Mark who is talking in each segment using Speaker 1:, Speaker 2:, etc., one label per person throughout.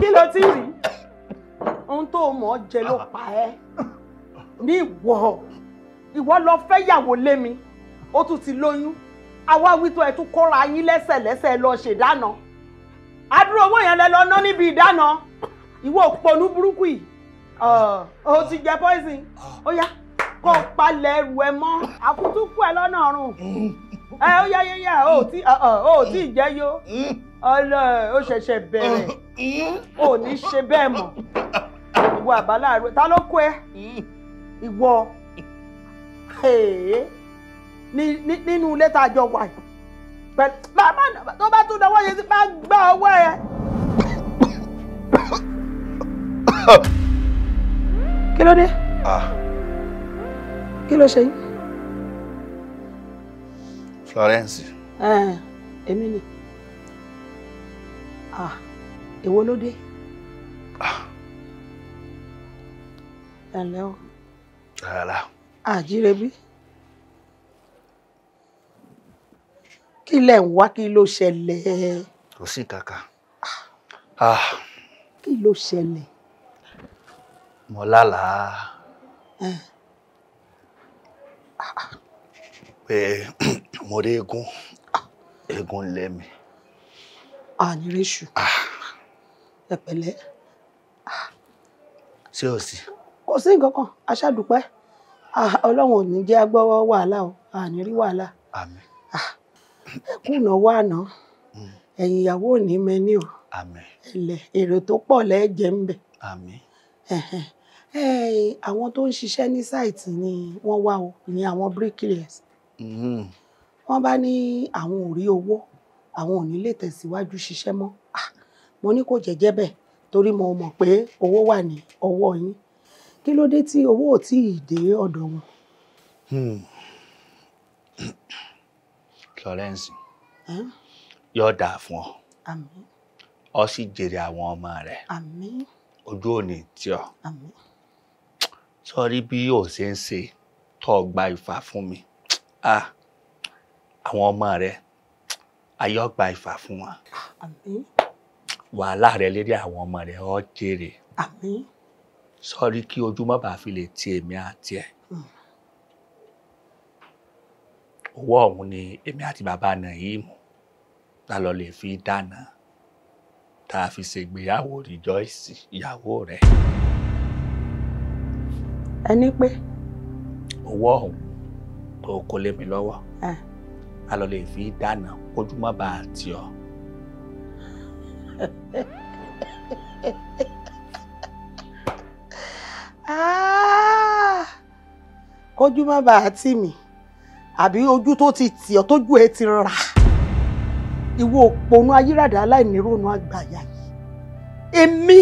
Speaker 1: kí ló ti rí ohun tó mọ̀ jẹ ló pa ẹ́ ní ìwọ ìwọ lọ fẹ́ yàwó lé mi ó tún ti lóyún àwa wító ẹ tún kóra yín lẹ́sẹ̀lẹ́sẹ̀ lọ ṣèdáná àdúrà owó yẹn lẹ lọ ná níbi ìdáná ìwọ òpònú burúkú yìí ó ti jẹ poison ó yá kó palẹ̀ ẹrù ẹ mọ́ àkútúkú ẹ lọ́nà ọ̀run ẹ ó yá yá yá ó tí ó tí ì jẹ́ yó ọlọ ó ṣẹ̀ṣẹ̀ bẹ̀rẹ̀ ó ní ṣe bẹ́ẹ̀ mọ̀ ìwọ àbáláàrú ta ló kó ẹ ìwọ nínú ilé tá a jọ wà yìí pẹ̀lú bàbá tó bá tún lọ́wọ́ yẹn sí máa gbá ọwọ́ ẹ. kí ló dé ah. kí ló ṣe yín. Florence. èmi ni èwo ló dé ẹ ǹlẹ́ o rárá àjírẹ́bí kí lẹ̀ ń wá kí ló ṣẹlẹ̀. kò sí kàkà. kí ló ṣẹlẹ̀.
Speaker 2: mo lálàá. mo rí eégún ah, eégún lẹ́mi.
Speaker 1: àníréṣù ah. ẹ̀pẹ̀lẹ́. Ah. ṣé o sì. kò sí nǹkan kan aṣáàdùpẹ́ ọlọ́run ò ní jẹ́ agbọ́wọ́ wàhálà o àní rí wàhálà. àmín. ẹkún ìnáwó àná hmm. ẹ̀yìn ìyàwó ò ní mẹ́ni o. àmín. ẹ̀lẹ̀ èrè tó pọ̀ lẹ́ẹ̀jẹ̀ ń bẹ̀. àmín. àwọn tó ń ṣiṣẹ́ ní sáìtì ni wọ́n wá o ìyẹn àwọn bricklayers Mm-hmm. wọ́n bá ní àwọn ò rí owó àwọn ò ní lè tẹ̀síwájú ṣiṣẹ́ mọ́ ah, mo ní kò jẹ́jẹ́ bẹ́ẹ̀ torí mo mọ̀ pé owó wà ní ọwọ́ yín kí ló dé tí owó ò tí ì dé ọ̀dọ̀ wọn.
Speaker 2: Hmm. Florence yóò dáa fún ọ ọ sì jèrè àwọn ọmọ rẹ ojú òní tí ọ sọrí bí o ṣe ń ṣe tó gba ìfà fún mi ah àwọn ọmọ rẹ ayọ́gba ìfà fún wọn. àmín. wàhálà rẹ
Speaker 3: lérí àwọn ọmọ rẹ ọ jèrè. àmín. sọrí kí ojúmọ́ bá fi lè ti èmi
Speaker 2: àti ẹ̀. Hmm. owó ọ̀hún ni èmi àti bàbá náà yìí mú ta lọ lè fi dáná tá fi ṣègbéyàwó rìjọ́ìsì ìyàwó rẹ̀. ẹni pé. owó ọ̀hún tó kó lé mi lọ́wọ́ a lọ lè fi dáná kójú má bàa tì ọ́.
Speaker 4: Ah!
Speaker 1: kójú má bàa tì mí àbí ojú tó ti tì ọ́ tójú ẹ ti rà ìwọ òpònú ayírádà aláìnírònú àgbàyà yìí èmi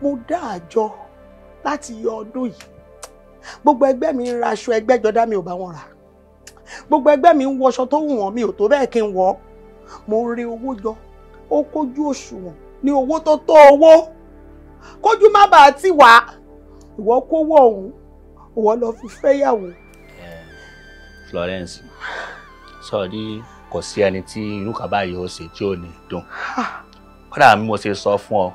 Speaker 1: mo dá àjọ láti yọ ọdún yìí gbogbo ẹgbẹ́ mi ń ra aṣọ ẹgbẹ́jọdá mi ò bá wọn rà gbogbo ẹgbẹ́ mi ń wọṣọ tó wù wọ́n mi ò tó bẹ́ẹ̀ kí n wọ̀ mo rí owó jọ ó kójú òṣùwọ̀n ní owó tó tó owó kójú má bàa ti wà ìwọ kówó ọ̀hún ìwọ lọ fi fẹ́yàwó.
Speaker 2: Florence
Speaker 3: sọrí kò sí ẹni tí irú kan báyìí ó ṣe tí ò ní dùn kódà mi mo ṣe
Speaker 2: sọ fún ọ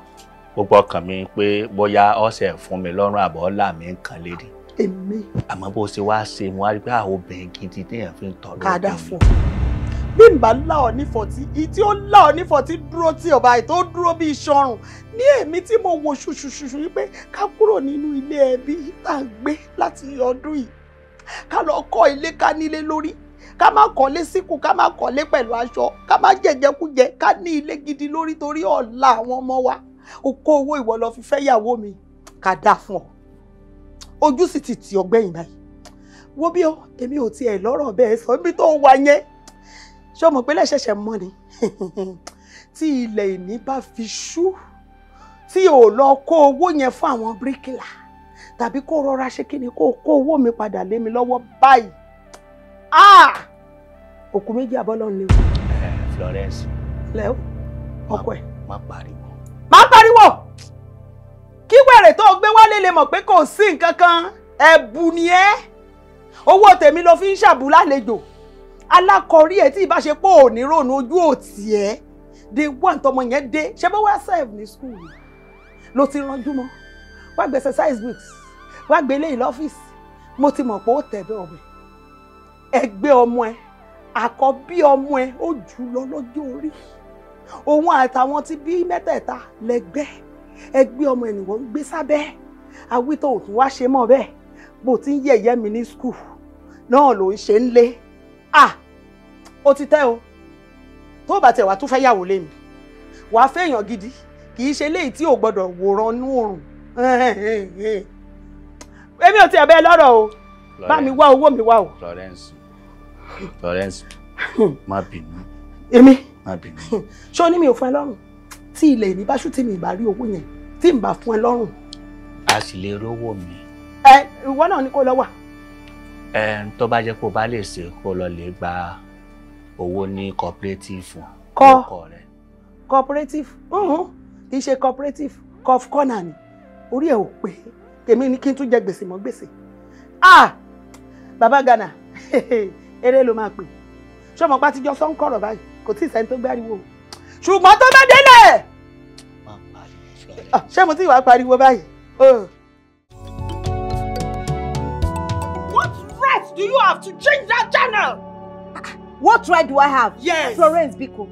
Speaker 2: gbogbo ọkàn mi pé bóyá ọ̀sẹ̀ fún mi lọ́rùn àbọ̀ ọ̀la mi ń kan lédìí èmi. àmọ́ bó ṣe wá ṣe mo wá rí pé àwọn ah, obìnrin gidi téèyàn fi ń tọ́ lọ́wọ́.
Speaker 1: kàdá fún ọ bí n bá lá ní fọtí ìtí ó lá ní fọtí dúró tí ọba ètò dúró bí iṣọrùn ní èmi tí mo wo ṣùṣùṣùṣù wípé ká kúrò nínú ilé ẹbí tá a gbé láti ọdún yìí ká lọ kọ́ ilé ká nílé lórí ká má kọ́lé síkù ká má kọ́lé pẹ̀lú aṣọ ká má jẹjẹkújẹ ká ní ilé gidi lórí torí ọ̀la àwọn ọmọ wa ó kó owó ìwọ lọ fi fẹ́ yàwó mi ká dà fún ọ ojú sì ti tì ọgbẹ́yìn báyìí wo bí o èmi ò tiẹ̀ lọ́rọ̀ bẹ́ẹ̀ sọ ibi tó ń wa yẹn ṣé o mọ̀ pé lẹ́sẹ̀ṣẹ̀ mọ́ ni tí ilẹ̀ ìní bá fi ṣú tí ò lọ kó owó yẹn fún àwọn bíríkìlà tàbí kó rọra ṣe kí ni kó kó owó mi padà lé mi lọ́wọ́ báyìí ah! òkú méjì abọ́lọ́run léwu. Florence. lẹ́wọ̀ ọkọ ẹ̀.
Speaker 2: má pariwo.
Speaker 1: má pariwo kí wèrè tó gbé wálé lè mọ̀ pé kò sí nǹkan kan ẹ̀bù ni ẹ́ owó tèmi ló fi ń ṣàbù lálejò alákọ̀ọ́rí ẹ̀ tí ìbáṣepọ̀ ò ní rònú ojú òtì ẹ̀ de wọ́n tọmọ yẹn dé ṣe bó wá serve ní school ló ti ranjú mọ́ wá gbé exercise books wá gbé ilé ìlú ọ́fíìsì mo ti mọ̀ pé ó tẹ̀bẹ̀ ọbẹ̀ ẹgbẹ́ ọmọ ẹ àkọ́bí ọmọ ẹ ó jù lọ lọ́jọ́ orí òun àtàwọn ti bí mẹ́tẹ̀ẹ̀ta lẹ́gbẹ́ẹ́ ẹgbẹ́ ọmọ ènìyàn ń gbé sábẹ́ awítọ̀ òtún wá ṣe mọ́ bẹ́ẹ̀ bó ti ń yẹ̀yẹ́ mi ní skul náà ló ń ṣe ń lé à ó ti tẹ́ o tó bá tẹ̀ wá tó fẹ́ yàwó lé mi wàá fẹ́ èèyàn gidi kì í ṣe léyìí tí ò gbọ́dọ̀ wòran nú òrùn èmi ò tiẹ̀ bẹ́ẹ̀ lọ́rọ̀ o bá mi wá owó mi wá o.
Speaker 2: Florence Florence má bínú.
Speaker 1: èmi ṣó ní mi ò fún ẹ lọ́rùn tí ilẹ̀ ìní bá ṣú tí mi bá rí owó yẹn tí n bá fún ẹ lọ́rùn.
Speaker 2: a sì lè rówó mi.
Speaker 1: ẹ ìwọ náà ni kò lọ wà.
Speaker 2: ẹ tó bá jẹ́ kó o bá lè ṣe kó o lọ lè gba owó ní cooperative.
Speaker 1: kọ cooperative kì í ṣe cooperative cof corner ni orí ẹ ò pé tèmi ni kí n tún jẹ gbèsè mọ́ gbèsè ah baba Gana eré ló máa pè ṣọmọ pátijọ́ sọ́ńkọ̀rọ̀ báyìí kò tí ì sẹ́ni tó gbáriwo ṣùgbọ́n tó bá délẹ̀ Ah, ṣé mo ti wàá pariwo báyìí. Oh. What right do you have to change that channel? What right do I have? Yes. Florence Biko.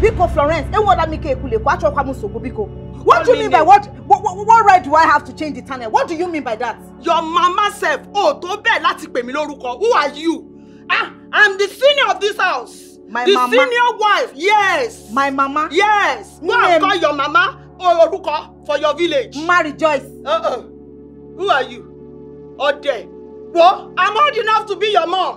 Speaker 1: Biko Florence. Ewo da mi ke ekule ko acho kwa musoko Biko. What do you mean by what, what what right do I have to change the channel? What do you mean by that? Your mama self. Oh, tó bẹ́ẹ̀ láti pè mí lórúkọ. Who are you? Ah, I'm the senior of this house. My the mama. The senior wife. Yes. My mama. Yes. Go and call your mama orúkọ for your village. má rejoice. Uh-uh. who are you? ọ̀dẹ̀ wo i'm old enough to be your mom.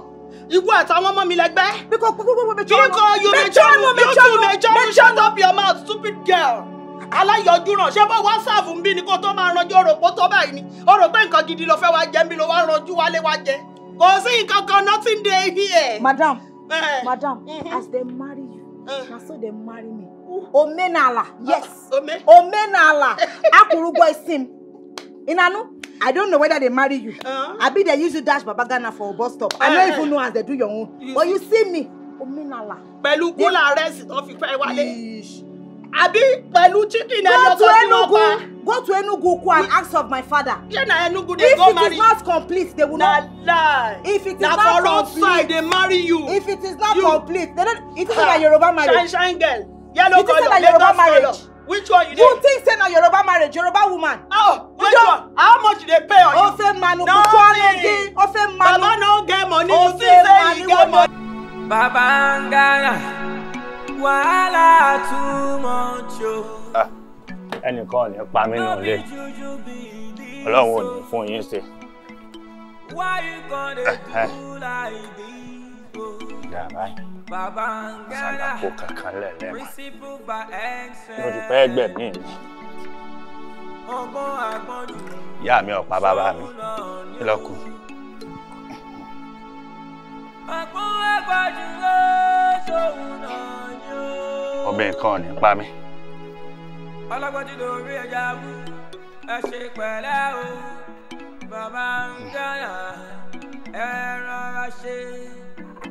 Speaker 1: Ìwọ àtàwọn ọmọ mi lẹ́gbẹ́. Bíkọ́ gbogbo mẹjọ́nu. Bíkọ́ you mẹjọ́nu you too mẹjọ́nu shut up your mouth stupid girl. Aláyọjú ràn ṣé bó WhatsApp ń bí ni kó tó máa ranjú òròpó tó báyìí ni. O rò pé nǹkan gidi ló fẹ́ wá jẹ́ mi ló wá ranjú wálé wá jẹ. Kò sí nǹkan kan nothing dey here. Madam, eh. madam, mm-hmm. as dem marry you, eh. na so dem marry me omenala ah, yes omenala akwụrụgwọ isi m ịnanụ I don't know whether they marry you. Uh-huh. I be they use you dash babagana for bus stop. uh I don't eh, even eh. know as they do your own. Yes. But you see me, omenala. Pẹ̀lú kúlà rẹ̀ sì tán fi pẹ́ wálé. Àbí pẹ̀lú chicken ẹ̀yọ́ tó ti lọ pa. Go to Enugu Ukwu and ask of my father. Ṣé na Enugu dey marry? If it is not complete, they will na not. lie. If it is na not complete. Na marry you. If it is not you. complete, they don't. It is uh, like Yoruba marriage. Shine shine girl yellow colour lagos colour which one you dey. you think say na yoruba marriage yoruba woman. oh which one how much you dey pay on you. ofe manu kuku alege
Speaker 5: ofe manu. baba no get money you see say he get money. baba n gana wàhálà too much o. Oh.
Speaker 3: Ah, ẹnìkan ò ní pa mí nù lé ọlọ́run ò ní fún yín ṣe.
Speaker 5: why you gonna eh, eh. do like this. Oh? sàgbàpò kankan lẹ́lẹ́ mọ́ ló ti pẹ́ mi.
Speaker 3: ìyá mi ọ̀pá bàbá mi lọ́kù. ọbẹ̀ nǹkan ò ní pa mí.
Speaker 5: ọlọ́gbọ́dún lórí ẹja wú ẹ ṣe pẹ̀lẹ́ o bàbá ń dára ẹ rọra ṣe.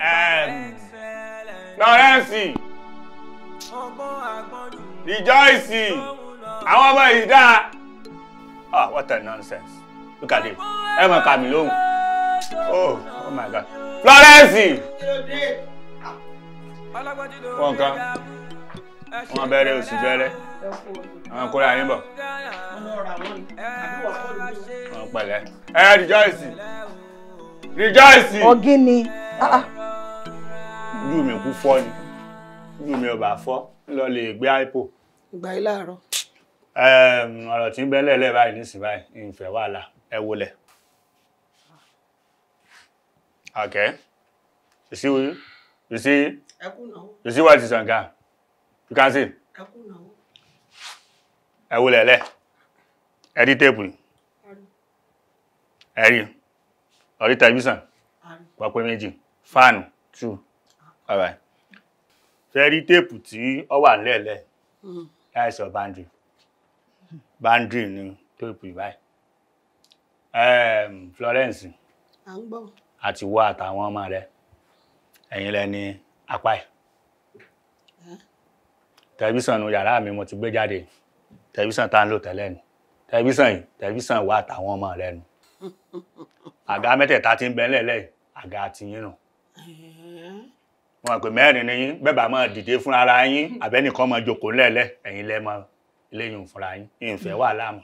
Speaker 5: And,
Speaker 6: Lawrence
Speaker 3: Rejoice àwọn ọmọ yìí dáa ah what a nonsense look at it ẹ mọ̀ kà lóhùn oh oh my god Lawrence
Speaker 5: wọn kan wọn
Speaker 3: bẹ̀rẹ̀ oṣù bẹ̀rẹ̀ àwọn kóra yín bọ̀ wọn pẹ̀lẹ́ ẹ Rejoice Rejoice.
Speaker 1: ọ̀gíni ojú ah,
Speaker 3: ah. mi kú fọ́ ni ojú mi ò bá fọ́ lọ lè gbé ipo.
Speaker 1: ìgbà yìí láàárọ̀.
Speaker 3: ọ̀rọ̀ tí ń bẹ́ lẹ́lẹ́ báyìí nísìnyí báyìí ìfẹ́ wàhálà ẹ wọlé. Okay. You see, you, you see, you see what is on ground. You can see. Ẹ wo lẹ̀lẹ̀, ẹ rí téèpù, ẹ rí, ọ̀rí tẹlifíṣàn, pàpẹ́ méjì fan two all right fẹ́rí téèpù tí ó wà nílẹ̀lẹ̀ láìsọ hmm. bandri bandri ni téèpù ìbáyìí Florence àti wọ́ àtàwọn ọmọ rẹ̀ ẹ̀yin lẹ́ni apá ẹ̀ tẹlifíṣàn nu yàrá mi mo ti gbé jáde tẹlifíṣàn tá ń lò tẹ́lẹ̀ ni tẹlifíṣàn yìí tẹlifíṣàn wà àtàwọn ọmọ rẹ̀ nu àga mẹ́tẹ̀ẹ̀ta ti ń bẹ nílẹ̀ àga àtìyín nù. No wọn àgbẹ̀ mẹ́rin ni yín bẹ́ẹ̀ bá dìde fúnra ara yín hmm. àbẹ́nìkan máa jókòó lẹ́lẹ́ ẹ̀yin lẹ́ mọ fúnra yín ìfẹ́ wà láàmú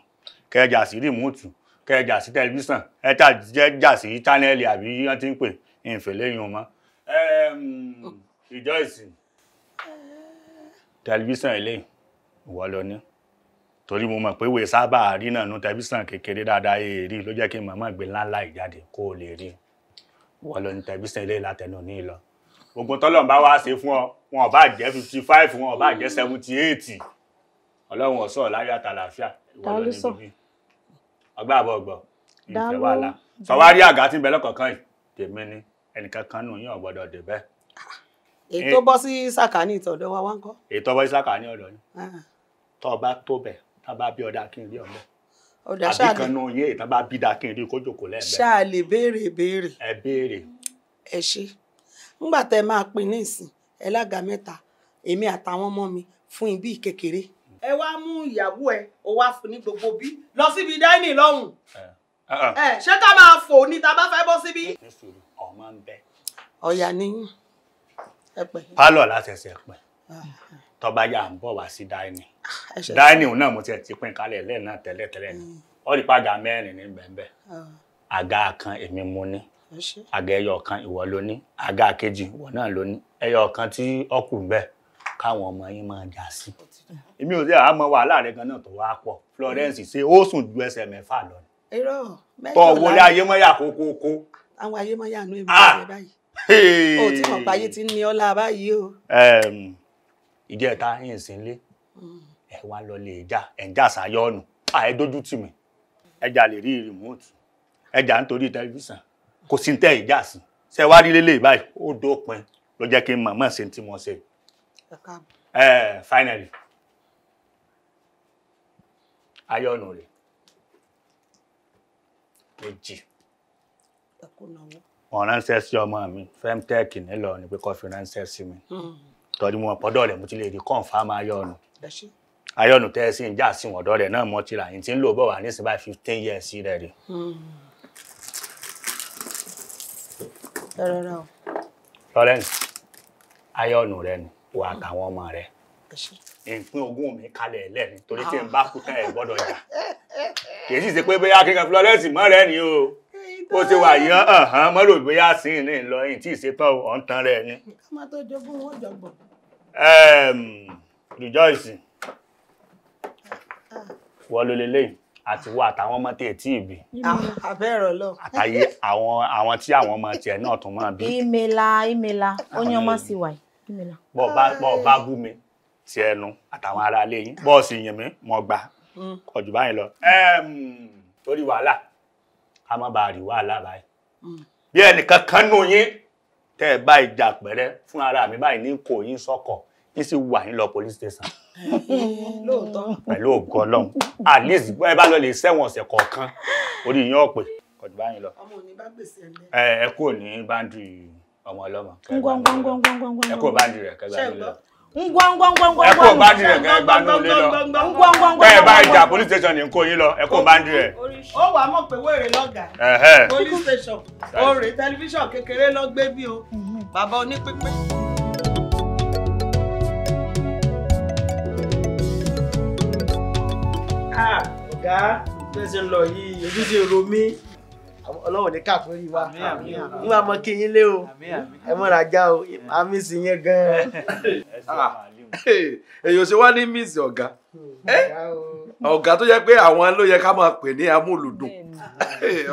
Speaker 3: kẹjà sí rìmúùtù kẹjà sí tẹlifíṣàn ẹ̀ta jẹ́jà sí chánẹ́ẹ̀lì àbí wọ́n ti ń pè ìfẹ́ lẹ́yìn mọ́ ìjọ ìsìn tẹlifíṣàn eléyìí ìwọ lọ ní torí mo mọ̀ pé wèé sábà rí náà nu tẹlifíṣàn kékeré dáadáa èèrí ló jẹ́ kí màmá gbé ńláńlá ìjáde kó o lè rí i wọ́n lọ ní tẹ̀bísẹ̀ ilé látẹnu ní ìlọ. ogun tọ́lọ́run bá wá ṣe fún ọ wọn ò bá jẹ́ fifty five wọn ò bá jẹ́ seventy eight ọlọ́run ọ̀sọ́ ọ̀láyọ̀ àtàlàfíà
Speaker 1: ìwọ ló ní bíbí ọgbà àbọ̀ ọgbọ̀ ìfẹ́ wàhálà sọwárí àga
Speaker 3: tí ń bẹ lọ́kọ̀ọ̀kan yìí tèmi ni ẹnìkan kan nù yín ọ̀gbọ́dọ̀ débẹ̀. èyí tó bọ́ sí sàkání ìtọ̀dọ̀ wa wá ń kọ́. èyí tó bọ́ sí sàkání ọ̀dọ̀ yín ah. tọ́ ọ bá tó bẹ̀ tá a bá bí ọdá kí n rí ọ̀bẹ̀
Speaker 1: ọ̀dà ṣáà àbí kan
Speaker 3: nù yín ìtàn bá bí dáa kí n rí kó jòkó lẹ́ẹ̀mẹ́. ṣáà lè béèrè béèrè. ẹ béèrè. ẹ ṣe
Speaker 1: ńgbà tẹ máa pín ní ìsìn
Speaker 3: ẹ lága mẹ́ta èmi àtàwọn ọmọ
Speaker 1: mi fún ibí kékeré. ẹ wá mú ìyàwó ẹ o wá fún ní gbogbo bí lọ síbi dáínì lọ́hùn. ẹ ṣé ká máa fò ní ta bá fẹ́ bọ́ síbí.
Speaker 3: ọmọ ń bẹ. ọ̀yà ni ẹ pẹ̀. pálọ̀ láti ẹsẹ̀ pẹ̀ tó bá yà ń bọ̀ wá sí dáínì ah, dáínì náà mo tiẹ̀ ti pín kalẹ̀ lẹ́ẹ̀ náà tẹ́lẹ̀ ni mm. ó rí padà mẹ́rin ní bẹ́ẹ̀ ah. àga kan èmi mo ní àga ẹyọ kan ìwọ ló ní àga kejì ìwọ náà ló ní ẹyọ kan tí ọkù ń bẹ káwọn ọmọ yín máa dà sí èmi ò sí àwọn ọmọ wàhálà rẹ gan tó wá pọ̀ Florence ṣe ó sùn ju ẹsẹ̀ mẹ́fà lọ
Speaker 1: tọ wọlé ayémọyà kókókó àwọn ayémọyà nú èmi ah! báyìí
Speaker 3: o tí mo pa ayé
Speaker 1: ti ń ní ọlá báyìí o
Speaker 3: ìjẹta yìí sí ilé ẹ wá lọ lè já ẹ ń já sáyọ ọnù à ẹ dójú tì mí ẹjà lè rí rìmọ́ọ̀tù ẹjà nítorí tẹlifíṣàn kò sí tẹ ìjà sí ṣe wá rí lélẹ̀ báyìí ó dópin ló jẹ́ kí n mọ̀mọ́ ṣe tí mo ṣe. ẹ finally ayọ̀nù rẹ̀ méjì ọ̀ránṣẹ́ sí ọmọ mi femtech nílọrin pé kó fi ránṣẹ́ sí mi. Hmm torí wọn pọ̀dọ̀ rẹ̀ mo ti lè rí confam ayọ̀nù ayọ̀nù tẹ́ ẹ sí ń já sí wọn ọ̀dọ́ rẹ̀ náà mo ti rà yín tí ń lò bọ̀ wá ní sí báyìí fifteen years rẹ̀ rè. Hmm. Lawrence ayọ̀nù rẹ ni wà àtàwọn ọmọ rẹ ìpín ogún mi kalẹ̀ lẹ́ni torí tí n bá kú tán ẹ̀ gbọ́dọ̀ jà kì í sì ṣe pé bóyá kíkan Florence mọ́ rẹ ni o ó ti wà yán hàn mọ́ bóyá sí ní Ìlọrin tí ì ṣe tán ọ̀ ń tan rẹ ni. ká
Speaker 1: má tó jogún wọn jọgbọ̀n.
Speaker 3: Um, Rejoice wọ́n ló leléyìí àti wá àtàwọn ọmọ tí ẹ tí ì bí. àbẹ̀rọ ah, lọ. àtàyè àwọn àwọn tí àwọn ọmọ tiẹ̀ náà tún máa bí.
Speaker 1: ìmẹ̀lá ìmẹ̀lá ó ní ọmọ sí wàyí.
Speaker 3: bọ́ ọ bá bú mi ti ẹnu àtàwọn ará ilé yín bọ́ sì yìn mí mo gbà mm. kọjú báyìí lọ. torí wàhálà ká má bàa rí wàhálà báyìí. Mm. bí ẹnìkan kan nù yín tẹ́ ẹ bá ìjà pẹ̀rẹ́ fún ara mi báyìí ní kò yín sọ́kọ̀ yín sì wà yín lọ police station. lóòótọ́. pẹ̀lú ògo ọlọ́run at least ẹ bá lọ lè sẹ́wọ̀n ọ̀sẹ̀ kọ̀ọ̀kan orí yín ọ̀pẹ kọjú báyìí lọ. ọmọ
Speaker 1: òní bá gbèsè
Speaker 3: ẹ ẹ kúrò ní báńdì ọmọ ọlọ́mọ. ẹ kúrò báńdì rẹ kẹgbẹ́ àdúrà
Speaker 1: ngwa ngwa ngwa ngwa ngwa ẹkọ bandi rẹ gan
Speaker 3: ẹgbà náà lé lọ
Speaker 1: ngwa ngwa ngwa bẹ́ẹ̀ bá
Speaker 3: ìjà police station ní nkó yín lọ ẹkọ bandi rẹ.
Speaker 1: ó wàá mọ̀ pé wèrè lọ́gàá police station orè tẹlifíṣàn kékeré lọ gbé bí o bàbá onípípé. ọ̀gá bẹ́sẹ̀ lọ
Speaker 7: yìí ojú ti ro mí ọlọ́wọ̀n ní káàkiri wa nígbà mọ kí yín lé o ẹ mọ̀ra já o àmì sì yẹn gan-an. Ah,
Speaker 8: èyí ò ṣe wá ní mísì ọ̀gá. Hmm, ọ̀gá tó yẹ pé àwọn ló yẹ ká máa pè ní amúlùdùn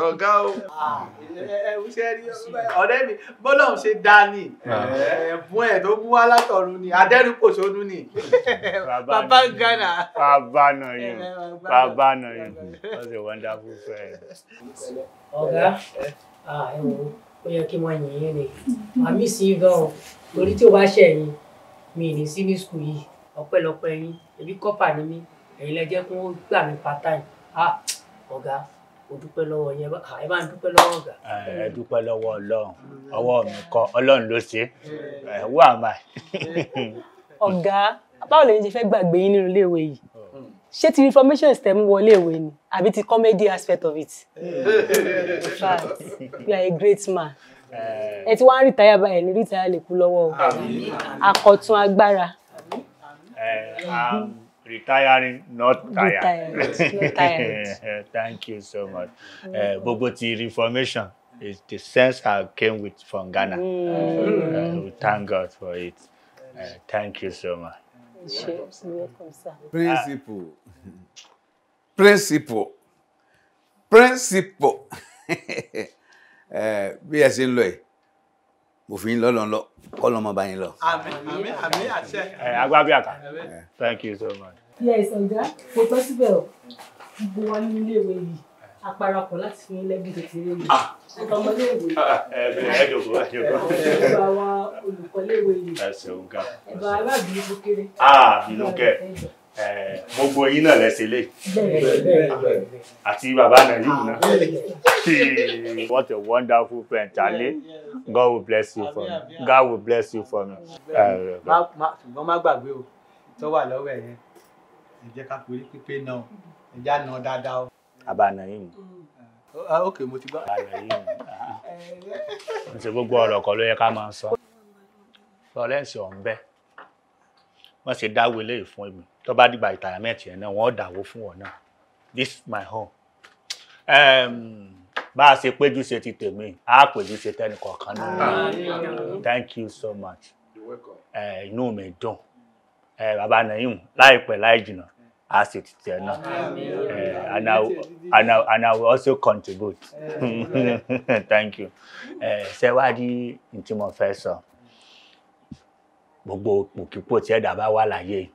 Speaker 8: ọ̀gá o. Ah, ọ̀rẹ́ mi bọ́lọ́hún ṣe dá ni, ah. ẹ̀bùn ẹ̀ tó bú wá látọ̀run ni adẹ́rù kò sónú ni
Speaker 3: bàbá gánà. bàbá náà yìí bàbá náà yìí that's a wonderful friend. ọ̀gá
Speaker 1: ẹ
Speaker 2: wo ó yẹ kí wọ́n yìn yín ni
Speaker 1: màmí sí i gan-an torí tí o bá ṣẹ̀yìn mi ì ní sí ní sùkúù yìí ọpẹ́lọpẹ́ yín ẹbí kọ́pà ni mí ẹ̀yin lẹ jẹ́ kó gbà mí part time ah ọ̀gá o dúpẹ́ lọ́wọ́ yẹn ẹ bá ń dúpẹ́ lọ́wọ́ ọ̀gá.
Speaker 3: ẹ dúpẹ́ lọ́wọ́ ọlọ́run ọwọ́ mi kọ́ ọlọ́run ló ṣe ẹ wà má.
Speaker 1: ọ̀gá báwo lẹ̀yin ṣe fẹ́ gbàgbé yín nínú iléèwé yìí ṣé ti information stem wọlé ìwé ni àbí ti comedy aspect of it you are a great man ẹ ti wá ń rìtáyà báyìí ní rìtáyà lè kú lọ́wọ́ o àkọ̀tun agbára.
Speaker 3: Um, retiring not tired. thank you so much mm. eh, gbogbo uh, ti reformation is the sense I came with from Ghana mm. uh, we thank God for it uh, thank you so much. principle
Speaker 2: principle principle bí ẹ ṣe ń lọ yìí
Speaker 3: mo fi ń lọ́lọ́ lọ kọ́lọ́ mọ́ bá yín lọ.
Speaker 8: àmín àmín àmín àṣẹ.
Speaker 3: ẹ agbábí àká thank you so much.
Speaker 1: yes ọ̀gá mo tọ́ síbẹ̀ o gbogbo wa ní iléèwé yìí àparapọ̀ láti fi lẹ́bí tètè rẹ̀ mi.
Speaker 3: ọmọléèwé. ẹ ẹ jòkó ẹ jòkó. ẹ bá wa olùkọ́léèwé yìí. ẹ ṣeun ká. ẹ bá aláàbí ibú kéré. ah inú kẹ gbogbo yín náà lẹsẹ lé àti bàbá nàìjíríà náà what a wonderful friend, Charlie. Yeah, yeah. God will bless you for me. God will bless you for me. Ṣùgbọ́n má gbàgbé o, tó
Speaker 8: wà lọ́wọ́ ẹ̀ yẹn, ẹ jẹ́ ká forí pípé náà, ẹ já náà dáadáa o. Àbànà yìí ni. Ah, ah, ok, mo ti gbọ́. Àbànà yìí ni.
Speaker 3: Mo ti gbogbo ọ̀rọ̀ kan ló yẹ ká máa sọ. Florence ọ̀nbẹ, wọ́n ṣe dáwọ́ eléyìí fún mi. Tó bá dìgbà ìtàyàmẹ́ẹ̀tì yẹn náà, wọ́n dàwó fún wọn náà. This is my home. Um, bá a ṣe péjú ṣe ti tèmi á péjú ṣe tẹ́nì kọ̀ọ̀kan nínú thank you so much inú mi dùn bàbá nàyìn láìpẹ́ láì jìnnà á sì ti tẹ̀ náà and I and I and I will also contribute thank you ṣe wá di ntí mo fẹ́ sọ gbogbo òkìpò tí ẹ̀dá bá wà láyé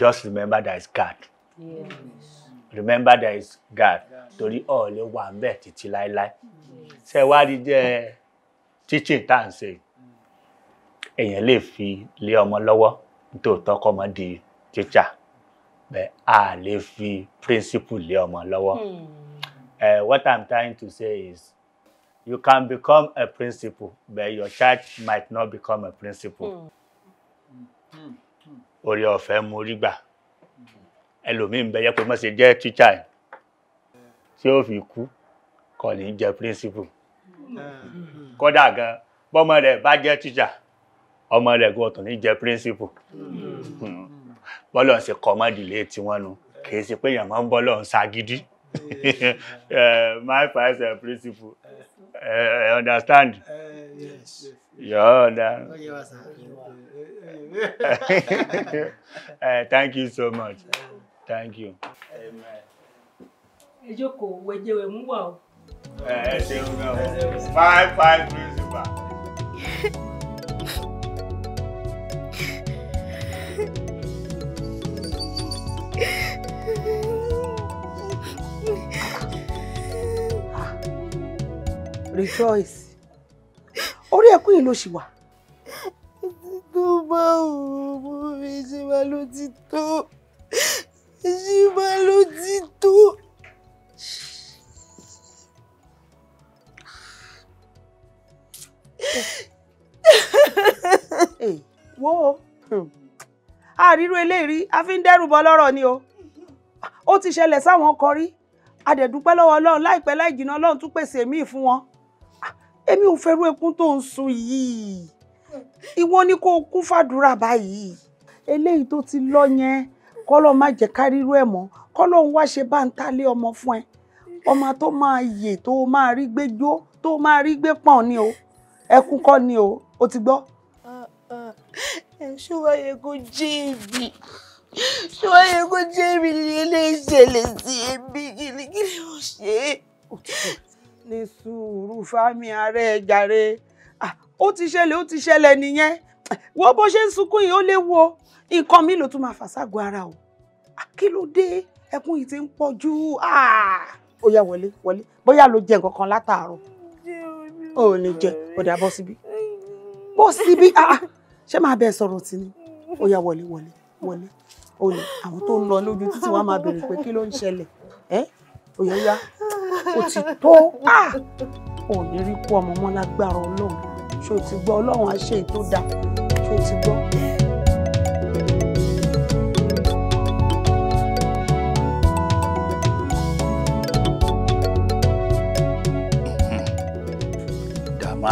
Speaker 3: just remember that is God.
Speaker 4: Yes
Speaker 3: remember there is God torí ọ̀ọ́lẹ̀ wà ń bẹ̀ títí láéláé ṣe wá rí jẹ́ teaching tá à ń ṣe èèyàn lè fi lé ọmọ lọ́wọ́ nítòótọ́ kọ́mọ di teacher bẹ́ẹ̀ a lè fi principle lé ọmọ lọ́wọ́ hmm. eh, what I'm trying to say is you can become a principal but your church might not become a principal hmm. orí ọ̀fẹ́ mo rí gbà ẹlòmíín bẹ yẹ pé má ṣe jẹ́ tíṣà ẹ̀ tí ó fi kú kò ní jẹ́ principal kódà gan bọ́mọ rẹ̀ bá jẹ́ tíṣà ọmọ rẹ̀ gan ọ̀tún ní jẹ́ principal bọ́lọ̀ ṣe kọ́ mọ́dìlé tiwọn nu kì í ṣe pé èèyàn máa ń bọ́lọ̀ ń ṣagídí eh, my five uh, principle uh, eh, understand eh, yọ̀ọ́ da thank you so much. Uh, thank you. Amen.
Speaker 1: Ejoko, wẹjẹ
Speaker 3: wẹ mú wà o. ẹ ṣeun náà five five principal.
Speaker 1: Ah, rejoice orí ẹkún yìí ló ṣì wà. tó bá wù ú mo ṣe wá ló ti tó ṣé máa ló ti tó. wo àrírú eléyìí a fi ń dẹ́rù bọ́ lọ́rọ̀ ni o ó ti ṣẹlẹ̀ sáwọn kan rí a dẹ̀ dúpẹ́ lọ́wọ́ ọlọ́run láìpẹ́ láì jìnnà ọlọ́run tún pèsè míì fún wọn èmi ò fẹ́rú ẹkún tó ń sun ni ko kún fàdúrà báyìí eléyìí tó ti lọ yẹn kọ́lọ́ má jẹ́ ká rírú ẹ̀ mọ́ kọ́lọ́ ń wá ṣe bá ń tálé ọmọ fún ẹ ọmọ tó máa yè tó máa rí gbé jó tó máa rí gbé pọ̀n ni o ẹkún kọ́ ni o o ti gbọ́. ṣùgbọ́n yẹ kó jẹ́ ibi ṣùgbọ́n yẹ kó jẹ́ ibi ní ilé ìṣẹ̀lẹ̀ sí ẹbí kìlìkìlì ò ṣe é. ní sùúrù fámi ààrẹ jàre ah, ó ti ṣẹlẹ̀ ó ti ṣẹlẹ̀ nìyẹn wo bó ṣe ń sunkún yìí ó léwu o nǹkan mi ló tún máa fà ságọ́ ara o kí ló dé ẹkún yìí ti ń pọ̀ jù ó yá wọlé wọlé bóyá ló jẹ nǹkan kan látàárọ̀ ó ní jẹ ó dà bọ́ síbí bọ́ síbí ṣé máa bẹ sọ̀rọ̀ tì ní ó yá wọlé wọlé wọlé ó ní àwọn tó ń lọ lójú títí wọn máa bèrè pé kí ló ń ṣẹlẹ̀ ẹ ó yá yá ó ti tó ò ní rí kú ọmọ mọ́ lágbára ọlọ́run ṣó ti gbọ́ ọlọ́run á ṣe ètò dáa ṣó ti gbọ́.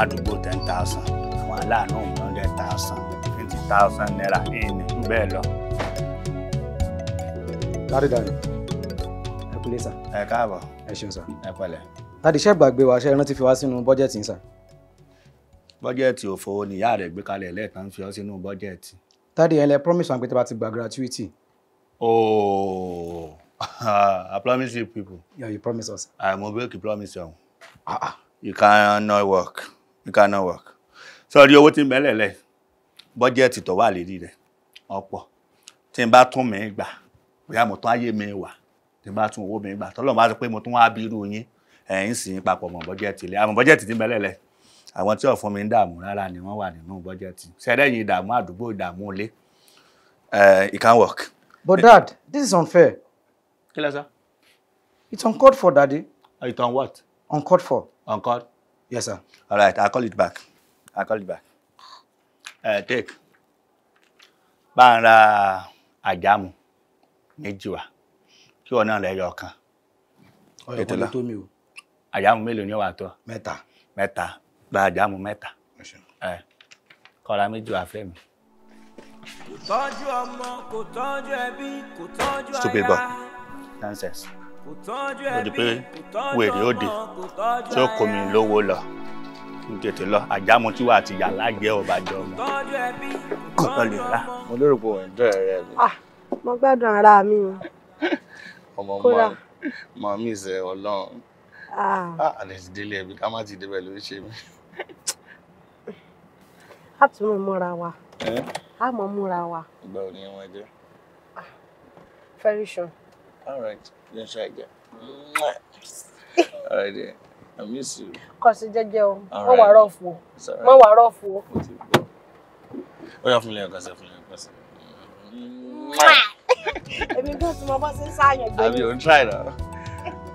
Speaker 3: aládùúgbò ten thousand àwọn aláàánú one hundred thousand twenty thousand naira ìní bẹ́ẹ̀ lọ. dárídárì ẹ kúlé sà. ẹ káàbọ̀. ẹ ṣeun sà. ẹ pẹ̀lẹ́.
Speaker 1: láti iṣẹ́ gbàgbé wa ṣe rántí fi wá sínú bọ́jẹ̀tì ń sà.
Speaker 3: bọ́jẹ̀tì òfo ni ìyá rẹ̀ gbé kalẹ̀ lẹ́ẹ̀kan fi ọ́ sínú bọ́jẹ̀tì.
Speaker 1: dáàdi ẹ lẹ promise wọn pé tí a bá ti gba gratuity.
Speaker 3: ooo oh, i promise you people. yeah you promise us. i mo break you promise you. ah ah. you can't no work you cannot work So owó tí ń bẹ́lẹ̀ lẹ̀ bọ́jẹ́ẹ̀tì tó wà lérí rẹ̀ ọ̀pọ̀ tí n bá tún mi gbà bóyá mo tún ayé mi wà tí n bá tún owó mi gbà tọ́lọ́ bá sọ pé mo tún wá bí irú yín ẹ̀yìn sì ń papọ̀ mọ́ bọ́jẹ́ẹ̀tì lé àmọ́ bọ́jẹ́ẹ̀tì tí ń bẹ́lẹ̀ lẹ̀ àwọn tí ọ̀fun mi ń dààmú rárá ni wọ́n wà nínú bọ́jẹ́ẹ̀tì sẹ́dẹ̀yìn ìdààmú àdúgbò ìdààmú ilé it can work. but dad this is unfair. kí lẹ sọ. it's uncalled for daddy. it's on what? uncalled for. uncalled. Yes, sir. All right, I'll call it back. I'll call it back. Uh, take. Bá ń ra àjámù méjì wá. Kí wọ́n náà lẹ́yọ ọ̀kan. Ọyọ̀ kan ló tó mi o. Àjámù mélòó ni ó wà tó? Mẹ́ta. Mẹ́ta. Gba àjámù mẹ́ta.
Speaker 2: Kọ́ra méjì wá fẹ́ mi. Stupid boy. Nonsense
Speaker 5: ó di pé
Speaker 3: wèrè ó di tí ó kò mí lówó lọ n tètè lọ àjámu tí wàá ti yà lájẹ ọba jọ mọ kò lọ lè rà. mo lérò pé òun jọ ẹrẹ mi.
Speaker 1: mo gbádùn ara mi o.
Speaker 3: ọmọ mọ mi ìṣe Ọlọ́run àlẹ ah. ah, ti délé ẹbí ká má ti débẹ̀ ló ṣe mí.
Speaker 1: a tún mọ múra wa a mọ múra wa.
Speaker 3: ìgbà ò wọn jẹ. fẹ́rí sùn. All right. Then try again. All right, then. I miss you.
Speaker 1: Cause sí just o. Wọ́n wà rọ́ọ̀fù o. Wọ́n wà rọ́ọ̀fù o.
Speaker 3: Ó yà fún ilé ọ̀gá sí fún ilé ọ̀gá sí. try now.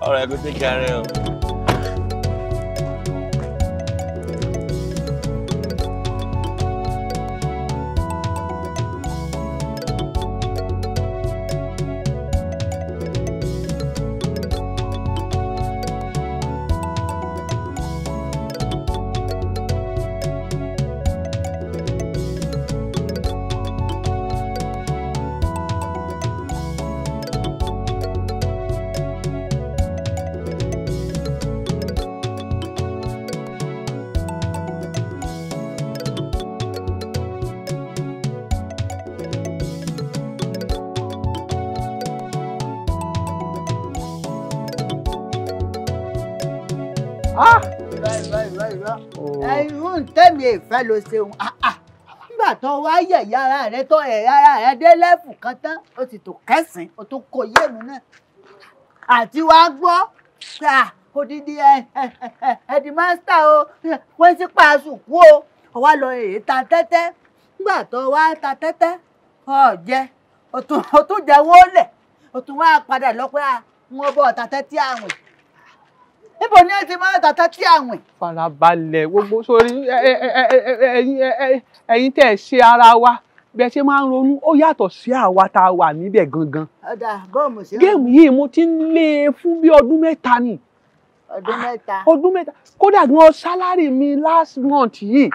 Speaker 3: All right, go take care
Speaker 5: of eh? it.
Speaker 1: irú ah! oh. tẹ́mi ìfẹ́ ló ṣeun ah, ah. nígbà tó wá yẹ̀yẹ́ ara rẹ tó ẹ̀yà ara rẹ dé lẹ́fù kan tán ó ti tò kẹsìn ó tó kó yé mi náà àti wá gbọ́ odidi ẹ̀dìmástà o pẹ́sípà sùkú o ọwá lọ èyí ta tẹ́tẹ́ nígbà tó wá ta tẹ́tẹ́ ọ̀jẹ́ ó tún jẹ́ wọ́n lẹ̀ ó tún wá padà lọ pé wọ́n bọ̀ ta tẹ́tí àwìn níbo ni ẹ ti máa tàtà tí àwìn.
Speaker 8: farabalẹ̀ gbogbo sórí ẹ̀yin tẹ́ ẹ ṣe ara wa bẹ́ẹ̀ ṣe máa ń ronú ó yàtọ̀ sí àwa tá a wà níbẹ̀ gangan.
Speaker 1: ọ̀dà góòmù sí. géèmù
Speaker 8: yìí mo ti ń lé e fún bí ọdún mẹ́ta ni. ọdún mẹ́ta. ọdún mẹ́ta kódà gan sálárì mi last month yìí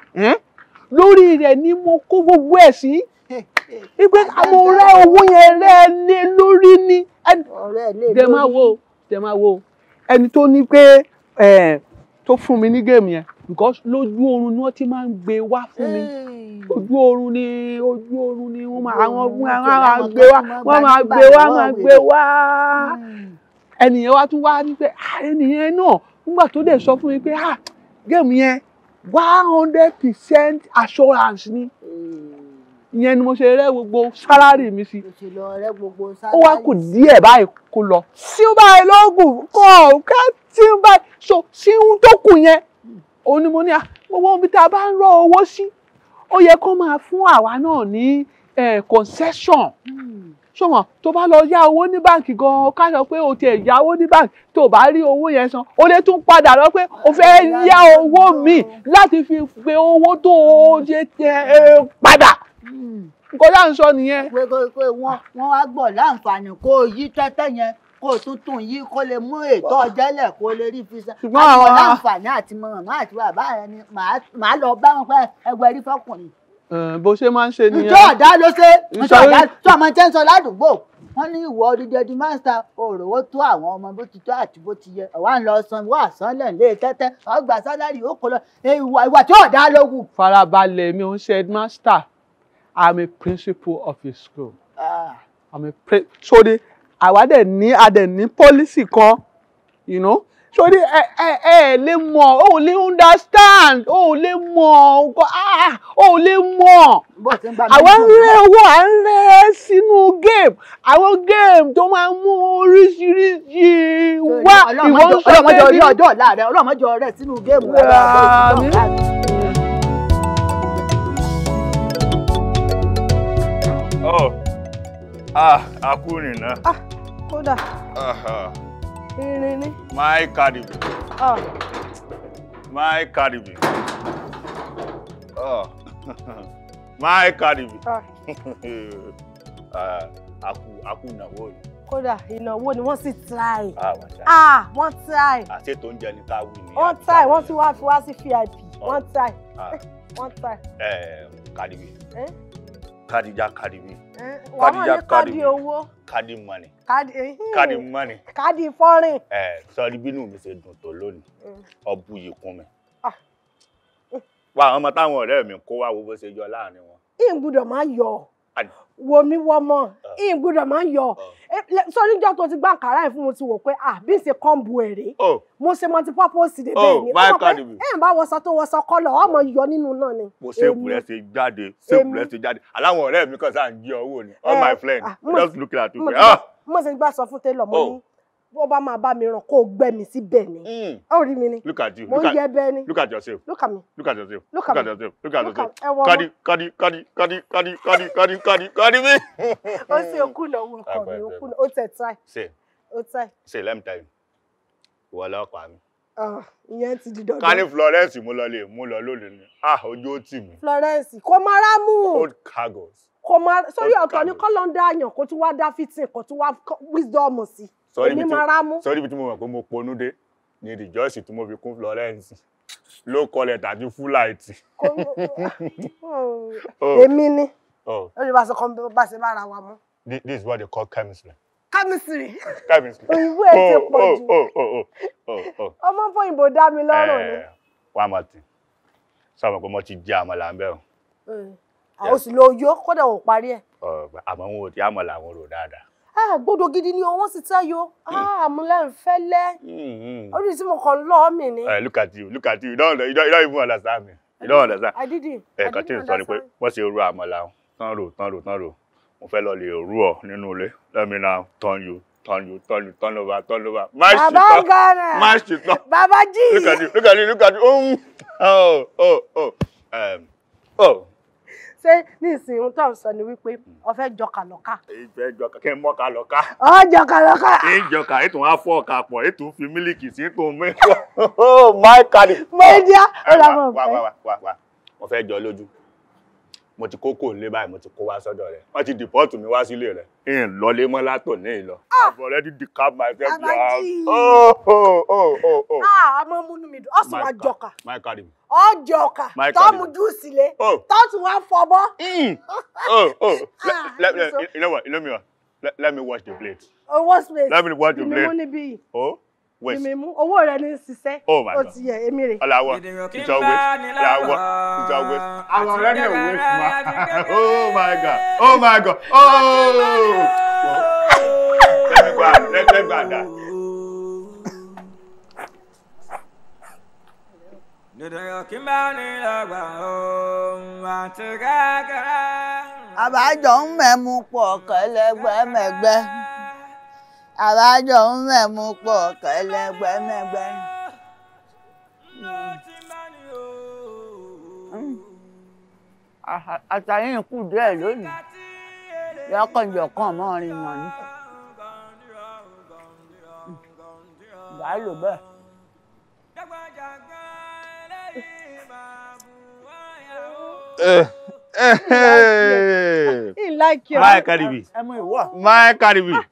Speaker 8: lórí rẹ̀ ni mo kó gbogbo ẹ̀ sí ìgbé àwọn ọ̀rẹ́ owó yẹn
Speaker 1: rẹ̀ lé lórí ni. ọ̀rẹ́ lé lórí. dẹ̀ máa wo
Speaker 8: dẹ̀ máa wo ẹni tó ní pé tó fún mi ní géèmù yẹn because lójú oorun ni wọ́n ti máa ń gbé wá fún mi ojú oorun ni ojú oorun ni wọ́n máa àwọn fún wa wọ́n máa gbé wá wọ́n máa gbé wá wọ́n máa hmm. gbé wá ẹnìyẹn wá tún wá ní pé ah, ẹnìyẹn náà nígbà tó dẹ̀ sọ fún mi pé ah, géèmù yẹn one hundred percent assurance ni ìyẹn ni mo ṣe rẹ́ gbogbo sálárì mi sí.
Speaker 1: ó wá kù díẹ̀ báyìí
Speaker 8: kó lọ. tí
Speaker 1: ó báyìí lọ́gùn
Speaker 8: kọ́ ọ̀ká tí ó báyìí so tí ó tó kù yẹn òun ni mo ní à gbogbo ibi tá a bá ń rọ owó sí ó yẹ kó máa fún àwa náà ní concession sọmọ hmm. tó bá lọ yá owó ní báǹkì gan ká sọ pé o tiẹ̀ yáwó ní báǹkì tó bá rí owó yẹn san o lè tún padà lọ pé o fẹ́ yá owó míì láti fi pe owó tó o
Speaker 1: ṣe tẹ padà nǹkan tá ń sọ nìyẹn. wọ́n wá gbọ́ láǹfààní kó yí tẹ́tẹ́ yẹn kó o yí kó lè mú ètò ọjọ́lẹ̀ kó lè rí fi sá. ṣùgbọ́n àwọn àwọn láǹfààní àti màmá àti bàbá rẹ ni màá lọ bá wọn pé ẹgbẹ́ rí fọkùnrin.
Speaker 8: bó ṣe máa ń ṣe nìyẹn. ìjọ ọ̀dà ló ṣe ìjọ ọ̀dà
Speaker 1: tó ọmọ tẹ́ ń sọ ládùúgbò wọ́n ní ìwọ odidi ẹdun mástà òrówó tó àwọn ọmọ bó ti tó àti bó ti yẹ ọ̀wá ń lọ san wọ́n àsánlẹ̀ lé tẹ́tẹ́ ọgbà sálárì ó kọ lọ ìwà tí ọ̀dà ló wù. farabalẹ̀
Speaker 8: mi ò ń ṣe headmaster i'm a principal of a school ah. i'm a pre sórí àwa dẹ̀ ní a dẹ̀ ni policy kan you know so sórí eh, eh, eh, le mo, oh, le understand o lè mọ̀ ah oh, le mo.
Speaker 7: lè mọ̀ àwọn ń rẹ owó
Speaker 8: sinu game. I want game àwọn game tó máa ń mú oríṣiríṣi wá ìwọ ń sọ pé ọlọmọdé
Speaker 1: ọjọ́ ọ̀la rẹ ọlọmọdé ọrẹ sínú game
Speaker 5: rẹ. Oh. Ah,
Speaker 3: a kú Ah, náà. Aha.
Speaker 1: kódà. Irin ni.
Speaker 3: My Caribbean. Ah. My Caribbean. Oh. My Caribbean. Ah. ah. A aku a kú ìnáwó yìí.
Speaker 1: Kódà ìnáwó ni wọ́n sì try. Ah, wọ́n try. Ah, wọ́n try. Àṣé tó ń jẹ ni. Wọ́n try, wọ́n ti wá fi wá sí VIP. Oh. Ah. Wọ́n try. Ah. Eh, wọ́n try.
Speaker 3: Ẹ Caribbean. Eh? Kadija Cardi B.
Speaker 1: Kadija Cardi B.
Speaker 3: Cardi money.
Speaker 1: kadi eh, hmm. money. kadi foreign.
Speaker 3: Ẹ sọrí binu, mi ṣe dùn tó lónìí. Mm. Ọbú yìí kún mi. Ah. Wà àwọn ọmọ táwọn ọ̀rẹ́ mi kó wá wo bó ṣe yọ láàrin wọn.
Speaker 1: Ìyẹn gbúdọ̀ máa wo mi wọ ọmọ ah. ìyìn gbọ́dọ̀ máa ń yọ ah. sọ níjọ́ tó ti gbá àkàrà yìí mo ti wò pé ah bí n ṣe kàn bu èrè oh. mo ṣe multi purpose de bẹ́ẹ̀ oh, ni ọmọ pé ẹ̀ ń bá wọṣọ tó color? kọlọ̀ ọmọ yọ nínú náà ni.
Speaker 3: mo ṣéèpù rẹ ṣe jáde ṣéèpù rẹ ṣe jáde aláwọn ọ̀rẹ́ mi kàn sáà ń jí ọwọ́ ni all my friend. Ah, just look at you.
Speaker 1: mo ṣe gbà sọ fún télọ̀ mo oh. ní bó bá máa bá mi ràn kó o gbẹ mi sí bẹ́ẹ̀ ni.
Speaker 3: Hmm. ó rí mi ni mo ń yẹ bẹ́ẹ̀ ni. look at yourself. look at me. look at yourself. look at yourself. look at yourself. kadi kadi kadi kadi kadi kadi kadi kadi kadi mi. ó sì
Speaker 1: okú náà wọ ọkọ mi okú náà ó tẹ try.
Speaker 3: ṣe ṣe lẹ́mu tẹ́lẹ̀ wọ ọlọ́pàá mi.
Speaker 1: ìyẹn ti di dandan. ká ní
Speaker 3: Florence mú lọ lè mú lọ lónìí ni ah ojú ó tì mí.
Speaker 1: Florence kò máa rá mú.
Speaker 3: old cargoes.
Speaker 1: kò máa sórí ọ̀tọ̀ ní kọ́lọ́ndà àyàn kó tún wá dá fìtì kó tún wá wisdom sí èmi máa rá mú. sọ́ọ́rì
Speaker 3: tí mo mọ̀ pé mo ponú dé ni rejoice tí mo fi kún Florence ló kọlẹ̀ tàbí fúláìtì. èmi ni oh.
Speaker 1: ó lè bá sọ kan bá ṣe bára wa
Speaker 3: mọ́. this is what they call chemistry. chemistry. chemistry. Oh, oh, Oh, oh. Oh, oh. Oh,
Speaker 1: ọmọ fọyìnbó dá mi lọ́rùn ni.
Speaker 3: wàá máa tì sọ́mọ pé mo ti jẹ́ àmàlà ń bẹ̀ o. àwọn eh, sì
Speaker 1: lo oyó kódà ò parí ẹ̀.
Speaker 3: Oh, àmọ́ wọn ò tí àmàlà wọn rò dáadáa
Speaker 1: ah gbọ́dọ̀ gidi ni owó sì táyọ hmm. ah àmúlẹ nfẹlẹ
Speaker 3: hmm, hmm,
Speaker 1: orí tí mo kàn lọ mi ni. Eh,
Speaker 3: look at you look at you you don't you don't, you don't even understand me you don't understand.
Speaker 1: adidi ẹ eh, kàn tí n sọ ni
Speaker 3: pé wọ́n ṣe ru àmàlà tán rò tán rò tán rò mo fẹ́ lọ lè rú ọ nínú ilé let me now turn you turn you turn you turn over turn over. bàbá gánà match it up.
Speaker 6: bàbá jí.
Speaker 1: look at you
Speaker 3: look at you look at you. oh oh oh. Um, oh
Speaker 1: ṣé ní ìsìn ohun tó ń sọ ni wípé o fẹ́ jọ kàlọ́kà.
Speaker 3: ìfẹ́ jọ kẹ́ mọ́ kàlọ́kà.
Speaker 1: ọ jọ kàlọ́kà.
Speaker 3: ìjọ kà ètò wọn fọ ọkà pọ̀ ètò fi mílíkì sí ètò mẹ́kọ̀ọ́ oh, máìkàlì. mo ń jẹ́ ọ̀làmọ̀ fẹ́. wà wà wà wà wọ́n fẹ́ jọ lójú mo ti kókò lé báyìí mo ti kó wá sọ́dọ̀ rẹ̀ wọ́n ti dìpọ́tù mi wá sílé rẹ̀ ń lọlé mọ́ látò ní ìlọ. Ah! I've already decap myself now.
Speaker 6: oh oh oh
Speaker 3: oh oh.
Speaker 1: Ah, a máa múnú mi dùn ọ̀sùn wa jọ̀ka. máì kárí mi. ọ jọ̀ka tọ́mù júùsì lé oh. tọ́tù wa fọbọ́. Mm.
Speaker 3: Oh, oh. Ah, you know what you know me what let me wash the plate.
Speaker 1: oh wash plate. let me wash the plate.
Speaker 3: oh west. owó rẹ ní ṣiṣẹ́ oh ó ti yẹ èmi rè. ọ̀làwọ̀ ìjọ west ìjọ ìjọ west. àwọn ọ̀rẹ́ mi fún wa oh my god oh my god oh.
Speaker 5: lẹ́gbẹ̀ẹ́ àdá.
Speaker 8: àbájọ ń mẹ́mu pọ̀ kẹ́lẹ́gbẹ́ mẹ́gbẹ́ àbájọ ń mẹ̀mú pọ̀ kẹlẹgbẹmẹgbẹ. Hmm. Hmm. àtàyìn kù díẹ̀ lónìí lọ́kànjọ̀kan mọ́ rin
Speaker 6: yàn ni. ìyá lò bẹ́ẹ̀.
Speaker 3: Eh. Hey. Eh, eh. He like you. My Caribbean. My Caribbean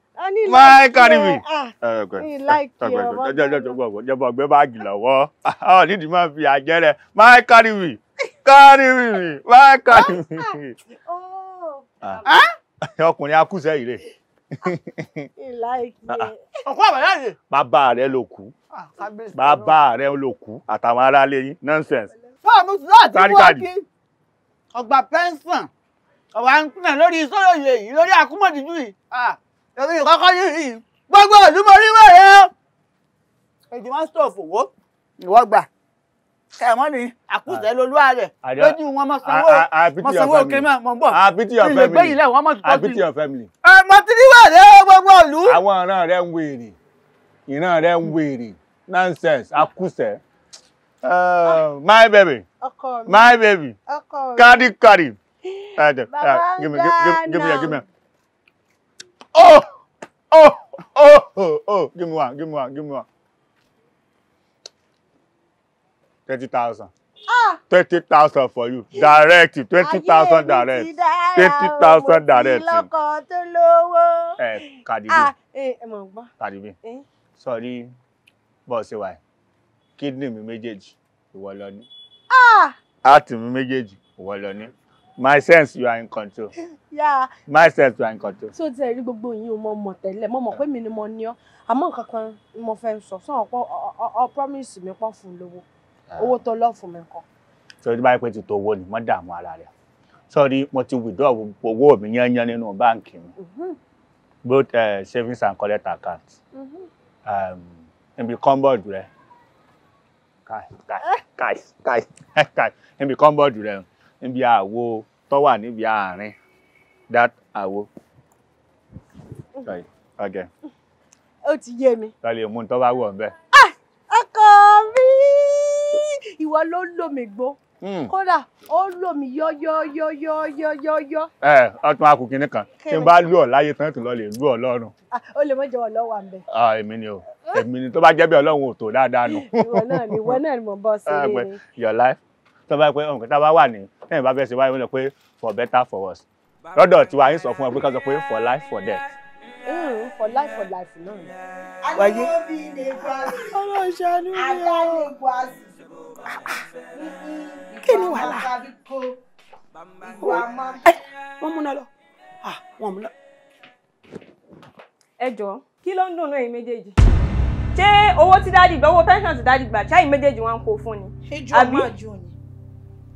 Speaker 3: máa kárí mi. ìjọba ọgbẹ́ báàgì lọ́wọ́ ọ nídìí máa fi àjẹrẹ máa kárí mi kárí mi máa kárí mi. ọkùnrin akúṣẹ́ ìrè.
Speaker 1: ọkọ àbáyá yìí.
Speaker 3: bàbá rẹ ló kú bàbá rẹ ló kú àtàwọn aráalé yín nonsense.
Speaker 8: fáàmù tí wọ́n ti wọ́n kí
Speaker 7: ọgbà pẹ́ńsàn ọ̀wà ń pínlẹ̀ lórí sọ́yọ̀ yìí lórí akúmọ̀díjú yìí èmi ìkọ́kọ́ yìí gbogbo ìlú mo rí wẹ̀rẹ̀ èdè máa ń sọ òfòwò ìwọ gbà kẹmọ ni àkúṣe ah. lolúwa rẹ lójú wọn mọ sanwó ah, ah, mọ sanwó òkè mọ
Speaker 6: mọ bọ ilé gbé yìí lẹ́wọ̀n mọ tuntun àbítí your family.
Speaker 7: ọmọ tí ní wẹ̀rẹ̀
Speaker 3: gbogbo ìlú. àwọn ìran rẹ ń wèrè ìran rẹ ń wèrè nonsense àkúṣe. Uh, my baby. My baby. Cardi, cardi. Give me, give me, give me, give me. Oh, oh, oh, oh, oh. Give me one, give me one, give me one. thousand. Ah. Twenty thousand for you. Direct, Twenty thousand direct. Twenty thousand direct. Eh, Kadibi. Ah,
Speaker 1: eh, ẹ mọ̀ gbọ́.
Speaker 3: Kadibi. Eh. Sọ̀rí bọ́ọ̀sì wa kídìnrín mi méjèèjì ìwọ lọ ní. Ah, heart, méjèèjì ìwọ lọ ní my sense you are in control. yeah. my sense you are in control. tí
Speaker 1: o ti rí gbogbo yín o mo mọ̀ tẹ́lẹ̀ mo mọ̀ pé mi ni mo ní ọ àmọ́ nǹkan kan ni mo fẹ́ sọ sọ pé ọ promise mi pọ̀ fún lówó ah. owó tó lọ fún mi kan.
Speaker 3: sọ ti báyìí pé ti tó owó ni mo dààmú ara rẹ sọrí mo ti withdraw owó mi yányán nínú báǹkì mi mm-hmm. both uh, savings and collect account mm-hmm. um, níbi kọ́ńbọ̀dù rẹ káì káì káì káì níbi kọ́ńbọ̀dù rẹ níbi àwo tó wà níbi àárín that àwo.
Speaker 1: ó ti yé mi.
Speaker 3: ta lè mú un tó bá wọ̀ ńbẹ. Ah!
Speaker 1: ọkọ mi ìwọ ló ń lò mí gbó hmm. kódà ó lò mí yọ́yọ́yọ́yọ́yọ́.
Speaker 3: ẹ ọtún akùnkìn nìkan tí n bá lù ọ láyé tán tó lọ lè lù ọ lọ́rùn.
Speaker 1: Ah, ó lè mọ jẹ ọlọ wà ńbẹ.
Speaker 3: èmi ni o èmi ni tó bá jẹ́ bí ọlọ́run ò tó dáadáa nù. ìwọ
Speaker 1: náà ni ìwọ náà ni mo bọ́ sí i.
Speaker 3: your life tó bá pẹ́ ọ̀nkẹ́ tá a bá wà ní tẹ́yìn bá fẹ́ ṣe wáyé wọ́n lọ pé for better for us. lọ́dọ̀ tiwa yín sọ fún ẹ pé ká sọ pé for life for death.
Speaker 1: Mm, for life for life náà. wáyé ọlọ́run ṣàánú mi o kí ni wàhálà wọ́n múná lọ ah, wọ́n múná. ẹ jọ̀ọ́ kí ló ń dùn lóyìn méjèèjì ṣé owó tí dáàdì gbà owó pension tí dáàdì gbà ṣáà méjèèjì wọn kò fún ni. ejò máa jò ní.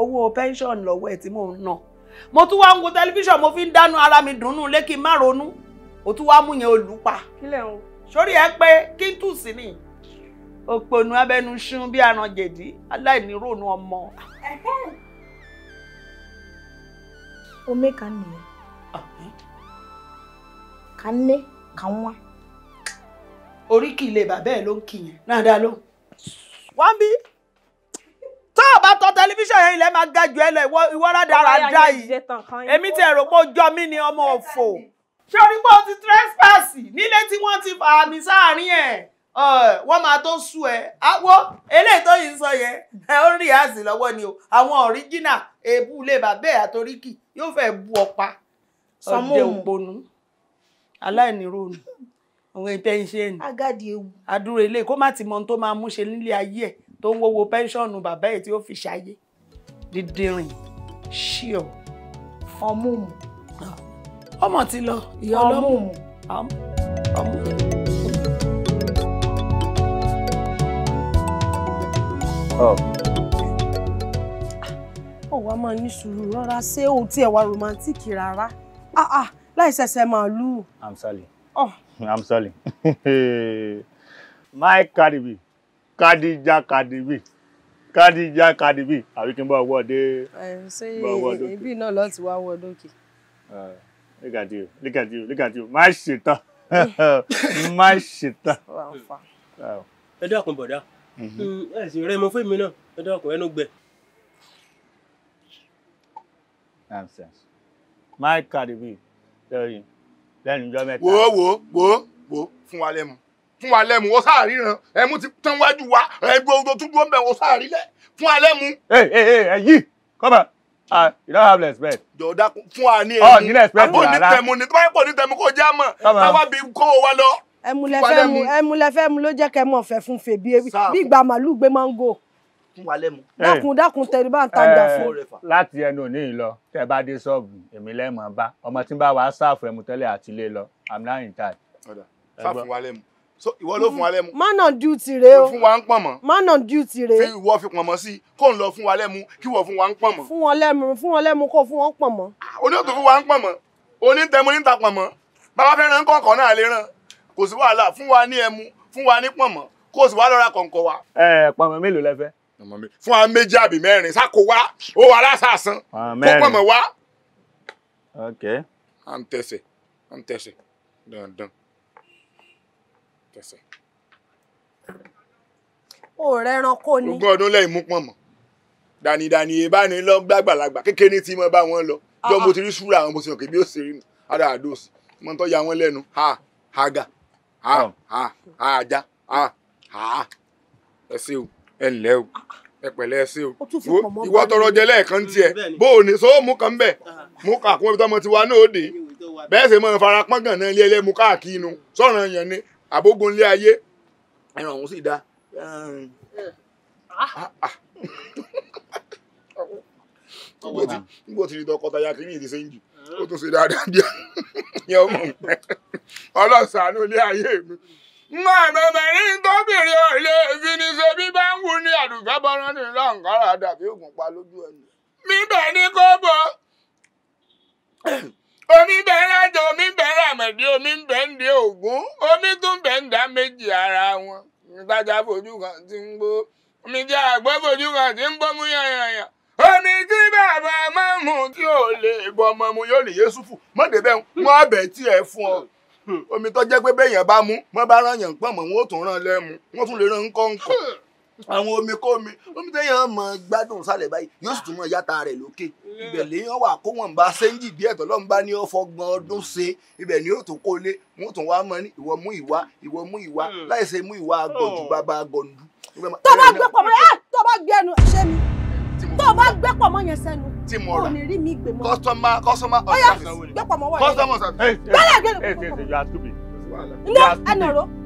Speaker 1: owó pension lọ́wọ́ ẹ̀ tí mò ń ná mo tún wá ń wo tẹlifíṣàn mo fi ń dánú ara mi dùnnú lé má ronú o tún wá mú yẹn olùpa. kílẹ̀ o. sórí ẹ pé kí n tù sí ni òpònú abẹnu ṣún bí aràn jẹ̀dí aláìníròónú ọmọ. omi kan nìyẹn ká lé ká wá. orí kì í lè bàbá ẹ ló ń kì yẹn náà dá lóhùn. wọ́n bí tó o bá tọ tẹlifíṣàn yẹn ilẹ̀ máa ga jù ẹ lọ ìwọ rádaràda
Speaker 5: yìí èmi ti ẹ̀rọ
Speaker 1: pé ó jọ mí ni ọmọ òfò ṣé orí pé o ti trespass nílé tí wọ́n ti fà àmì sáàárín ẹ̀ wọ́n máa tó sú ẹ àwọ̀ eléyìí tó yìí sọ yẹn ẹ ó rí àzì lọ́wọ́ ni o àwọn ọ̀ríjìnà èébú ilé bàbá ẹ̀ àtoríkì yóò fẹ́ bu ọ̀pá ọ̀dẹ ògbónú aláìníròònù òun ìtẹ́yìn ṣe é ní. agádìí ewu. àdúrà eléyìí kó má ti mọ ohun tó máa mú ṣe nílé ayé ẹ̀ tó ń wọ́wọ́ pẹ́ńsọ̀nù bàbá ẹ̀ tí ó fi ṣayé dídìrín ṣíọ ọmúmu ọmọ ti lọ ìyá ọlọ́mùmù ọmúmu. ó wàá máa ní sùúrù rárá ṣé òun tiẹ̀ wá rọ̀mántíìkì rárá ah, ah, láì ṣẹ̀ṣẹ̀ máa lù. I'm sorry. Oh.
Speaker 3: I'm sorry. My Caribbean. Kadija Kadibi Kadija Kadibi àbí kí n bá ọwọ́ dé. ṣé ibi
Speaker 1: náà lọ ti wá wọ
Speaker 3: lókè. nígbàdí o nígbàdí o nígbàdí o má ṣetán má ṣetán.
Speaker 9: ẹ dákun bọ̀dá mhm. mm, ẹ sì rẹ mọ fún mi náà ẹ dákun ẹnu gbẹ. nonsense
Speaker 3: Mike Kadibi lẹ́yìn lẹ́nu ìjọ mẹ́ta. wo wo wo wo
Speaker 6: fún wa lẹ́mu fún wa lẹ́mu ó sáàríran ẹmu ti tán wájú wa ẹgbẹ́ odò tó dúró ń bẹ̀ ó sáàrílẹ̀ fún wa lẹ́mu.
Speaker 3: ẹ ẹ ẹ yí kọ́mà ah you don't have respect. jọ̀dá fún wa ní oh, ẹmu ọ nílẹ̀ respect rárá àbò ní tẹmu
Speaker 6: ní tó bá yẹ pọ̀ ní tẹmu kó já mọ̀ táwa bí kó wa lọ. ẹmu lẹ fẹ́ mu
Speaker 1: ẹmu lẹ fẹ́ mu ló jẹ́ kẹ́ mọ̀ fẹ́ fún fèbí ebi bí ìgbà màlúù gbé máa ń gò
Speaker 3: fún wa lẹ́mu. dákun
Speaker 1: dákun tẹ̀lé bá ń tajà eh, fún.
Speaker 3: láti ẹnu òní yìí lọ tẹ bá dé ṣọ́ọ̀bù èmi lẹ́mọ̀ bá ọmọ tí ń bá wa ṣáàfù ẹmu tẹ́lẹ̀ àti ilé lọ i'm not in time. sáfù wa lẹ́mu ìwọ ló fún wa lẹ́mu.
Speaker 6: man on duty rẹ o fún wa ń pọ̀n mọ́. man on duty rẹ. fi ìwọ fi pọ̀n mọ́ sí i kó ń lọ fún wa lẹ́mu kí wọ́n fún wa ń pọ̀n mọ́. fún wọn lẹ́mu fún wọn lẹ́mu kó fún wọn pọ̀n mọ́. Ah, oníyòtò fún wa ń pọ̀n mọ́ onítẹ̀mú ní ta pọ̀n mọ́ bàbá fẹ́ ràn kọ̀ọ̀kan náà lè ràn kò sí wàhálà fún wa ní ẹmu fún wa ní pọ̀n mọ́ kó sì wá lọ́ra kọ̀ǹkọ̀ wa.
Speaker 3: ẹ pọ̀n mọ́ dandan tẹsẹ̀.
Speaker 6: o rẹ ẹranko ni. ogún ọdún lẹ́yìn mú pọ̀n mọ́ dànìdànì èèbá ni lọ gbàgbàlagbà kékeré tí mo bá wọn lọ ah, jọ mo ah. ti rí ṣúra àwọn mo ti hàn kébí ó sì rí mi ara àdóòsì mo tọ́ ya wọn lẹ́nu ha haga ha ha ha ajá ha ha ẹ ṣe o ẹ ǹlẹ́ o ẹ pẹ̀lẹ́ ẹ ṣe o ìwọ tọrọ jẹ lẹ́ẹ̀kan tiẹ̀ bó o ní sọ́ọ́ mú kan bẹ́ẹ̀ ah. mú kà kún ibi tiwa náà ó dé bẹ́ẹ̀ sì mọ̀ farapọ́n gàn náà ilé ẹlẹ́mu káàkiri nu sọ̀rọ̀ yẹn ni àbógun ilé ayé ẹran òun sì dá ah. ah, ah. nígbò tí tọkọtaya kìíní ìdí sẹ́yìn ó tún ṣe dáadáa díẹ̀ yẹn ó mọ̀ pẹ́ ọlọ́sàánú ilé ayé mi. Mọ̀ mẹ́mẹ́rin tóbìnrin ọ̀lẹ́ fi ní ṣe bí bá ń wù ní àdùgbẹ́ bọ́rán ní lọ́nkọ́rọ̀ dàbí ògùn pa lójú ẹni. Bíbẹ̀ ni kò bọ̀. omi bẹ ládọ omi bẹ làmọdé omi bẹ ògún omi tún bẹ méjì ara wọn ìtajà fojú kan ti ń gbó omi jẹ àgbọ̀ fojú kan ti ń gbómú yanyanyan omi tí bàbá máa mú tí ò lè bọ ọmọ mu yóò lè bẹ wọn tí ẹ fún ọ omi tó jẹ́ pé bẹyàn bá mú bá rán yàn pọmọ wọn ó tún rán àwọn omi kómi omi téèyàn mọ gbádùn sálẹ̀ báyìí yóò sì tún mọ yàtà rẹ̀ lókè ibẹ̀ lèèyàn wà kó wọn bá sẹ́ńjì bí ẹ̀tọ́ lọ́n bá ní ọfọgbọ́n ọdún ṣe ibẹ̀ ni yóò tó kó lé wọn tún wá mọ ní ìwọ mú ìwá ìwọ mú ìwá hmm. láì mú ìwá agọ̀jù oh. bàbá agọ̀ndu. tó bá gbé pọ̀
Speaker 1: mọ́ ẹ eh, tó bá gbé ẹnu ṣé mi tó bá gbé pọ̀ mọ́ yẹn sẹ́nu kò ní rí mi gbé mọ́. kọ́sọ́mà
Speaker 6: kọ́sọ́mà
Speaker 3: ọ̀sán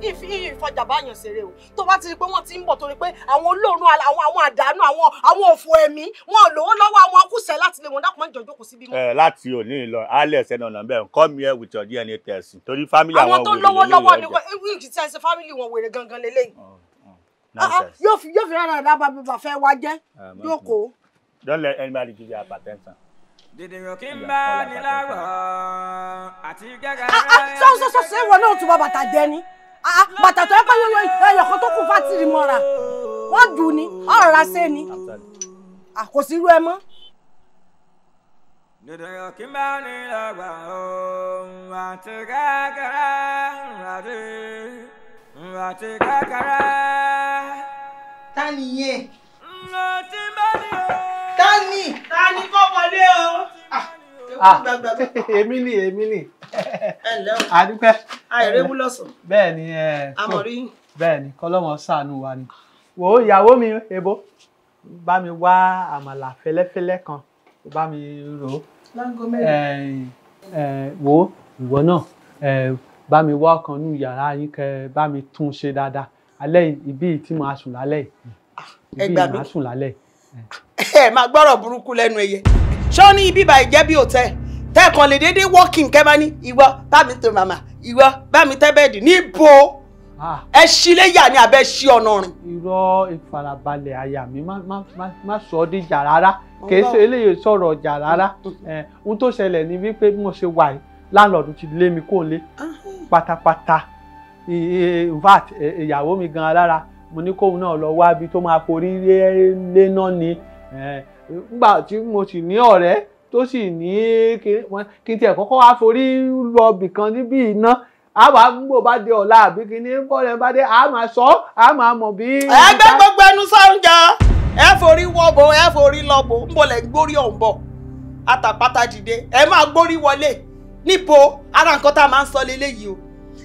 Speaker 1: ìfọjà báyàn ṣeré o tó bá ti rí pé wọ́n ti ń bọ̀ torí pé àwọn olóòórùn àwọn àwọn àdánù àwọn àwọn òfò ẹ̀mí wọn ò lówó lọ́wọ́ àwọn akúṣẹ̀ láti lè wọn dákun máa ń jọjọ́ kò síbi mọ́. ẹ
Speaker 3: láti òní lọ alẹ ẹsẹ náà bẹ́ẹ̀ nǹkan mi ẹ with your DNA test torí fámìlì àwọn wèrè lélẹyìn. àwọn tó lówó lọ́wọ́ ni
Speaker 1: wọn kì í wọn wèrè gangan lélẹyìn. Oh,
Speaker 3: oh, ah, ah, yóò fi rárá rábà bàbà fẹ́ wá jẹ́ ah, yóò don't let anybody give you hypertension
Speaker 5: dìdìrò kí n bá ní láwọ̀ àti gẹ́gẹ́ rẹ̀. sọ́sọ́sọ́sọ́
Speaker 1: ìwọ náà tún bá bàtà jẹ ni. Ah, bàtà tó yẹ pé ẹyọ kan tó kù fátìrì mọ́ra wọ́n dùn ní ọ̀rọ̀ ṣe ni kò sí irú ẹ mọ́.
Speaker 5: Dèdèrè kí n bá ní lọ́gbà òun àti kékeré àti àti kékeré. Ta ni yẹn? Mo ti bá ní o. Ta ni? Ta ni kọ́ wọlé o? Ah, ah,
Speaker 8: èmi ni èmi ni àdúpẹ́ àìrèwú lọ́sàn. bẹ́ẹ̀ ni àmọ̀rí. bẹ́ẹ̀ ni kọ́lọ́mọ ṣàánú wa ni wò ó ìyàwó mi ebo bá mi wá àmàlà fẹ́lẹ́fẹ́lẹ́ kan bá mi rò ó. láńgó mẹ́rin. wò ó ìwọ náà bá mi wá ọkàn nínú yàrá yín kẹ bá mi tún ṣe dáadáa alẹ́ ibi tí màá sùn lálẹ́
Speaker 1: ah, ibi màá sùn lálẹ́. ẹ máa gbọ́rọ̀ burúkú lẹ́nu ẹyẹ ṣé ó ibi ìbàjẹ́ bí òtẹ́ẹ̀ tẹ́ẹ̀kan lè déédéé walking kẹ́ bá ní ìwọ bá mi tó màmá ìwọ bá mi tẹ́ bẹ́ẹ̀dì níbo ah. ẹ ṣí léyà ni àbẹ́ ṣí ọ̀nà rìn. irọ́
Speaker 8: ìfarabalẹ̀ àyà mi má sọ ọ́ díjà rárá kì í ṣe eléyìí sọ̀rọ̀ ọjà rárá mm, mm. ohun tó ṣẹlẹ̀ ni wípé mo ṣe wà yìí láńlọ́ọ̀dù ti lé mi kó lé ah. pátápátá in fact ìyàwó mi gan alára mo ní kóun náà lọ wá ibi tó máa forí lé náà ni nígbà tí mo sì ní ọ̀rẹ́ tó sì ní kí n tiẹ̀ forí lọ bìkan níbí iná àwa gbogbo bá dé ọ̀la àbí kíní bọ́ọ̀lù bá dé a máa sọ a máa mọ̀ bí. ẹgbẹ́
Speaker 1: gbogbo ẹnu sọ́njà ẹ forí wọ́bo ẹ forí lọ́bo ń bọ̀lẹ̀ gbórí ọ̀hún àtàpátá dìde ẹ máa gbórí wọlé níbo ara nǹkan tá a máa ń sọ lélẹ́yìí o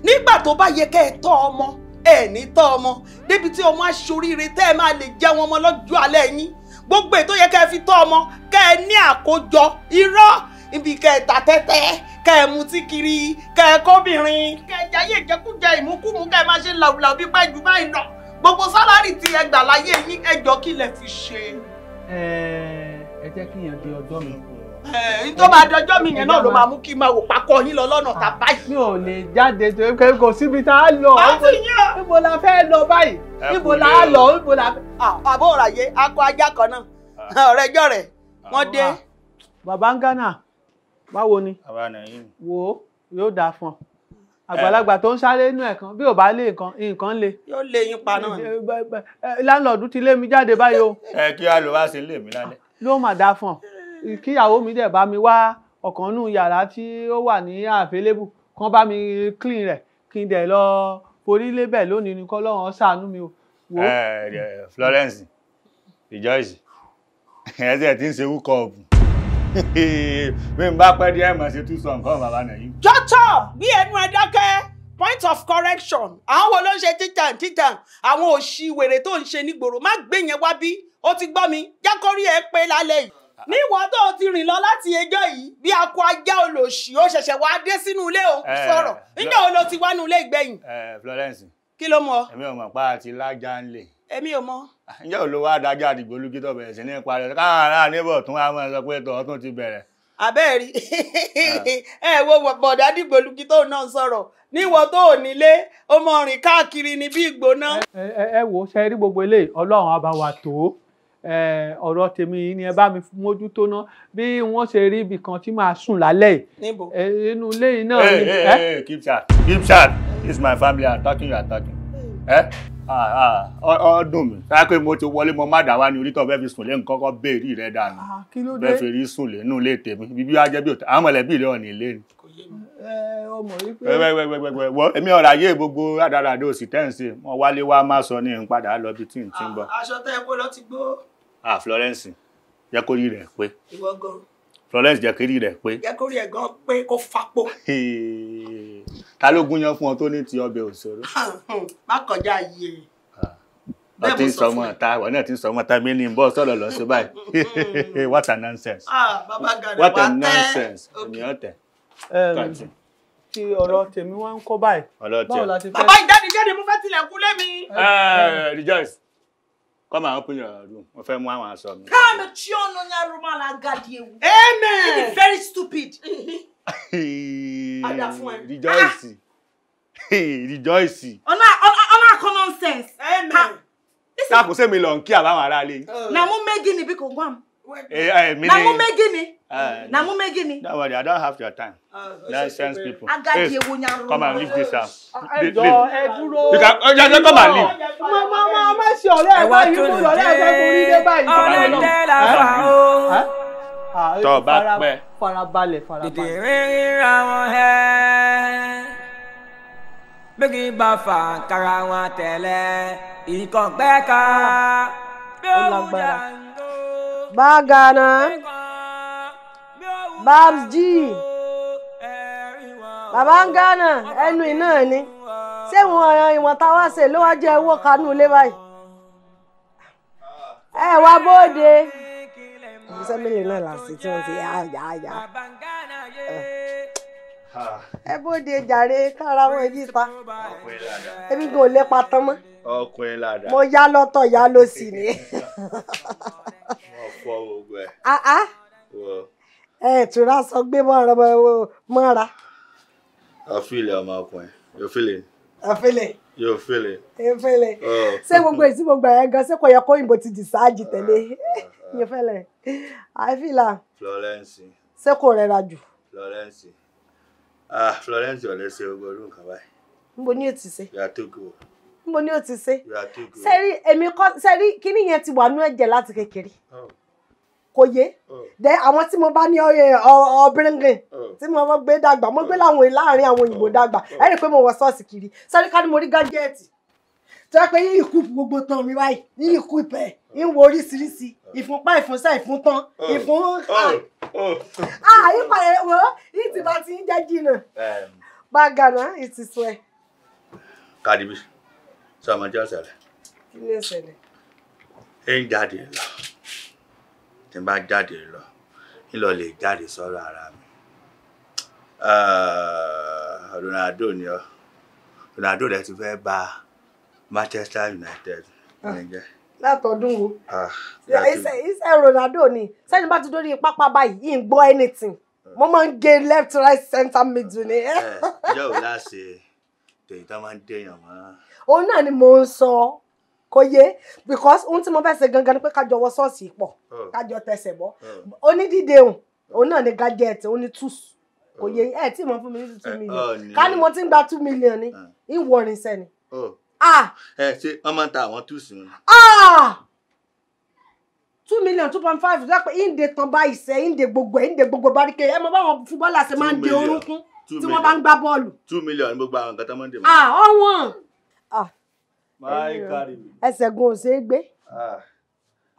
Speaker 1: nígbà tó bá yẹ kẹ́ ẹ tọ́ ọmọ ẹ ní tọ́ ọmọ débi tí ọmọ aṣoríire tẹ́ ẹ máa lè jẹun ọmọ lọ́jọ́ alẹ́ yín gbogbo ètò yẹ kẹ́ ẹ fi tọ́ ọmọ kẹ́ ẹ ní àkójọ irọ́ ibi kẹ́ ẹ ta tẹ́tẹ́ kẹ́ ẹ mutí kiri kẹ́ ẹ kóbìnrin kẹ́ ẹ jayé ìjẹkújẹ ìmúkúmu kẹ́ ẹ má ṣe làwùlàwù bí pẹ́ jù báyìí lọ gbogbo sálárì tí ẹ gbà láyé yín ẹ kí lẹ fi ṣe.
Speaker 8: ẹ jẹ́ kí yẹn di ọjọ́ mi
Speaker 1: ẹ̀ẹ́n tó máa dọjọ́ mi yẹn náà ló máa
Speaker 8: mú kí n máa wò pakọ́ yín lọ lọ́nà tá báyìí. mi ò lè jáde
Speaker 1: torí pé kò síbi tá a lọ. má ti yàn. níbo la fẹ́ lọ báyìí níbo la á lọ níbo la. Ah, àbó òràyé akọ ajá kan náà ah. ọ̀rẹ́ jọ rẹ̀ wọ́n dé. Ah.
Speaker 8: bàbá ń gánà báwo ni wo yóò dáa fún ọ àgbàlagbà tó ń sáré inú ẹ̀ kan bí ò bá lé nǹkan nǹkan le.
Speaker 3: yóò lé yín pa náà ni. Eh, eh,
Speaker 8: eh, láńlọ́ọ̀dù ti lé mi jáde báyìí o.
Speaker 3: ẹ kí a lọ wá sí ilé mi lálẹ́.
Speaker 8: ló mà dáa fún ọ kíyàwó mi dẹ̀ bá mi wá ọ̀kan nù yàrá tí ó wà ní àfẹ́lẹ́bù kán bá mi clean rẹ̀ kí n dẹ̀ lọ forí lébẹ̀ lónìí ni kọ́lọ́run ṣàánú mi o.
Speaker 3: Florence Rejoice ẹ ṣe ti ń ṣe wúkọ ọ̀bùn bí n bá pẹ́ díẹ̀ mọ̀ ṣe tún sọ nǹkan bàbá nàìjíríà.
Speaker 1: jọ́tọ̀ bí ẹnu ẹ point of correction àwọn wo ló ń ṣe títàn títàn àwọn òṣì wèrè tó ń ṣe nígboro má gbé yẹn wá bí ó ti gbọ́ mi jẹ́ kó ẹ pé lálẹ́ yìí níwọ̀n tó ti rìn lọ láti ẹjọ́ yìí bí akọ ajá olòṣì ó ṣẹ̀ṣẹ̀ wá dé sínú ilé òun eh, sọ̀rọ̀ nígbà wo ló ti wá nu ilé ìgbẹ̀yìn.
Speaker 3: Eh, Florence kí ló mọ. èmi ò mọ̀ pa àti lájà ń lè. èmi ò mọ. ǹjẹ́ ò ló wá adájọ́ àdìgbò olùkítọ̀ bẹ̀rẹ̀ sí ní parí ọ̀sẹ̀ káàárà níbọ̀ tún wá máa sọ pé tọ̀ ti bẹ̀rẹ̀. àbẹ́ẹ̀rí ẹ eh. wo bọ̀dá àdìgbò olùkítọ̀ náà sọ̀rọ̀
Speaker 1: níwọ̀n tó ò nílé ó mọ rìn káàkiri ní bí ìgbóná.
Speaker 8: ẹ wo ṣe rí gbogbo eléyìí ọlọ́run á bá wa tó ọ̀rọ̀ tèmi yìí ni ẹ bá mi mójútó ná bí wọ́n ṣe rí ibì kan tí màá sùn lálẹ́
Speaker 3: yìí inú ilé yìí náà ni. keep chat keep chat this is my family attacking you attacking ọdún mi sáyà pé mo ti wọlé mo má dà wá ní onítọ̀ bẹ́ẹ̀ fi sùn lé nǹkan kan béèrè rẹ dànù bẹ́ẹ̀ fi rí sùn lé nù lé tèmi bíbí wá jẹ́ bí òtún àwọn mọ̀lẹ́bí rẹ ọ̀nì lé ni. wọ́n èmi ọ̀rọ̀ ayé gbogbo rádaràdó sì tẹ́ǹsì wọ́n wálé wá má sọ ní ìpadà lọ bí tí n ti ń bọ̀.
Speaker 1: aṣọ tẹ́ ẹ kó lọ ti gbó
Speaker 3: ah Florence jẹ́ kó rí rẹ̀ pé. Florence jẹ́ kó rí rẹ̀ pé.
Speaker 1: jẹ́ kó rí ẹ̀ gan pé kó fapò.
Speaker 3: ta ló gúnyán fún ọ tó ní ti ọbẹ̀ òṣòro.
Speaker 1: má kọjá yìí ah,
Speaker 3: ọ ti ń sọ ọmọ ta ọ náà ti ń sọ ọmọ ta mi ní bọ́ sọ̀rọ̀ lọ sí báyìí hmm. what a nonsense
Speaker 1: ah,
Speaker 8: what a
Speaker 3: nonsense ènìyàn tẹ. ti ọ̀rọ̀ tèmi wá ń kó báyìí báwo la ti fẹ́. bàbá
Speaker 1: ìjáde jáde mo fẹ́ tilẹ̀kùn lé mi. Eh,
Speaker 3: rejoice Come and open your room. Mo one mú àwọn aṣọ mi.
Speaker 1: Káàmì tí ọ̀nà ní arúgbó alágàdì ewu. Amen. It is very stupid.
Speaker 3: Ada fún ẹ. Rejoice. Ah! Rejoice.
Speaker 1: Ọ̀nà ọ̀nà common sense. Amen.
Speaker 3: Ṣé àkóso mi lọ ń kí àbáwọn aráalé yìí?
Speaker 1: Na mo méjì ni bí kò gbọ́n.
Speaker 3: Eh, eh, Na mo méjì ni na
Speaker 1: mu me gini. Don't
Speaker 3: worry, I don't have your time.
Speaker 1: Uh, Nonsense sense people. Please, come and leave this house. Leave, leave. You can uh, just come and leave. Mama, mama, ma ṣe ọ̀rẹ́ ẹ̀
Speaker 3: báyìí mú ọ̀rẹ́ ẹ̀ fẹ́ kúrí dé báyìí. Ọlọ́dẹ la fà ó. Tọ́ bá
Speaker 5: pẹ́. Farabalẹ̀ farabalẹ̀. Dèdè ríra wọn ẹ́. Bíkì bá fà kára wọn tẹ̀lẹ̀. Ìkọ̀pẹ́ ká. Bí ó wù jà ń lò. Bá a gana.
Speaker 1: Babs G bàbá ń gánà ẹnu iná ni ṣé ìwọ̀n ọ̀yàn ìwọ̀n tá a wá ṣe ló wá jẹ́ owó kanú ilé báyìí ẹ wá bóde iṣẹ́ mélòó náà là ń ṣe tí wọ́n ti yá yá yá ẹ bóde jàre kára wọn yí ta ebi gan ò lè pa tán mọ́ mo yá lọ́tọ̀ yá lọ́sì ni.
Speaker 3: wọ́n fọ́ gbogbo ẹ̀. Ah,
Speaker 1: ah ẹ tura sọ gbé mọ́ra.
Speaker 3: I feel it ọmọkùnrin yóò feel it. I feel it. yóò feel it.
Speaker 1: yóò feel it. ṣé gbogbo èsì gbogbo àyẹ̀ gan ṣé kò yẹ kó òyìnbó ti dì sáájì tẹ̀lé yóò feel it. I feel it.
Speaker 3: Florence.
Speaker 1: ṣé kò rẹra jù.
Speaker 3: Florence ah Florence ọ̀lẹ́ ṣe gbogbo ọdún kan báyìí. níbo ni o ti ṣe. yà á tó kú o.
Speaker 1: níbo ni o ti ṣe.
Speaker 3: yà á tó kú sẹ́rí
Speaker 1: èmi kọ́ sẹ́rí kíní yẹn ti wà nú ẹ̀jẹ̀ láti kékeré. Oh kò yé dẹ mm. àwọn tí mo bá ní ọbìnrin mm. tí mo bá gbé dàgbà mo gbé mm. láwọn láàrin àwọn òyìnbó dàgbà ẹ rí i pé mo wọ ṣọ́ọ̀ṣì kiri sáré ká ní mo rí gájẹ́ẹ̀tì tó yẹ pé yín ìkú gbogbo tán mi báyìí yín ìkú ìpẹ́ ń wo oríṣiríṣi ìfúnpá ìfúnṣẹ́ ìfúntán ìfún àyípadà ah. ah, wo yìí ti bá ti ń jẹ́ jìnnà bá gànà ìtìsọ
Speaker 3: ẹ̀. kàdìbí sọ ma jẹ́ ọ̀sẹ̀ rẹ̀.
Speaker 1: kí ló ṣẹlẹ̀.
Speaker 3: ń jáde lọ tí n bá jáde lọ nílò lè jáde sọ́rọ̀ ara mi ah, Ronaldo ni ọ Ronaldo rẹ ti fẹ́ ba Manchester United ah, nìjẹ́.
Speaker 1: látọdún wo
Speaker 3: ah, iṣẹ́
Speaker 1: Ronaldo ni sẹ́ni bá ti dórí pápá báyìí ń gbọ́ anything mo máa ń gé left right center middle ni.
Speaker 3: yóò eh, láṣẹ tèyí tó máa ń dèèyàn mọ́.
Speaker 1: òun náà ni mo ń sọ kò yé because ohun tí mo fẹ́ ṣe gangan ni pé kájọ wọ ṣọ́ọ̀ṣì pọ̀ hmm. kájọ tẹsẹ̀ bọ́ hmm. onídìdehùn òun náà ni gadget òun ni tools kò yé hmm. ẹ tí mo fún mi ní two eh, million
Speaker 3: oh, ká ní mo
Speaker 1: ti ń gba two million ni in ìwọrin sẹ́ni. ẹ
Speaker 3: oh. ah! eh, ṣe wọn máa ń ta àwọn tools wọn.
Speaker 1: Ah! two million two point five ṣe pé ìǹde tán báyìí ṣe ìǹde gbogbo ẹ̀ ìǹde gbogbo baríkẹ́ ẹ mọ báwọn fúbọ́ọ̀lù ṣe máa ń de orúnkún tí wọ́n bá ń gbá bọ́ọ̀lù.
Speaker 3: two million ni gbogbo àwọn nǹkan tó máa ń dè mọ́.
Speaker 1: Ah, ọ̀wọ́n
Speaker 3: my carry me.
Speaker 1: ẹsẹ̀ gun ò ṣeé gbé. Ah.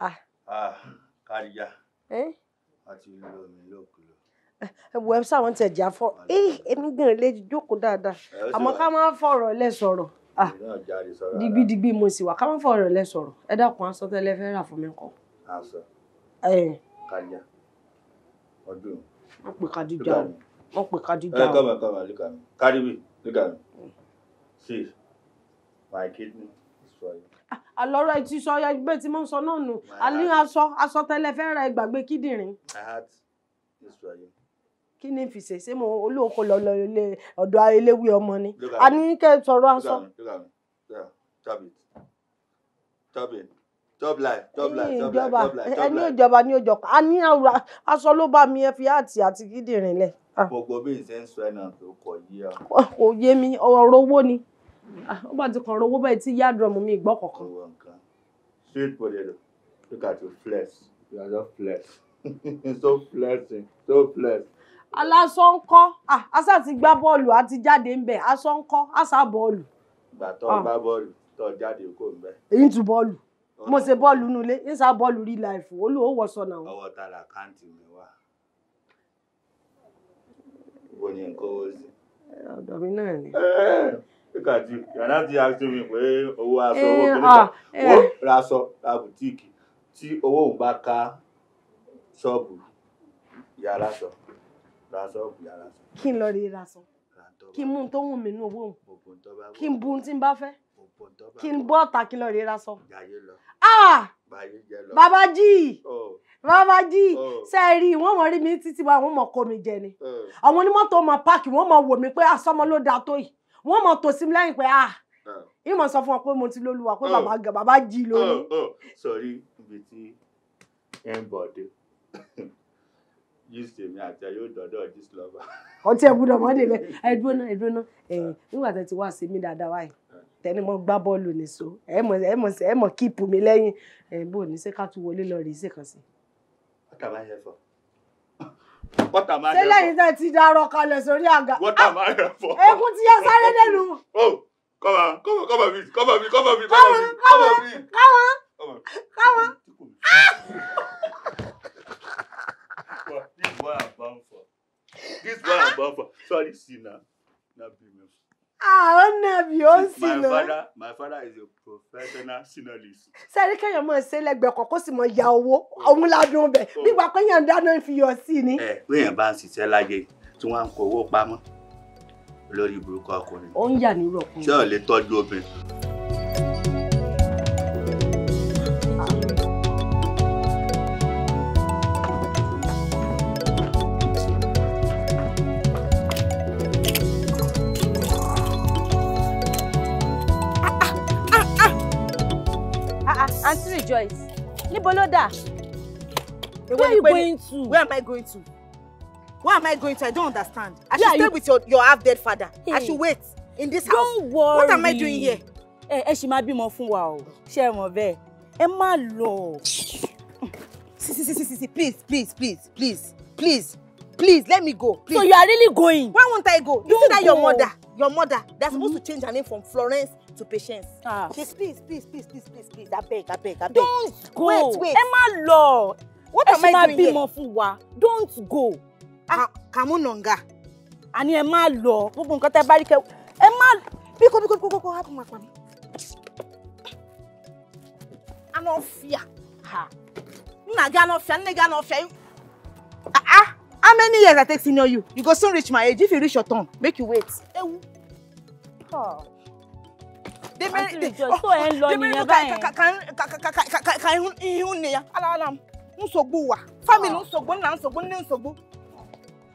Speaker 1: Ah.
Speaker 3: Ah, kárìjà àti lómi lókùlọ.
Speaker 1: ẹwọ ẹ sáwọn tẹ jà fọ èmi gan lè jókòó dáadáa àmọ́ ká máa fọ̀rọ̀ lẹ sọ̀rọ̀ digbidigbi mo sì wà ká máa fọ̀rọ̀ lẹ sọ̀rọ̀ ẹ dákun aṣọ tẹlẹ fẹ rà fún mi kọ.
Speaker 3: aṣọ kárìjà ọdún.
Speaker 1: wọ́n pè kádìjà wọ́n pè kádìjà. ẹ kọ́ mi kọ́
Speaker 3: mi líkà mi kárí mi líkà mm. mi my kidney
Speaker 1: ah, àlọ́rọ̀ ti sọ ẹgbẹ́ tí mo ń sọ náà nù àní aṣọ aṣọ tẹ́lẹ̀ fẹ́ ra ìgbàgbé kíndìnrín. kí ni fi ṣe ṣé mo olóòkó lọ lọ ilé ọ̀dọ̀ eléwé ọmọ ni àní kẹ́ ẹ sọ̀rọ̀ aṣọ. ẹni ìjọba ni òjò kan àní aṣọ ló bá mi ẹ fi àti àti kíndìnrín lẹ.
Speaker 3: Ah. gbogbo bí ìṣe ń sọ ẹ̀ náà tó kọ̀ yé ọ.
Speaker 1: kò yé mi ọ̀rọ̀ owó ni. Ah, ó bá ti kàn rówó bẹ́ẹ̀ tí yá drum mi ìgbọ́ kankan.
Speaker 3: sweet potato look at your flex you are just flex so flexing so flex.
Speaker 1: aláṣọ ń kọ́ àṣà ah, ti gbá bọ́ọ̀lù àti jáde ń bẹ̀ aṣọ ń kọ́ àṣà bọ́ọ̀lù.
Speaker 3: ìgbà tó ń ah. gbá bọ́ọ̀lù tó jáde kò ń bẹ̀.
Speaker 1: èyí tu bọ́ọ̀lù mo ṣe bọ́ọ̀lù nulẹ̀ ń sá bọ́ọ̀lù rí láìfù olùwọ́ wọ̀ sọ̀nà. ọwọ́
Speaker 3: tara káǹtì mi wá wo ni nǹkan ó sì. Eh,
Speaker 1: ọ̀dọ̀ mi náà ni. Eh,
Speaker 3: kíkàtí yàrá ti aṣọ mi pé owó aṣọ eh, owó kìnìkan ah, ó eh. ra aṣọ ra bùtíìkì tí owó òun bá ká ṣọ́ọ̀bù yàrá sọ ra ṣọ́ọ̀bù yàrá sọ.
Speaker 1: kí n lọ rí ra sọ kí n mú un tó wùn mí nínú owó òun kí n bu ohun tí n bá fẹ́ kí n bọ́ ọ̀tá kí n lọ rí ra sọ. Ah! bàbá jí oh. bàbá jí oh. ṣe é rí wọn mọ rí mi títí wa wọn mọ kó mi jẹ ni oh. àwọn onímọ̀tò mọ páàkì wọn mọ wò mí pé asọ́mọ tó yìí wọ́n mọ̀ tó sí mi lẹ́yìn pé ah, ah. yìí mọ̀ sọ fún ọ pé mo ti lólúwa pé oh. bàbá gà bàbá jí lórí. Oh,
Speaker 3: oh, sọrí ibi tí ẹ ń bọ̀ dé gist èmi àti ayé òdòdó gist lọ́ba.
Speaker 1: ọtí ẹ gbúdọ̀ mọ́dé bẹ́ẹ̀ ẹ̀dúró náà ẹ̀dúró náà ẹ̀yìn ah. nígbà tẹ ti wá sí mi dáadáa wáyé ah. tẹni mọ gbá bọ́ọ̀lù nìṣó ẹ mọ ẹ mọ ẹ mọ kíìpù mi lẹ́yìn ẹ bò ní ṣé ká tún wọlé lọ rèé ṣèkànsìn.
Speaker 3: what have I here for? wọ́tà máa
Speaker 1: yẹ fọ́. sẹ́lẹ̀ yìí tẹ̀ ti darọ̀ kalẹ̀ sórí àga. wọ́tà
Speaker 6: máa yẹ fọ́. egun ti yẹ sáré lẹ́nu. o kọ́mà kọ́mà kọ́mà mi kọ́mà mi kọ́mà mi kọ́mà mi kọ́mà mi. kọ́mà kọ́mà kọ́mà.
Speaker 3: this boy abound for this boy abound for sorry sinna na be me.
Speaker 6: ah
Speaker 1: ọ na bi o si na. my
Speaker 3: father my father is a
Speaker 1: sẹ́rí kẹ́yàn mọ̀ ṣe lẹ́gbẹ̀ẹ́ kọ̀ kó sì mọ̀ ya owó òun ládùn bẹ̀ oh. nígbà pé yàn dáná fi yọ sí ni. ẹ
Speaker 3: pé èèyàn bá ń ṣiṣẹ́ láyé tí wọ́n á ń kó owó pamọ́ lórí burúkú ọkùnrin. ó ń yà nírọ̀ kún ṣé ò lè tọ́jú obìnrin.
Speaker 1: Joyce níbo ló dà. where are you going to. where am I going to. where am I going to I don't understand. I should stay with your your half dead father. I should wait in this house. don't worry what am I doing here. Eh, she might be máa bímọ wow. wa o ṣé Emma Law. See, see, see, see, see, please please please please please please let me go. please so you are really going. why won't I go. you see that your mother your mother that's supposed to change her name from Florence to patience. Ah. She's please, please, please, please, please, please. I beg, I beg, I beg. Don't go. Wait, wait. Ẹ má lọ. What am I doing here? Ẹ Don't go. Kamu nàngà. Ani ẹ law. lọ. Gbogbo nǹkan tẹ́ bá Biko, biko, Ẹ má. Bíkọ́ bíkọ́ bíkọ́ bíkọ́ hápù máa pa mi. Anọ Ah ah. How many years I take senior you? You go soon reach my age. If you reach your turn, make you wait. Ewu. Oh. débé tó ẹ lọ nìyẹn ka ihu nne ya alala m nsogbu ụwa famili nsogbu nna nsogbu nne nsogbu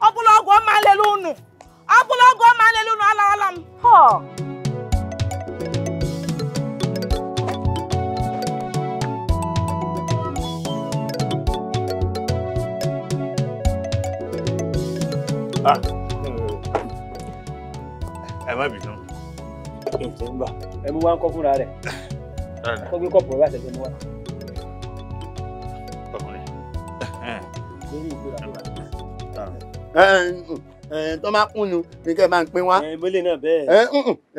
Speaker 1: ọbụla ọgwụ ọma lele unu ọbụla ọma unu alala m
Speaker 9: Ah, ètò ń gbà ẹ mú wá ń kọ́ fúnra rẹ̀ kó gbé kọ́pù rẹ̀ wá ṣẹ̀ṣẹ̀ mú wá.
Speaker 10: tọ́ máa kún nu ní kẹ́ ẹ máa ń pín wá. ìbílẹ̀ náà bẹ́ẹ̀.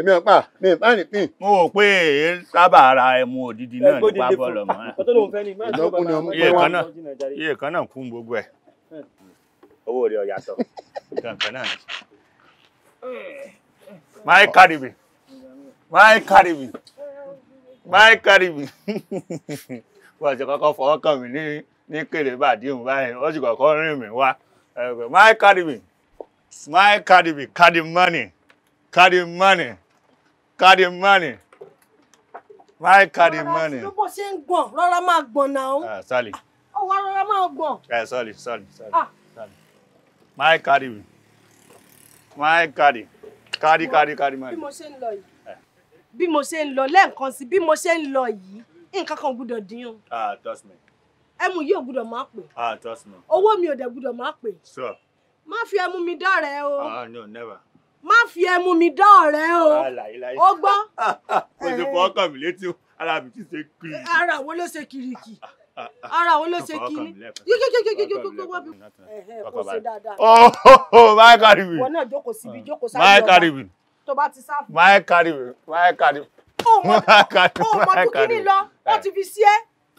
Speaker 3: èmi ọ̀pá mi ò bá rìn pín. mo rò pé èé sábà ra ẹmu òdìdí náà nípa bọ́ọ̀lù mọ́.
Speaker 9: ọtọ́ ló ń fẹ́ ni máa ń sọ bàbá mi.
Speaker 3: iye kan náà kún gbogbo ẹ̀. owó rẹ̀ ọ̀yà sọ. nǹkan kan náà. máa ń kárìbì máì kárì mi máì kárì mi wọ́n ti kọ́kọ́ fọwọ́ kàn mí ní ní kèrè bàdí òun báyìí wọ́n ti kọ́kọ́ rìn mí wá máì kárì mi máì kárì mi kárì mọ́nì kárì mọ́nì kárì mọ́nì máì kárì mọ́nì. rárá
Speaker 1: bó ṣe ń gbọ̀n rárá máa gbọ̀n náà. Ah, sálì. ó wá rárá máa gbọ̀n.
Speaker 3: sálì sálì sálì máì kárì mi máì kárì kárì kárì mọ́nì. bí mo ṣe
Speaker 1: ń lọ yìí bí mo ṣe ń lọ lẹ́ẹ̀kan sí bí mo ṣe ń lọ yìí nǹkan kan gbúdọ̀ dín
Speaker 3: o. ah trust me.
Speaker 1: ẹmu yìí ò gbúdọ̀ máa pè. ah trust me. owó mi ò dẹ̀ gbúdọ̀ máa pè. sure. má fi ẹmu mi dọ̀rẹ́ o. ah no never. má fi ẹmu mi dọ̀rẹ́ o.
Speaker 3: ó ah, gbọ́. o ti fọ ọkàn mi létí o ara mi ti ṣe kiriki.
Speaker 1: ara wo ló ṣe kiriki
Speaker 3: ara wo ló ṣe kiri
Speaker 1: yókòkòkòkò wá bí. ọkọ bá mi. ọ̀hún máa kárìbì. wọn náà jókòó síbi jókòó sáré ọba. máa kárìbì tó bá ti sáfù. máa
Speaker 3: kárí máa kárí. ó mọ ju kíní lọ
Speaker 1: wọn ti fi sí ẹ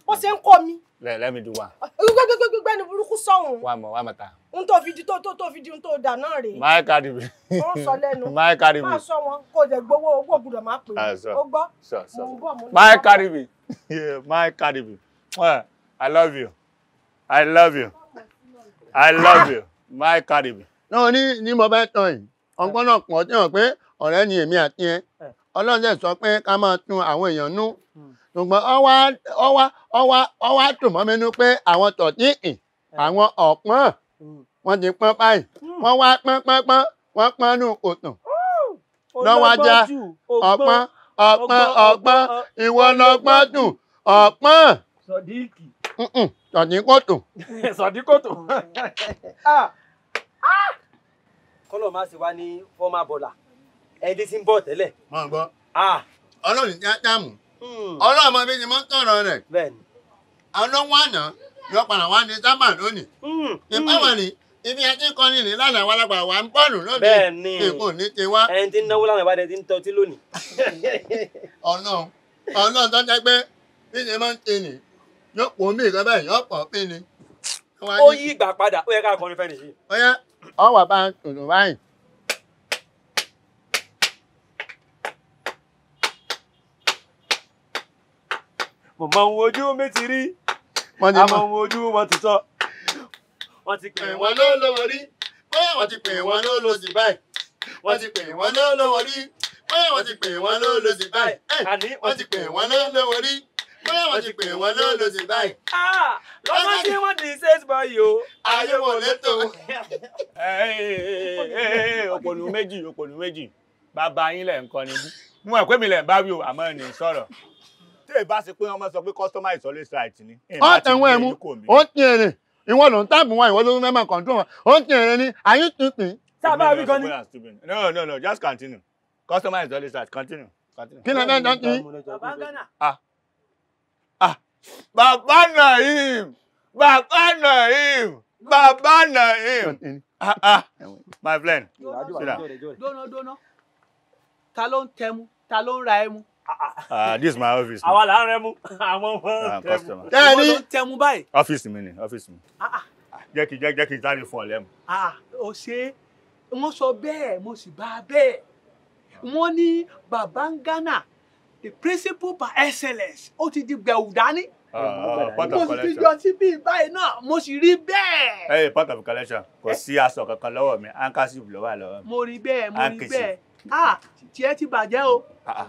Speaker 1: ó ṣe ń kọ mi.
Speaker 3: let me do one.
Speaker 1: gbẹgbẹgbẹgbẹ ni burúkú sọhùn. wà á mọ wà á mọ ta. n tó fi di tó tó tó fi di n tó dà náà rèé. máa
Speaker 3: kárí mi. wọ́n sọ lẹ́nu máa kárí mi. máa sọ
Speaker 1: wọn kó jẹ gbowó owó gbúdọ̀ máa pè é ah, ó
Speaker 3: gbọ́. máa kárí mi máa kárí mi i love you i love you i love you máa kárí mi.
Speaker 10: náà ní ní mo bẹ́ tán yìí ọgbọ́n náà pọ̀ tí wọ́n pé ọ̀rẹ́ ni èmi àti ẹ ọlọ́run dẹ̀ sọ pé ká máa tún àwọn èèyàn nú hmm. ṣùgbọ́n ọwá ọwá ọwá ọwá tùn mọ́ mi nú pé àwọn tọ̀tíìn àwọn ọ̀pọ̀n hmm. wọ́n ti pọ́n báyìí hmm. wọ́n wá pọ́n pọ́n pọ́n wọ́n pọ́n nú kòtùn lọ́wájá ọ̀pọ̀n ọ̀pọ̀n ọ̀pọ̀n ìwọ lọ́gbọ́n dùn ọ̀pọ̀n sọ̀díkòtò.
Speaker 9: sọ̀díkòtò ah! Ah! kọ́lọ̀ má sì wá ní fọ́mà bọ̀là ẹni tí ń bọ̀ tẹ́lẹ̀.
Speaker 10: mọ n gbọ Ọlọ́run ní ádámù
Speaker 9: hmm. Ọlọ́run
Speaker 10: ọmọ bíi ni mo ń tọrọ rẹ ọlọ́wọ́ àná yọ padà wá ní sábà lónìí ìpáwọ hmm, hmm. ni ibi ẹtí kọni ní lánàá wa lápá wa ń bọ́ọ̀lù lónìí èkó ní tiwa. ẹni tí ń náwó láwọn ìbàdàn ti ń tọ́ tí lónìí. Ọlọ́run Ọlọ́run tó jẹ́ pé bí ni mo ń ti nì yóò pọ̀ mí ìkan bẹ́ẹ̀ yóò pọ̀ pín ni.
Speaker 9: ó
Speaker 5: yí ìgbà padà
Speaker 9: ó yẹ ká kọrin fẹ́ nìyí.
Speaker 10: ó yẹ ọ wà bá tòlù báyìí.
Speaker 6: mo mọ ohun ojú mi ti rí àmọ́ ohun ojú wọn ti sọ.
Speaker 10: wọ́n ti pè wọ́n ló lówó rí bóyá wọ́n ti pè wọ́n ló lò sí báyìí wọ́n ti pè wọ́n ló lówó rí bóyá wọ́n ti pè wọ́n ló lò sí báyìí eh, wọ́n ti pè wọ́n ló lówó rí bóyá wọ́n ti pè wọ́n ló lò sí báyìí. Ah, lọ́wọ́ tí wọ́n ti ṣe é báyìí o. ayé wọn lẹ́tọ̀.
Speaker 3: òpònú méjì òpònú méjì bàbá yín lẹ̀ ń kọ́ mú ẹ̀kọ́ mi lẹ̀ ń bá wí o àmọ́ ẹ̀ ní sọ̀rọ̀ tí èyí bá ṣe pé ọmọ sọ pé customer is always right ni. ó tẹ̀wọ́n ẹ̀mú ó
Speaker 10: ti ẹ̀rẹ̀ ìwọ ló ń táàbù wọn ìwọ ló ń mẹ́mà control wọn ó ti ẹ̀rẹ̀ ni àyín tuntun.
Speaker 3: sábà wí kan ní. no no no just continue customer is always right continue. kí ni ẹ̀dá ti. Ah, ah, ah, bàbá Naim bàbá Naim bàbá Naim ah ah my friend. dóná dóná ta ló ń
Speaker 8: tẹmu ta ló ń ra ẹmu
Speaker 3: Ah, ah, this is my office. Àwa
Speaker 8: là ń rẹ mú àwọn ọmọ tẹmu. Ah,
Speaker 3: Bẹ́ẹ̀ni. Wọ́n tẹmu báyìí. Ọ́fíìsì mi ni, ọ́fíìsì mi. Ah, jẹ́ kí jẹ́ kí sáré fún ọ lẹ́mu.
Speaker 8: Ó ṣe wọ́n sọ bẹ́ẹ̀ mo sì bá bẹ́ẹ̀. Wọ́n ní bàbá ń Ghana the principal by excellence ó ti di gbẹ̀wù dání. Mo sì fi jọ sí bíi báyìí náà mo sì rí bẹ́ẹ̀.
Speaker 3: Ẹ part of collection kò eh? sí aṣọ kankan lọ́wọ́ mi, handkerchief ló wà lọ́wọ́ mi.
Speaker 8: Mo rí bẹ́ẹ̀, mo rí bẹ́ẹ̀. Ah, tiẹ̀ ti bàjẹ́ o
Speaker 3: ah, ah.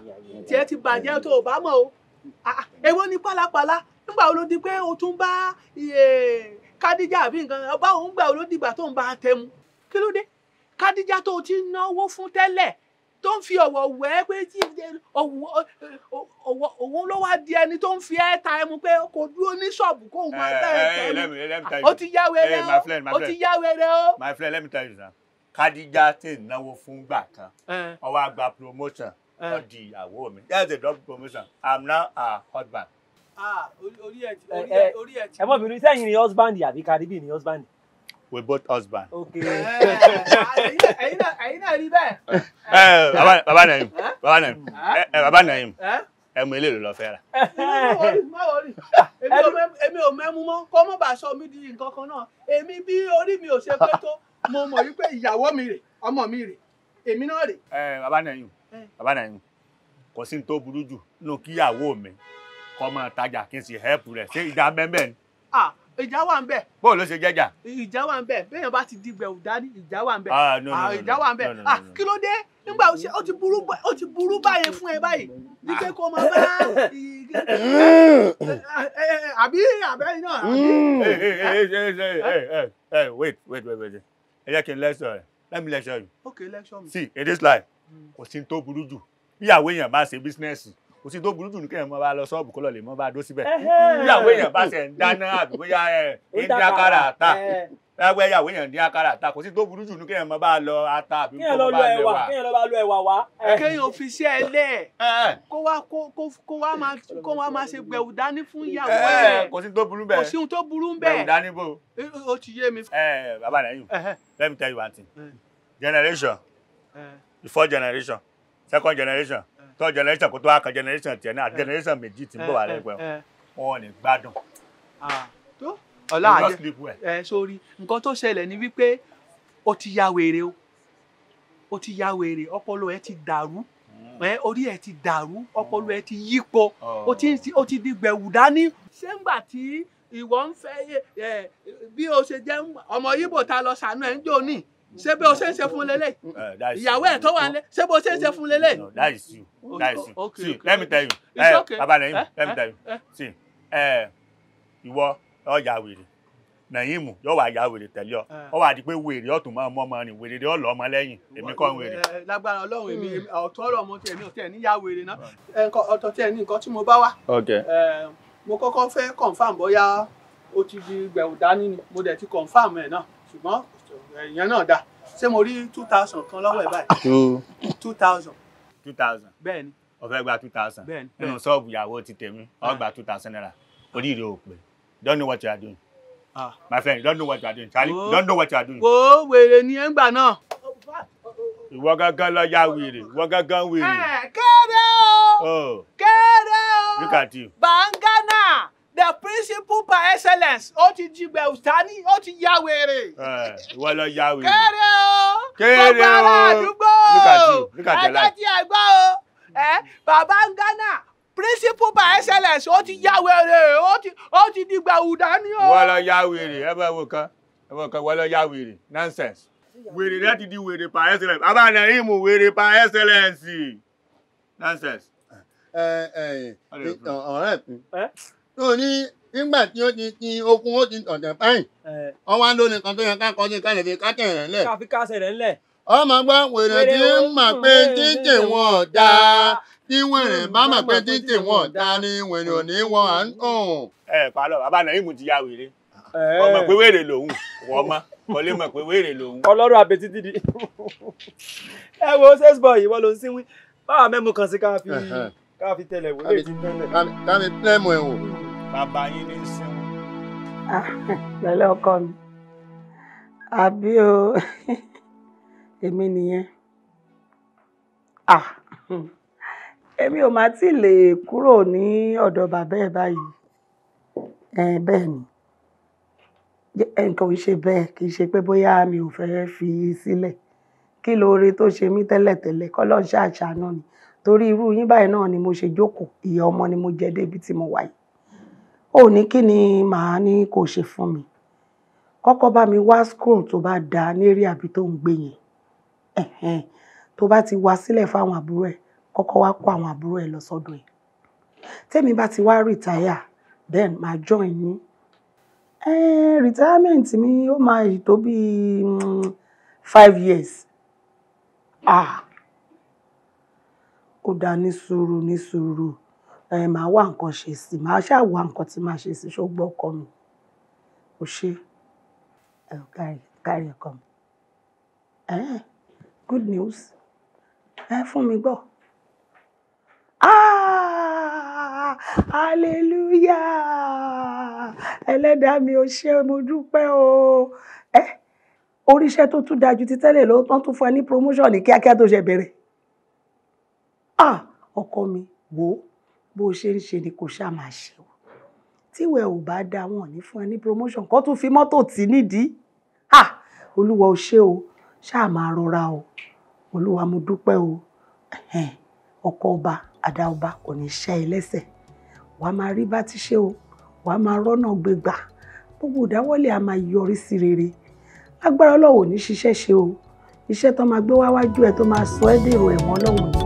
Speaker 3: tiẹ̀
Speaker 8: ti bàjẹ́ tó o bá mọ̀ o èwo ni pálapàla nígbà wo ló di pé o tún bá kádíjà àbí nǹkan ọba òun gbà wo ló dìgbà tó ń bá a tẹmu kí ló dé kádíjà tó o ti náwó fún tẹ́lẹ̀ tó ń fi ọ̀wọ̀ wẹ́ pé òun ló wá di ẹni tó ń fi ẹ́ ta ẹmu pé kò dúró ní ṣọ́ọ̀bù o máa tẹ̀ ẹ́
Speaker 3: tẹ̀ ẹ́ o ti yá wẹrẹ eh, o o ti yá wẹrẹ o. my friend let me tell you now Kadija tí ń náwó fún gbà kan ó wá promotion ó di ìyàwó mi that's a double promotion i'm now her husband.
Speaker 10: ẹ mọ̀ bínú sẹ́yìn ni husband àbí Caribbean ni husband we both husband.
Speaker 3: okay.
Speaker 8: ẹyin náà rí bẹ́ẹ̀.
Speaker 3: ẹ baba Naim baba Naim ẹ baba Naim ẹ mú ilé ìlú lọ fẹ́ rà.
Speaker 8: èmi ò mẹ́mú mọ́ kọ́ mọ́ bá aṣọ mi di nǹkan kan náà èmi bí orí mi ò ṣe pé tó
Speaker 3: mo mọ̀ wípé ìyàwó mi rè ọmọ mi rè èmi náà rè. ẹ bàbá nàyún bàbá nàyún kò sí ní tó burú jù nù kíyàwó mi kọ́ máa tajà kí n sì hẹ́pù rẹ̀ ṣé ìjà bẹ́ẹ̀ ni. ìjà wà ń bẹ. bóò ló ṣe jẹ́jà.
Speaker 8: ìjà wà ń bẹ bẹ́ẹ̀ bá ti dìgbẹ̀ òdání ìjà wà ń bẹ. Ah, ìjà wà ń bẹ kí ló dé nígbà ó ti burú ó ti burú báyìí fún ẹ báyìí ní pé kó máa
Speaker 3: bá
Speaker 8: àbí àbẹ́yìn náà.
Speaker 3: wait wait wait wait ẹ jẹ́ kí n lecture let me lecture you.
Speaker 8: ok lecture me. see
Speaker 3: in this life hmm. kò sí tó burú jù bíyàwó èèyàn bá ṣe bísínẹ́sì kò sí tó burú jù ní kéèyàn máa bá lọ ṣọ́ọ̀bù kó lọ lè máa bá dó síbẹ̀ bíyàwó èèyàn bá ṣe ń dáná àbí bóyá ẹ̀ ń dákàrà ta lágbẹ́ ìyàwó èèyàn dín àkàrà ata kò sí tó burú jù ní kéèyàn máa bá lọ ata àbí kó máa bá lọ ẹwà kéèyàn lọ bá lọ ẹwà wá. kéèyàn fi sí ẹ lẹ
Speaker 8: kó wá kó wá máa kó wá máa ṣe gbẹ̀wù dání fún ìyàwó ẹ
Speaker 3: kò sí tó burú bẹ́ẹ̀ kò sí ohun tó burú bẹ́ẹ̀ gbẹ̀wù dání bò. o ti yé mi. ẹ bàbá rẹ yùn let me tell you one thing generation before generation second generation third generation kó tó wá kan generation tiẹ̀ náà generation méjì tí ń bọ̀ wá lẹ́gbẹ̀ẹ́ wọn ò ní gbádùn ọláàjẹ
Speaker 8: ẹ sórí nǹkan tó ṣẹlẹ̀ ni wípé ó ti ya wèrè o ó ti ya wèrè ọpọlọ ẹ ti dàrú hmm. ẹ orí ẹ ti dàrú ọpọlọ ẹ ti yípo hmm. ó ti ó ti di gbẹ̀wù dání. ṣé ńgbà tí ìwọ ń fẹ́ ẹ bí o ṣe jẹ́ ọmọ yíbò ta lọ sànú ẹ̀ ń
Speaker 3: jò ní ṣé bí o ṣe ń ṣe fún lélẹ̀ eh, ìyàwó ẹ̀ tó wà lé ṣé bí o ṣe ń ṣe fún lélẹ̀. that is you oh, that is you see let me tell you eh, baba lẹ́yìn eh, let me tell you see ìwọ ọ ya wèrè nàyìnmù yóò wá ya wèrè tẹ̀lé ọ ọ ah. wà di pé wèrè ọ̀tún máa mú ọmọ rìn wèrè rẹ ọ̀lọ́ ọmọ lẹ́yìn èmi kọ́ wèrè.
Speaker 8: Eh, lágbára ọlọ́run èmi hmm. ọ̀tún ọ̀rọ̀ ọmọ tẹ̀ ní ọ̀tẹ̀ ní ya wèrè náà eh, ọ̀tọ̀ tẹ̀ ní nǹkan tí mo bá wá. Eh, mo kọ́kọ́ fẹ́ confam bóyá o ti di gbẹ̀wò dání ni mo dẹ̀ ti confam ẹ̀ náà ṣùgbọ́n
Speaker 3: ìyẹn náà dà ṣé mo rí two thousand kan lọ́wọ́ ẹ̀ báyìí. two thousand. two thousand. bẹ́ẹ̀ni. ó fẹ́ gba two thousand. bẹ́ẹ̀ni. nínú ṣọ́ọ̀bù ìyàwó ti tèmi ó gba two thousand naira oríire ò pè don't know what you are doing. Ah. My friend, you don't know what you are doing. Charlie, oh. don't know what you are doing. Oh, wèrè ni ẹ ń gbà náà. Ìwọ gángan lọ ya wèrè, ìwọ gángan wèrè. Eh,
Speaker 1: Kéde o! Oh. Kéde
Speaker 3: o! Look at you.
Speaker 1: Bangana, the
Speaker 8: principal by excellence, ó ti jigbẹ̀ òtání, ó ti ya wèrè.
Speaker 3: Eh, ìwọ lọ ya wèrè. Kéde o! Kéde o! Gbogbo ará àdúgbò. Look at you, look at your life. Ẹjọ́ ti
Speaker 8: ẹ̀gbọ́n o. Eh, Bàbá Ngana, principal by excellence ó ti ya wèrè ó ti ó ti di gbàwù dání o. wọ́n lọ
Speaker 3: ya wèrè ẹ bá wò kán ẹ bá wò kán wọ́n lọ ya wèrè nonsense. wèrè rẹ ti di wèrè by excellence abáná ìmù wèrè by excellence nonsense. ẹ ẹ ọ̀rẹ́ mi tó ní
Speaker 10: nígbà tí ó ti ti okun ó ti tọ̀tẹ̀ báyìí ọwọ́ ló nìkan tó yẹ ká kọ́ sí ká lè fi kásẹ̀ rẹ̀ ńlẹ̀. ká
Speaker 5: fi kásẹ̀ rẹ̀ ńlẹ̀.
Speaker 10: ọmọ gbọ́ wèrè tí ń mọ̀ pé títì wọn dáa ìwọ̀n rẹ̀ bá mà pé títì wọn dá ní ìwọ̀n ni òní wọn à ń tàn. ẹ
Speaker 3: palọ bàbá náà ìmù ti ya wèrè ọmọ pé wèrè lòun wọ́n mọ́ kọ́lé mọ̀ pé wèrè
Speaker 9: lòun. ọlọ́run àbètí dídì ẹ wo sex boy ìwọ ló ń sínwín báwa mẹ́mu kan sí ká fi ká fi tẹ̀lẹ̀ wọlé ti tẹ́lẹ̀. ká mi tẹ́lẹ̀ mọ̀ ẹ̀ wò. bàbá
Speaker 3: yín ní sínwín.
Speaker 1: Ah, àbí o èmi nìyẹn. Ah, hmm èmi ò má tí lè kúrò ní ọ̀dọ̀ bàbá ẹ̀ báyìí. Ẹn bẹ́ẹ̀ ni. Nǹkan ò ṣe bẹ́ẹ̀, kì í ṣe pé bóyá mi ò fẹ́ fi sílẹ̀. Kí lóore tó ṣe mí tẹ́lẹ̀tẹ́lẹ̀, kọ́ lọ́hun ṣà ṣàánú ni. Torí irú yín báyìí náà ni mo ṣe jókòó, ìyà ọmọ ni mo jẹ dé ibi tí mo wà yìí. ní kí ni màá ní kó ṣe fún mi? Kọ́kọ́ bá mi wá school tó bá da ní area ibi tó ń gbé yẹn. Ẹ̀hẹn, tó bá ti wá sílẹ̀ fún àbúrò ẹ̀, kọ́kọ́ wá kó àwọn àbúrò ẹ lọ sọ́dọ̀ ẹ̀ tẹ́mi bá ti wá rìtáyà then máa join yín retirement mi ó máa yìí tó bíi mm, five years ah ó dá ní sùúrù ní sùúrù ẹ máa wá nǹkan ṣe sí máa ṣáà wá nǹkan tí máa ṣe sí ṣùgbọ́n ọkọ mi ò ṣe kárí kárí mi good news ẹ fún mi gbọ́. Ah! Hallelujah! Ẹlẹ́dàá mi ò ṣe mo dúpẹ́ o. Ẹ oríṣẹ́ tó tún dájú ti tẹ́lẹ̀ lọ tán tún fún ẹ ní promotion ní kíákíá tó ṣe bẹ̀rẹ̀. Ah! Ọkọ mi wò ó bó ṣe ń ṣe ni kò ṣáà máa ṣe o. Tíwẹ̀ ò bá da wọn ní fún ẹ ní promotion kó tún fi mọ́tò tì nídìí. Ah! Olúwa ò ṣe o ṣáà máa rọra o. Olúwa mo dúpẹ́ o. Ọkọ ọba àdáọba kò ní ṣẹ́ ẹ lẹ́sẹ̀ wàá máa rí bá ti ṣe o wàá máa rọ́nà gbégbà gbogbo ìdáwọ́lé a máa yọrí sí rere lágbára ọlọ́wọ́ ò ní ṣiṣẹ́ ṣe o iṣẹ́ tó máa gbé wá wájú ẹ tó máa sọ ẹ́ dèrò ẹ̀wọ̀n ọlọ́wọ́ ni.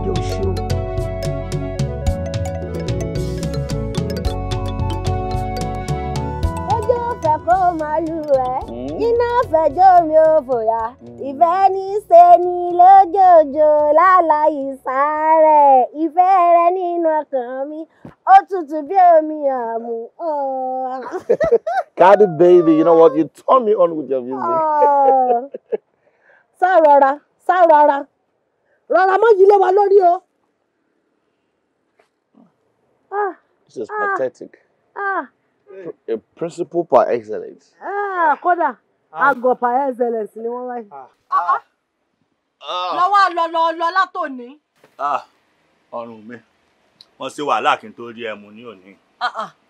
Speaker 1: lójó mi ò fòyà ìfẹ́ ní ṣe ni lójoojò lálá ìsàárẹ̀ ìfẹ́ rẹ nínú ọkàn mi ó tutù bí omi àmú.
Speaker 7: Cardi baby you know what you turn me on with your music.
Speaker 1: sá rọra sá rọra rọra mọ́ yìí lé wa lórí o. Ah, This is ah, pathetic. Ah.
Speaker 3: A principal par excellence.
Speaker 1: Ah, kódà àgọ̀ ah. par excellence ni wọ́n wáyé. lọ́wọ́ ah. ah, lọ́lọ́lọ́ látòní.
Speaker 3: ọrùn mi wọ́n ṣe wàhálà kí n tó rí ẹmu ní òní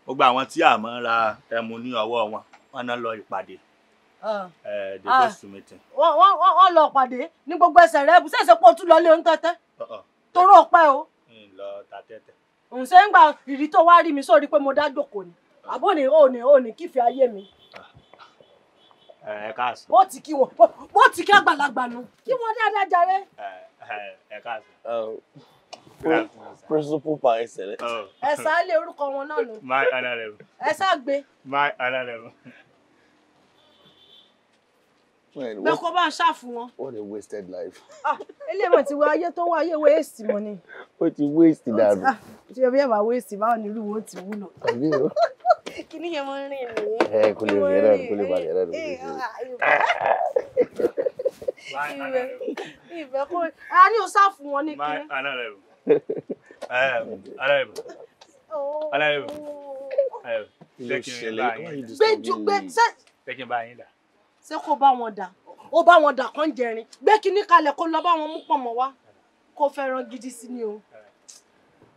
Speaker 3: gbogbo àwọn tí a máa ń ra ẹmu ní ọwọ́ wọn wọn náà lọ ìpàdé eh, the best meeting.
Speaker 1: wọ́n lọ pàdé ní gbogbo ẹsẹ̀ rẹ̀ ẹ̀bùsẹ̀ ṣe pọ̀ tún lọ lé oúnjẹ uh, uh. toró ọpẹ́ o.
Speaker 3: lọ ta tẹ́tẹ́.
Speaker 1: ǹṣẹ́ ń gba ìrí tó wá rí mi sórí pé mo dá jòkó ni àbóni òní òní kífì ayé mi
Speaker 3: ẹ káàsán. wọ́n ti
Speaker 1: kí wọn wọ́n ti kí àgbàlagbà nù kí wọ́n dáadáa jàre.
Speaker 3: Um, ẹ káàsán. principal par excellence. Oh. ẹ sáà
Speaker 1: lé orúkọ wọn náà lọ.
Speaker 3: my honourable. ẹ sáà gbé. my honourable. bẹ́ẹ̀ kó bá ṣáàfù wọn. what a wasted life.
Speaker 1: eléyìí ah, ti wá ayé tó wá ayé waste mọ ni.
Speaker 7: ó ti waste dànù.
Speaker 1: ṣé ah, bí ẹ bá waste báwo ni irú wo ti wúlò. àbí o kíní yẹn máa ń rìn ní. ẹ kò lè rìn náà kò lè bà lè rìn ní. ìbẹ̀ kò a ní o sá fún wọn ní kíní.
Speaker 3: gbẹjú gbẹsẹ.
Speaker 1: ṣé kò bá wọn dà ó bá wọn dà kán jẹrin gbé kíní kalẹ̀ kó lọ bá wọn mú pọ̀ mọ́ wá kó fẹ́ràn gidi sí ni o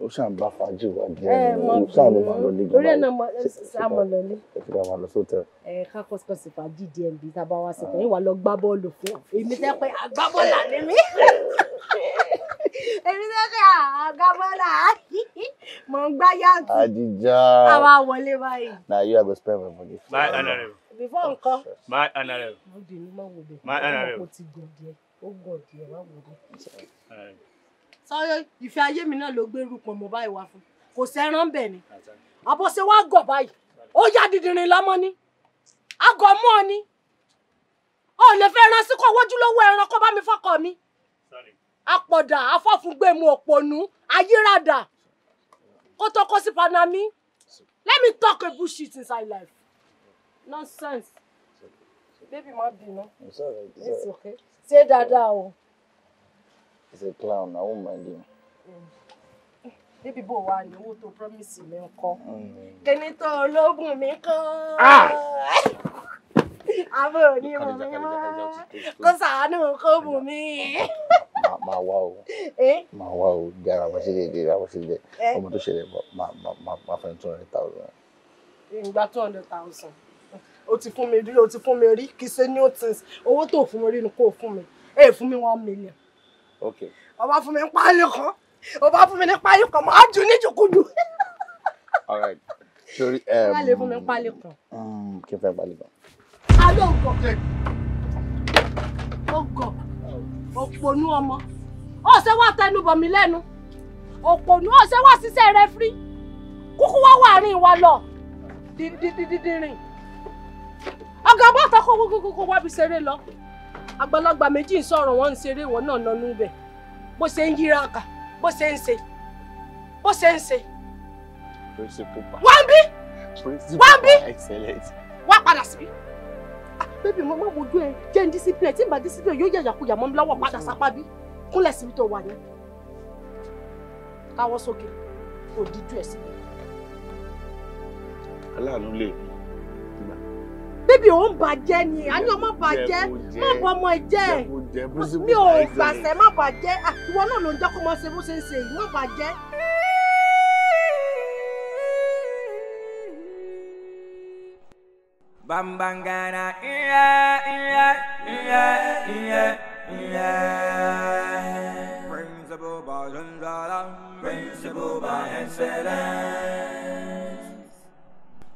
Speaker 2: ó ṣàn bá fàájì wá díẹ̀ ní ṣàn ló máa lọ nígbà orí ẹ̀nà àmọ̀ lọlé ẹ̀fí ká máa lọ sóòtẹ̀.
Speaker 1: ẹ ká kọ́sìkọ́ sí fàájì díẹ̀ tá a bá wá sí ìtàn lọ gbá bọ́ọ̀lù fún ọ èmi tẹ́ pé agbábọ́ọ̀lù àní mi èmi tẹ́ pé agbábọ́ọ̀lù àní mò ń gbá yáàtì. àdìjà àwa wọlé báyìí.
Speaker 3: na you have to spend my money. my honorable.
Speaker 1: before nkan.
Speaker 3: my honorable. mo bìnrin my honorable
Speaker 1: sọ ìfẹ́ ayé mi náà ló gbẹrù pọ̀ mọ́ báyìí wá fún kò sẹ́ran bẹ̀ ni àbọ̀ṣe wa gọ̀ báyìí ó yá dìdìrín lọ́mọ ni àgọ̀ mọ́ ọ ni ó lè fẹ́ ran sí kọ́ wójú lówó ẹran kó bá mi fọ́kọ mi apọ̀dà afọ́fúngbẹ̀mú òpònú ayírádà kó tó kó sí panami let me talk a bullshit inside life nonsense baby má bínú it's okay Say dáadáa o.
Speaker 2: It's a clown, I won't mind him.
Speaker 1: Débi bò wá ní owó tó promise me ńkọ́. Mm. Kíní tó ológun mi kan. Àbò ní mo mi mọ́. Kó sàánú kó bù mí.
Speaker 2: Màá wá o. Eh? Màá wá o. Gara wọ́n it? déédéé, àwọn ṣe it? Eh? Ọmọ tó ṣẹlẹ̀ máa fẹ́ two hundred thousand.
Speaker 1: Ìgbà two hundred thousand. O ti fún mi rí, o ti fún mi rí, kìí ṣe new things. Owó tó fún mi rí ni kò mi. Ẹ fún mi one million
Speaker 6: ó
Speaker 1: bá fún mi ní páálí kan ó bá fún mi ní páálí kan máa jù ní jùkújù.
Speaker 6: sori wọ́n lè fún mi um, ní
Speaker 1: páálí kan.
Speaker 2: Um, kí n fẹ́ páálí kan.
Speaker 1: alo ògò ògò òpònú ọmọ ó ṣe wá tẹnubọ̀ mi lẹ́nu òpònú ó ṣe wá ṣiṣẹ́ rẹ fírí kúkú wá wà rìn wa lọ dídídídín rìn ọgá bọ́tọ̀ kó kúkú kó wá bí ṣeré lọ àgbàlagbà méjì ń sọ̀rọ̀ wọn ń ṣeré ìwọ náà nánú bẹ̀ bó ṣe ń yíra kà bó ṣe ń ṣe bó ṣe ń ṣe.
Speaker 2: principal pa wá
Speaker 6: ń
Speaker 1: bí wá ń bí wá padà síbí. Ah, bébì mo máa wojú ẹ jẹ́ ní discipline tí n bá discipline yóò yàyà kuyà mọ́ mi lọ́wọ́ padà sápá bí kúnlẹ̀ síbi tó wà ní. káwọ́ sókè kò díjú ẹ̀ síbi.
Speaker 6: aláàánú lè mú
Speaker 1: bébì òun bàjẹ́ ni àní ọmọ bàjẹ́ má bọ ọmọ ìjẹ́
Speaker 3: mi ò gbàṣẹ
Speaker 1: má bàjẹ́ ah, ìwọ náà ló ń jẹ́ kó mọ ṣe bó ṣe ń ṣe yìí má bàjẹ́.
Speaker 5: bambangana iye iye iye iye iye. principal by zanzara principal by excellence.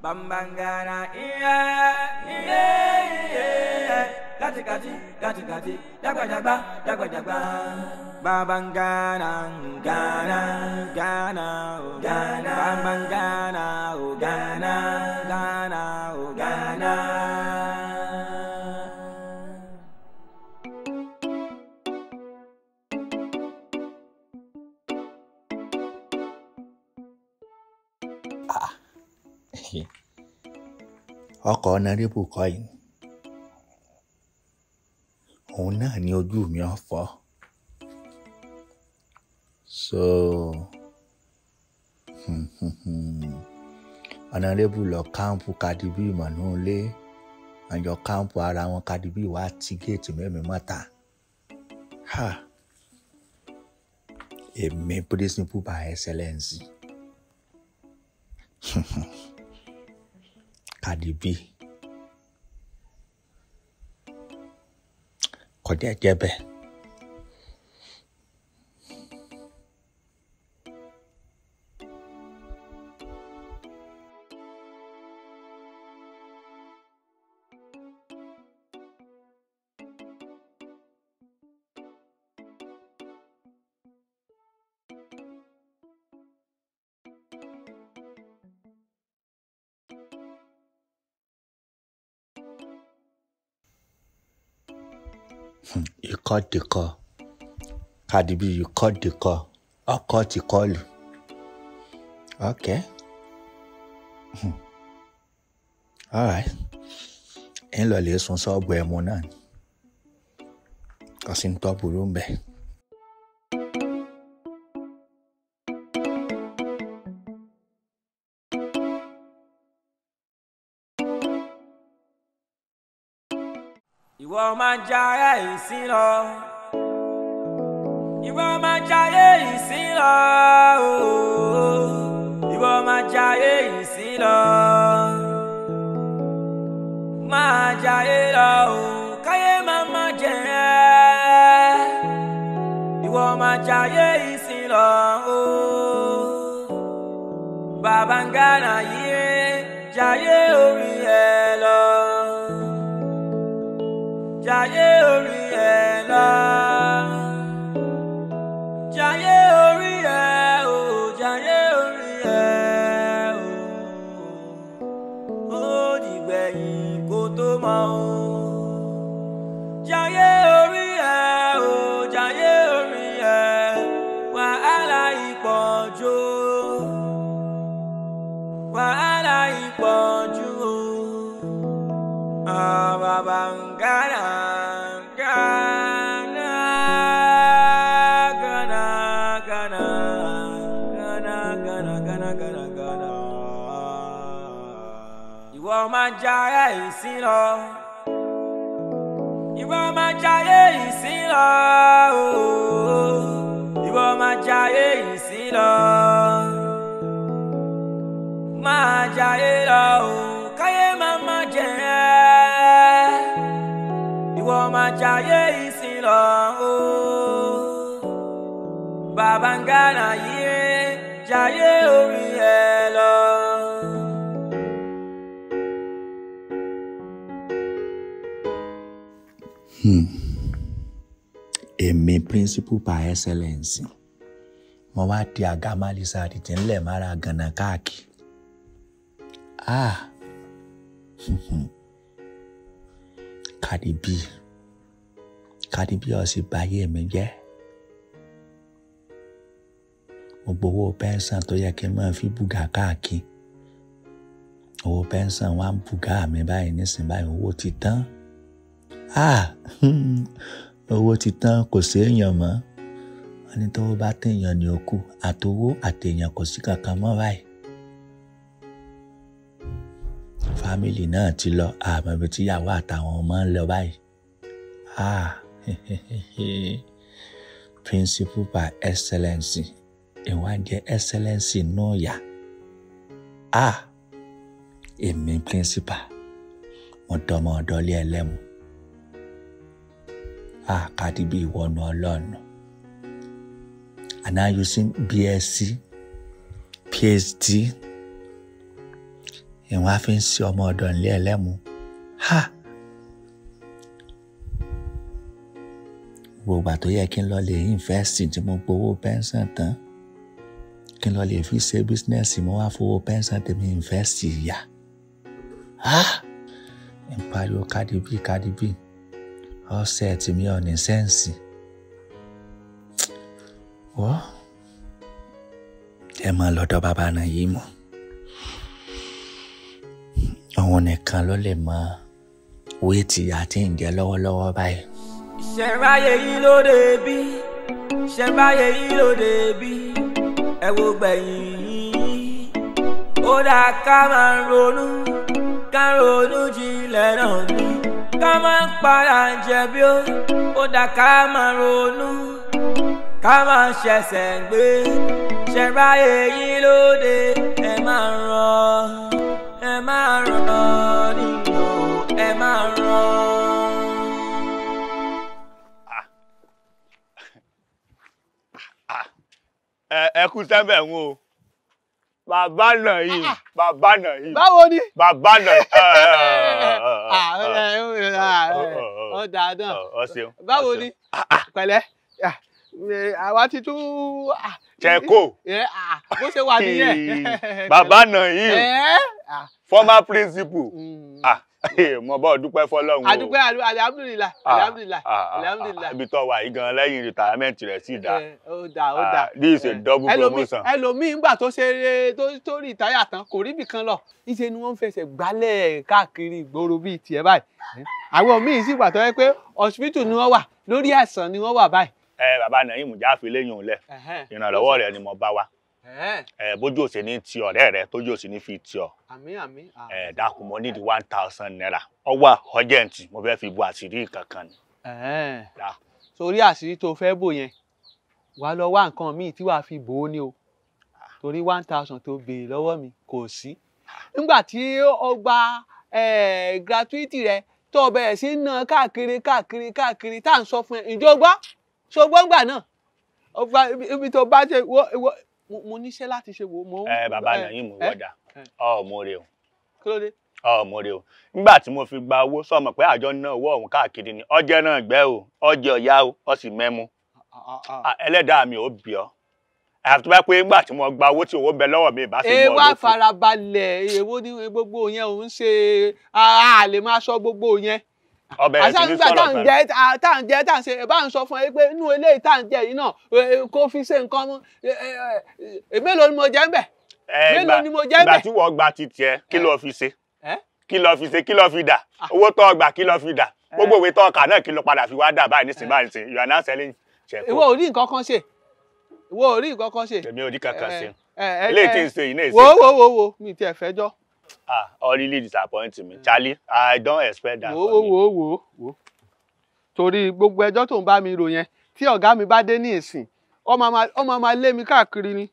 Speaker 5: bambangana iye. Gati gati gati jagba jagba jagba jagba. Baban Ghana Ghana Ghana oh. Ghana. Baban Ghana oh. Ghana Ghana.
Speaker 2: ọkọ̀ ọ̀nàrẹ́bù kọ́yìn òun náà ni ojú mi ò fọ́ so ọ̀nàrẹ́bù lọ káàmpù kadìbí ìmọ̀nú ilé àjọ káàmpù ara wọn kadìbí wà á ti géètì mẹ́rin mọ́ta ha èmi principal by excellence. Cardi B kò dẹ̀ bẹ́ẹ̀. kọ́ ti kọ́ Cardi B you kọ́ ti kọ́ ọkọ̀ ti kọ́ lù okay hmm. alright ẹ̀ ń lọ lè sun sọ́ọ̀bù ẹ̀mú náà kò sí ní tọ́ burú bẹ́ẹ̀.
Speaker 5: jayé ìsín lọ. Iwo máa jayé ìsín lọ. ìwọ máa jayé ìsín lọ. máa jayé lọ o káyé máa má jẹ ẹ́. ìwọ máa jayé ìsín lọ o. Bàbá ń gánà yìí jayé orí.
Speaker 2: school par excellence mo wá di àga málísà títí ńlẹ̀ mára gànà káàkiri ah Cardi B Cardi B ọ̀sìn báyé mi jẹ́ gbogbo owó pẹ́ńsàn tó yẹ kí n máa fi bùgà káàkiri owó pẹ́ńsàn wá ń bùgà mi báyìí nísìnyí báyìí owó ti tán ah owó ti tán kò séèyàn mọ́ wọ́n ní tọ́wọ́ bá téèyàn ní òkú àtowó àtèèyàn kò sí kankan mọ́ báyìí fámìlì náà ti lọ àmọ́ ibi tíyàwó àtàwọn ọmọ ń lọ báyìí ah principle by excellence ìwà jẹ́ excellence náà yá ah èmi principal mo dọmọ ọ̀dọ̀ ilé ẹlẹ́mu àkàdí ah, bí ìwọ́nà ọlọ́run and now using BSc PhD ìwọ́n á fi ń ṣe ọmọ ọ̀dọ̀ nílé ẹlẹ́mu ha gbogbo àtó yẹ kí n lọ lè invest tí mo gbowó pẹ́ńsàn tán kí n lọ lè fi ṣe bísínẹ́sì mo wá fowó pẹ́ńsàn tèmi invest yà ha ń pariwo Cardi B ọsẹẹtì mi ò ní sẹ́ǹsì wọ́ ẹ máa lọ́dọ̀ bàbá náà yìí mọ̀ àwọn nìkan ló lè mọ wéètì àti ǹjẹ́ lọ́wọ́lọ́wọ́ báyìí.
Speaker 5: ìṣẹ̀ráyé yìí ló dé bí ìṣẹ̀ráyé yìí ló dé bí ẹ wo gbẹ̀yìn yìí ó dáa ká máa ronú ká ronú jinlẹ̀ náà ni ká máa ń para jẹ̀bi ó ó dá ká máa ronú ká máa ṣẹ̀ṣẹ̀ gbé ṣẹ̀ra èyí lóde ẹ máa ràn ẹ máa ràn nínú ẹ máa ràn.
Speaker 3: Ah, ah. ẹ kú sẹ́bẹ̀ ń o bàbá náà yìí ah, bàbá náà yìí báwo ni bàbá náà ọ dáa náà ọ ṣeun báwo ni pẹ̀lẹ́ àwa ti tún. cheko
Speaker 8: bó ṣe wà nìyẹn. bàbá
Speaker 3: náà yìí former principal. Mm mo bọ́ dúpẹ́ fọlọ́run o. àdúpẹ́
Speaker 8: alihamudulila ah, ah, alihamudulila ah, alihamudulila. ibi
Speaker 3: tó wà yìí gan lẹ́yìn retirement rẹ̀ sì dá. Eh,
Speaker 8: ó dá ó dá. this is a eh, double promotion. ẹlòmíì ńgbà tó ṣe tó tó rìtáyà tán kò rí ibìkan lọ. níṣẹ́ ni wọ́n ń fẹsẹ̀ gbálẹ̀ káàkiri ìgboro bíi tiẹ̀ báyìí. Eh, àwọn míì sì wà tó yẹ pé hospital ni wọ́n wà
Speaker 3: lórí àìsàn ni wọ́n wà báyìí. ẹ bàbá nàìjíríà jáfe lẹ́yìn òun lẹ ìrànlọ́wọ́ rẹ̀ ni mo bá wa. ẹ bójú òsè ní ti ọ̀rẹ́ rẹ tójú òsè ní fi ti ọ dákun mo nídìí one thousand naira ọwọ́ urgent mo fẹ́ fi bu àṣírí kankan ni.
Speaker 8: torí àṣírí tó fẹ́ bò yẹn wàá lọ wá nǹkan míì tí wàá fi bò ó ní o torí one thousand tó béèrè lọ́wọ́ mi kò sí nígbà tí ó gba gratuity rẹ tó o bẹ̀rẹ̀ sí ná káàkiri káàkiri káàkiri tá à ń sọ fún ẹ ǹjọ́ gbọ́ ṣó gbọ́ ngbà náà ibi tó bá ṣe wọ́n. mo níṣẹ́ láti ṣe wò mo. ẹ bàbá nàyìn mú wọ́dà
Speaker 3: ọ mo rè o. kí ló dé. ọ mo rè o nígbà tí mo fi gba owó sọmọ pé àjọ náà owó ọ̀hún káàkiri ni ọjẹ́ náà gbẹ́ o ọjẹ́ ọ̀yá o ọ sì mẹ́mu ẹlẹ́dàá mi ò bí ọ àti bá pé ńgbà tí mo gba owó tí owó bẹ lọ́wọ́ mi ìbá ti mọ lókun. ewa
Speaker 8: farabalẹ̀ èwo ni gbogbo yẹn ò ń ṣe a lè máa sọ gbogbo yẹn ọbẹ̀ tí ní sọ̀rọ̀ pẹ̀lú. àṣà tá à ń jẹ tá à ń ṣe bá ń sọ fún ẹ pé inú eléyìí tá à ń jẹ yìí náà kó fi ṣe nǹkan mú
Speaker 3: mélòó ni mo jẹ́ ń bẹ̀. mélòó ni mo jẹ́ ń bẹ̀. ìgbà tí wọ́n gba ti tiẹ̀ kí ló fi ṣe kí ló fi ṣe kí ló fi dà ah. owó tó gbà kí ló fi dà gbogbo ìwé tó kà náà kí ló padà fi wá dà báyìí nísìnyí báyìí nísìnyí you are now selling check. ìwọ ò
Speaker 8: rí nǹkan kan ṣe
Speaker 3: ah really disappoint me mm. Charlie I don't expect that. wo
Speaker 8: wo wo wo torí gbogbo ejo tó ń bá mi rò yen tí mi bá dé ní ìsìn o máa ma lé mi káàkiri ni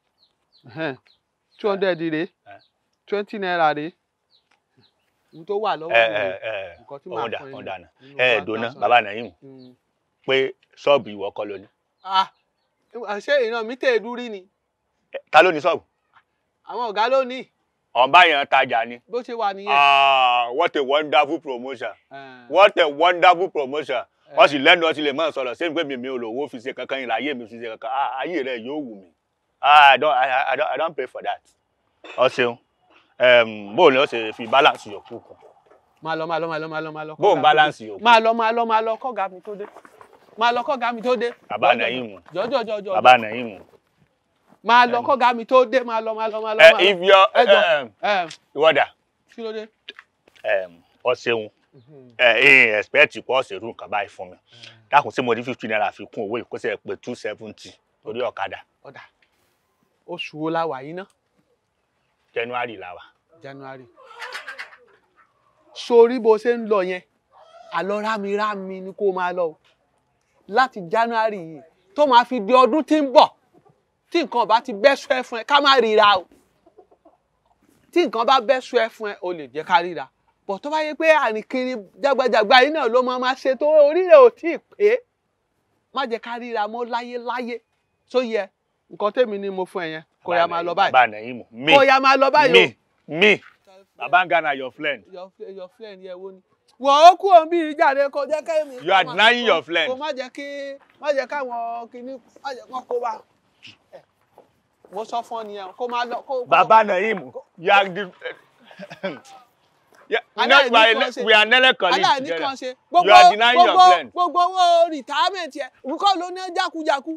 Speaker 8: two hundred rèé eh, eh. naira re
Speaker 3: ohun tó wà lọ́wọ́ rẹ̀ eh, eh tí màá fún yín ọ̀dàna ẹ dona bàbá nàyìn pé ṣọ́ọ̀bù
Speaker 8: ah, mi te duri ni.
Speaker 3: ta ló ni ṣọ́ọ̀bù. àwọn ọ̀gá ló ọ̀nbáyàn tajà ni. bó ṣe wà nìyẹn. ah what a wonderful promotion. Uh, what a wonderful promotion. Eh. wọ́n sì lẹ́nu ọtí lè máa sọ̀rọ̀ sẹ́yìn pé mi mi ò lówó fi ṣe kankan ìlà ayé mi fi ṣe kankan ah ayé rẹ̀ yóò wù mí. Ah, I don't, I, don't, I don't pay for that. ọ ṣeun bó o ní o fi balance your kan.
Speaker 8: máa lọ máa lọ máa lọ máa lọ máa lọ. bó o ń balance yòókù. máa lọ máa lọ máa lọ kọ́gà mi tó dé. máa lọ kọ́gà mi tó dé.
Speaker 3: bàbá nàìjíríà.
Speaker 8: jọjọ jọjọ. bàbá nàìjíríà máa lọ kọ́gá mi tó dé máa lọ máa lọ máa lọ. ẹ eh, if your
Speaker 3: um, um. ìwọ́dà um, ọ ṣeun mhm. eh, ẹ̀ẹ́n expect kó ọ̀sẹ̀ irú nǹkan báyìí fún mi eh. dákun sí mo rí fifty naira fi kún owó ìkọsẹ̀ pé two seventy torí ọ̀kadà.
Speaker 8: ọ̀dà oṣù wo la wà yìí ná. January la wà. January sórí bó ṣe ń lọ yẹn àlọ rámi rámi ni kó máa lọ láti January yìí tó máa fi di ọdún tí ń bọ̀ tí nǹkan bá ti bẹ́sù ẹ fún ẹ ká má ríra o tí nǹkan bá bẹ́sù ẹ fún ẹ o lè jẹ́ ká ríra bọ̀ tó bá yẹ pé àrìnkiri jágbajàgba yìí náà ló máa ma ṣe tó orí rẹ̀ ò tí ì pé má jẹ́ ká ríra mọ́ láyéláyé tó yẹ nǹkan tèmi ni mo fún ẹ yẹn
Speaker 3: kó ya máa lọ báyìí kó ya máa lọ báyìí o. mi baba ngana your friend.
Speaker 8: your, your friend yẹ wo ni wọ́n ó kú òun bí ìjáde kọjá kẹ́mi. you are denying your friend. kò má jẹ́ kí má jẹ́ káwọn kìíní má jẹ́ kán kó bá mo sọ fún ọ nìyẹn kó máa lọ. bàbá Naim
Speaker 3: ya di. we are nearly colleagues together you are denying your blend.
Speaker 8: gbogbo owó retirement yẹ bukọ ló ní jákujáku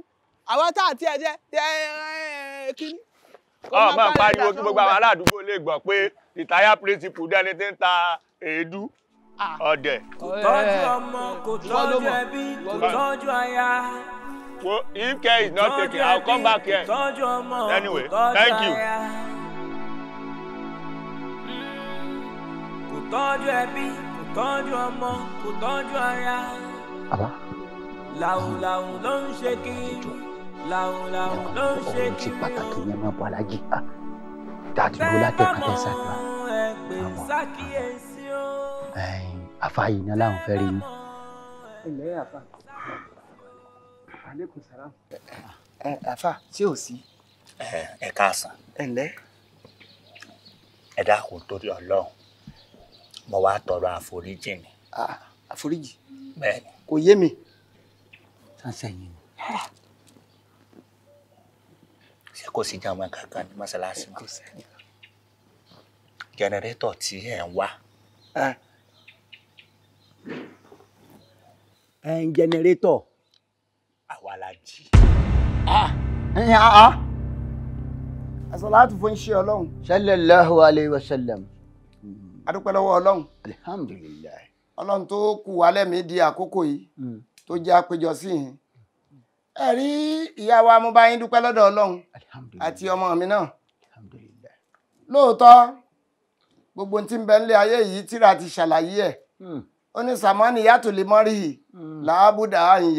Speaker 8: àwọn tá àti ẹ̀jẹ̀ ẹ̀ kiri.
Speaker 3: ọ máa pariwo kí gbogbo àwọn aládùúgbò lè gbọ́ pé retire principal dẹni tí ń ta èédú ah. ọdẹ. kò tọ́jú ọmọ
Speaker 5: kò tọ́jú ẹbí kò tọ́jú aya. Well, if care is not taken, I'll come back here. Anyway, thank you. Kò tọ́jú ẹbí, kò tọ́jú ọmọ,
Speaker 7: fẹ́ rí yín.
Speaker 5: Ilé àfààyè
Speaker 7: aleykum salaam. ẹ àfà tí ò sí. ẹ káàsán. ẹ ǹlẹ́.
Speaker 3: ẹ dákun torí ọlọ́run
Speaker 2: mo wá tọrọ àforíjì ni.
Speaker 3: àforíjì.
Speaker 7: bẹ́ẹ̀ni. kò yé mi.
Speaker 2: sánsẹ́ yìí ni. ṣé kò sí jàǹbá kankan ní mọ́ṣáláṣí mọ́. jẹnẹrétọ̀ tí ẹ̀ ń wá. ẹ̀ ń jẹnẹrétọ̀ alájí.
Speaker 7: Ah. àṣàlátù fún iṣẹ́ ọlọ́run. sallallahu alayhi wa sallam. adúpẹ́ lọ́wọ́ ọlọ́run. alihamdulilayi. ọlọ́run tó kù wálẹ̀ mi di àkókò yìí hmm. tó jẹ́ àpéjọ sí yìí. ẹ rí ìyá wa mo bá yín dúpẹ́ lọ́dọ̀ ọlọ́run àti ọmọ mi náà. lóòótọ́ gbogbo tí ń bẹ nílé ayé yìí tíra ti ṣàlàyé ẹ̀ hmm. ó ní sàmánì yàtò lè mọ́rí hmm. làábùdà àyìn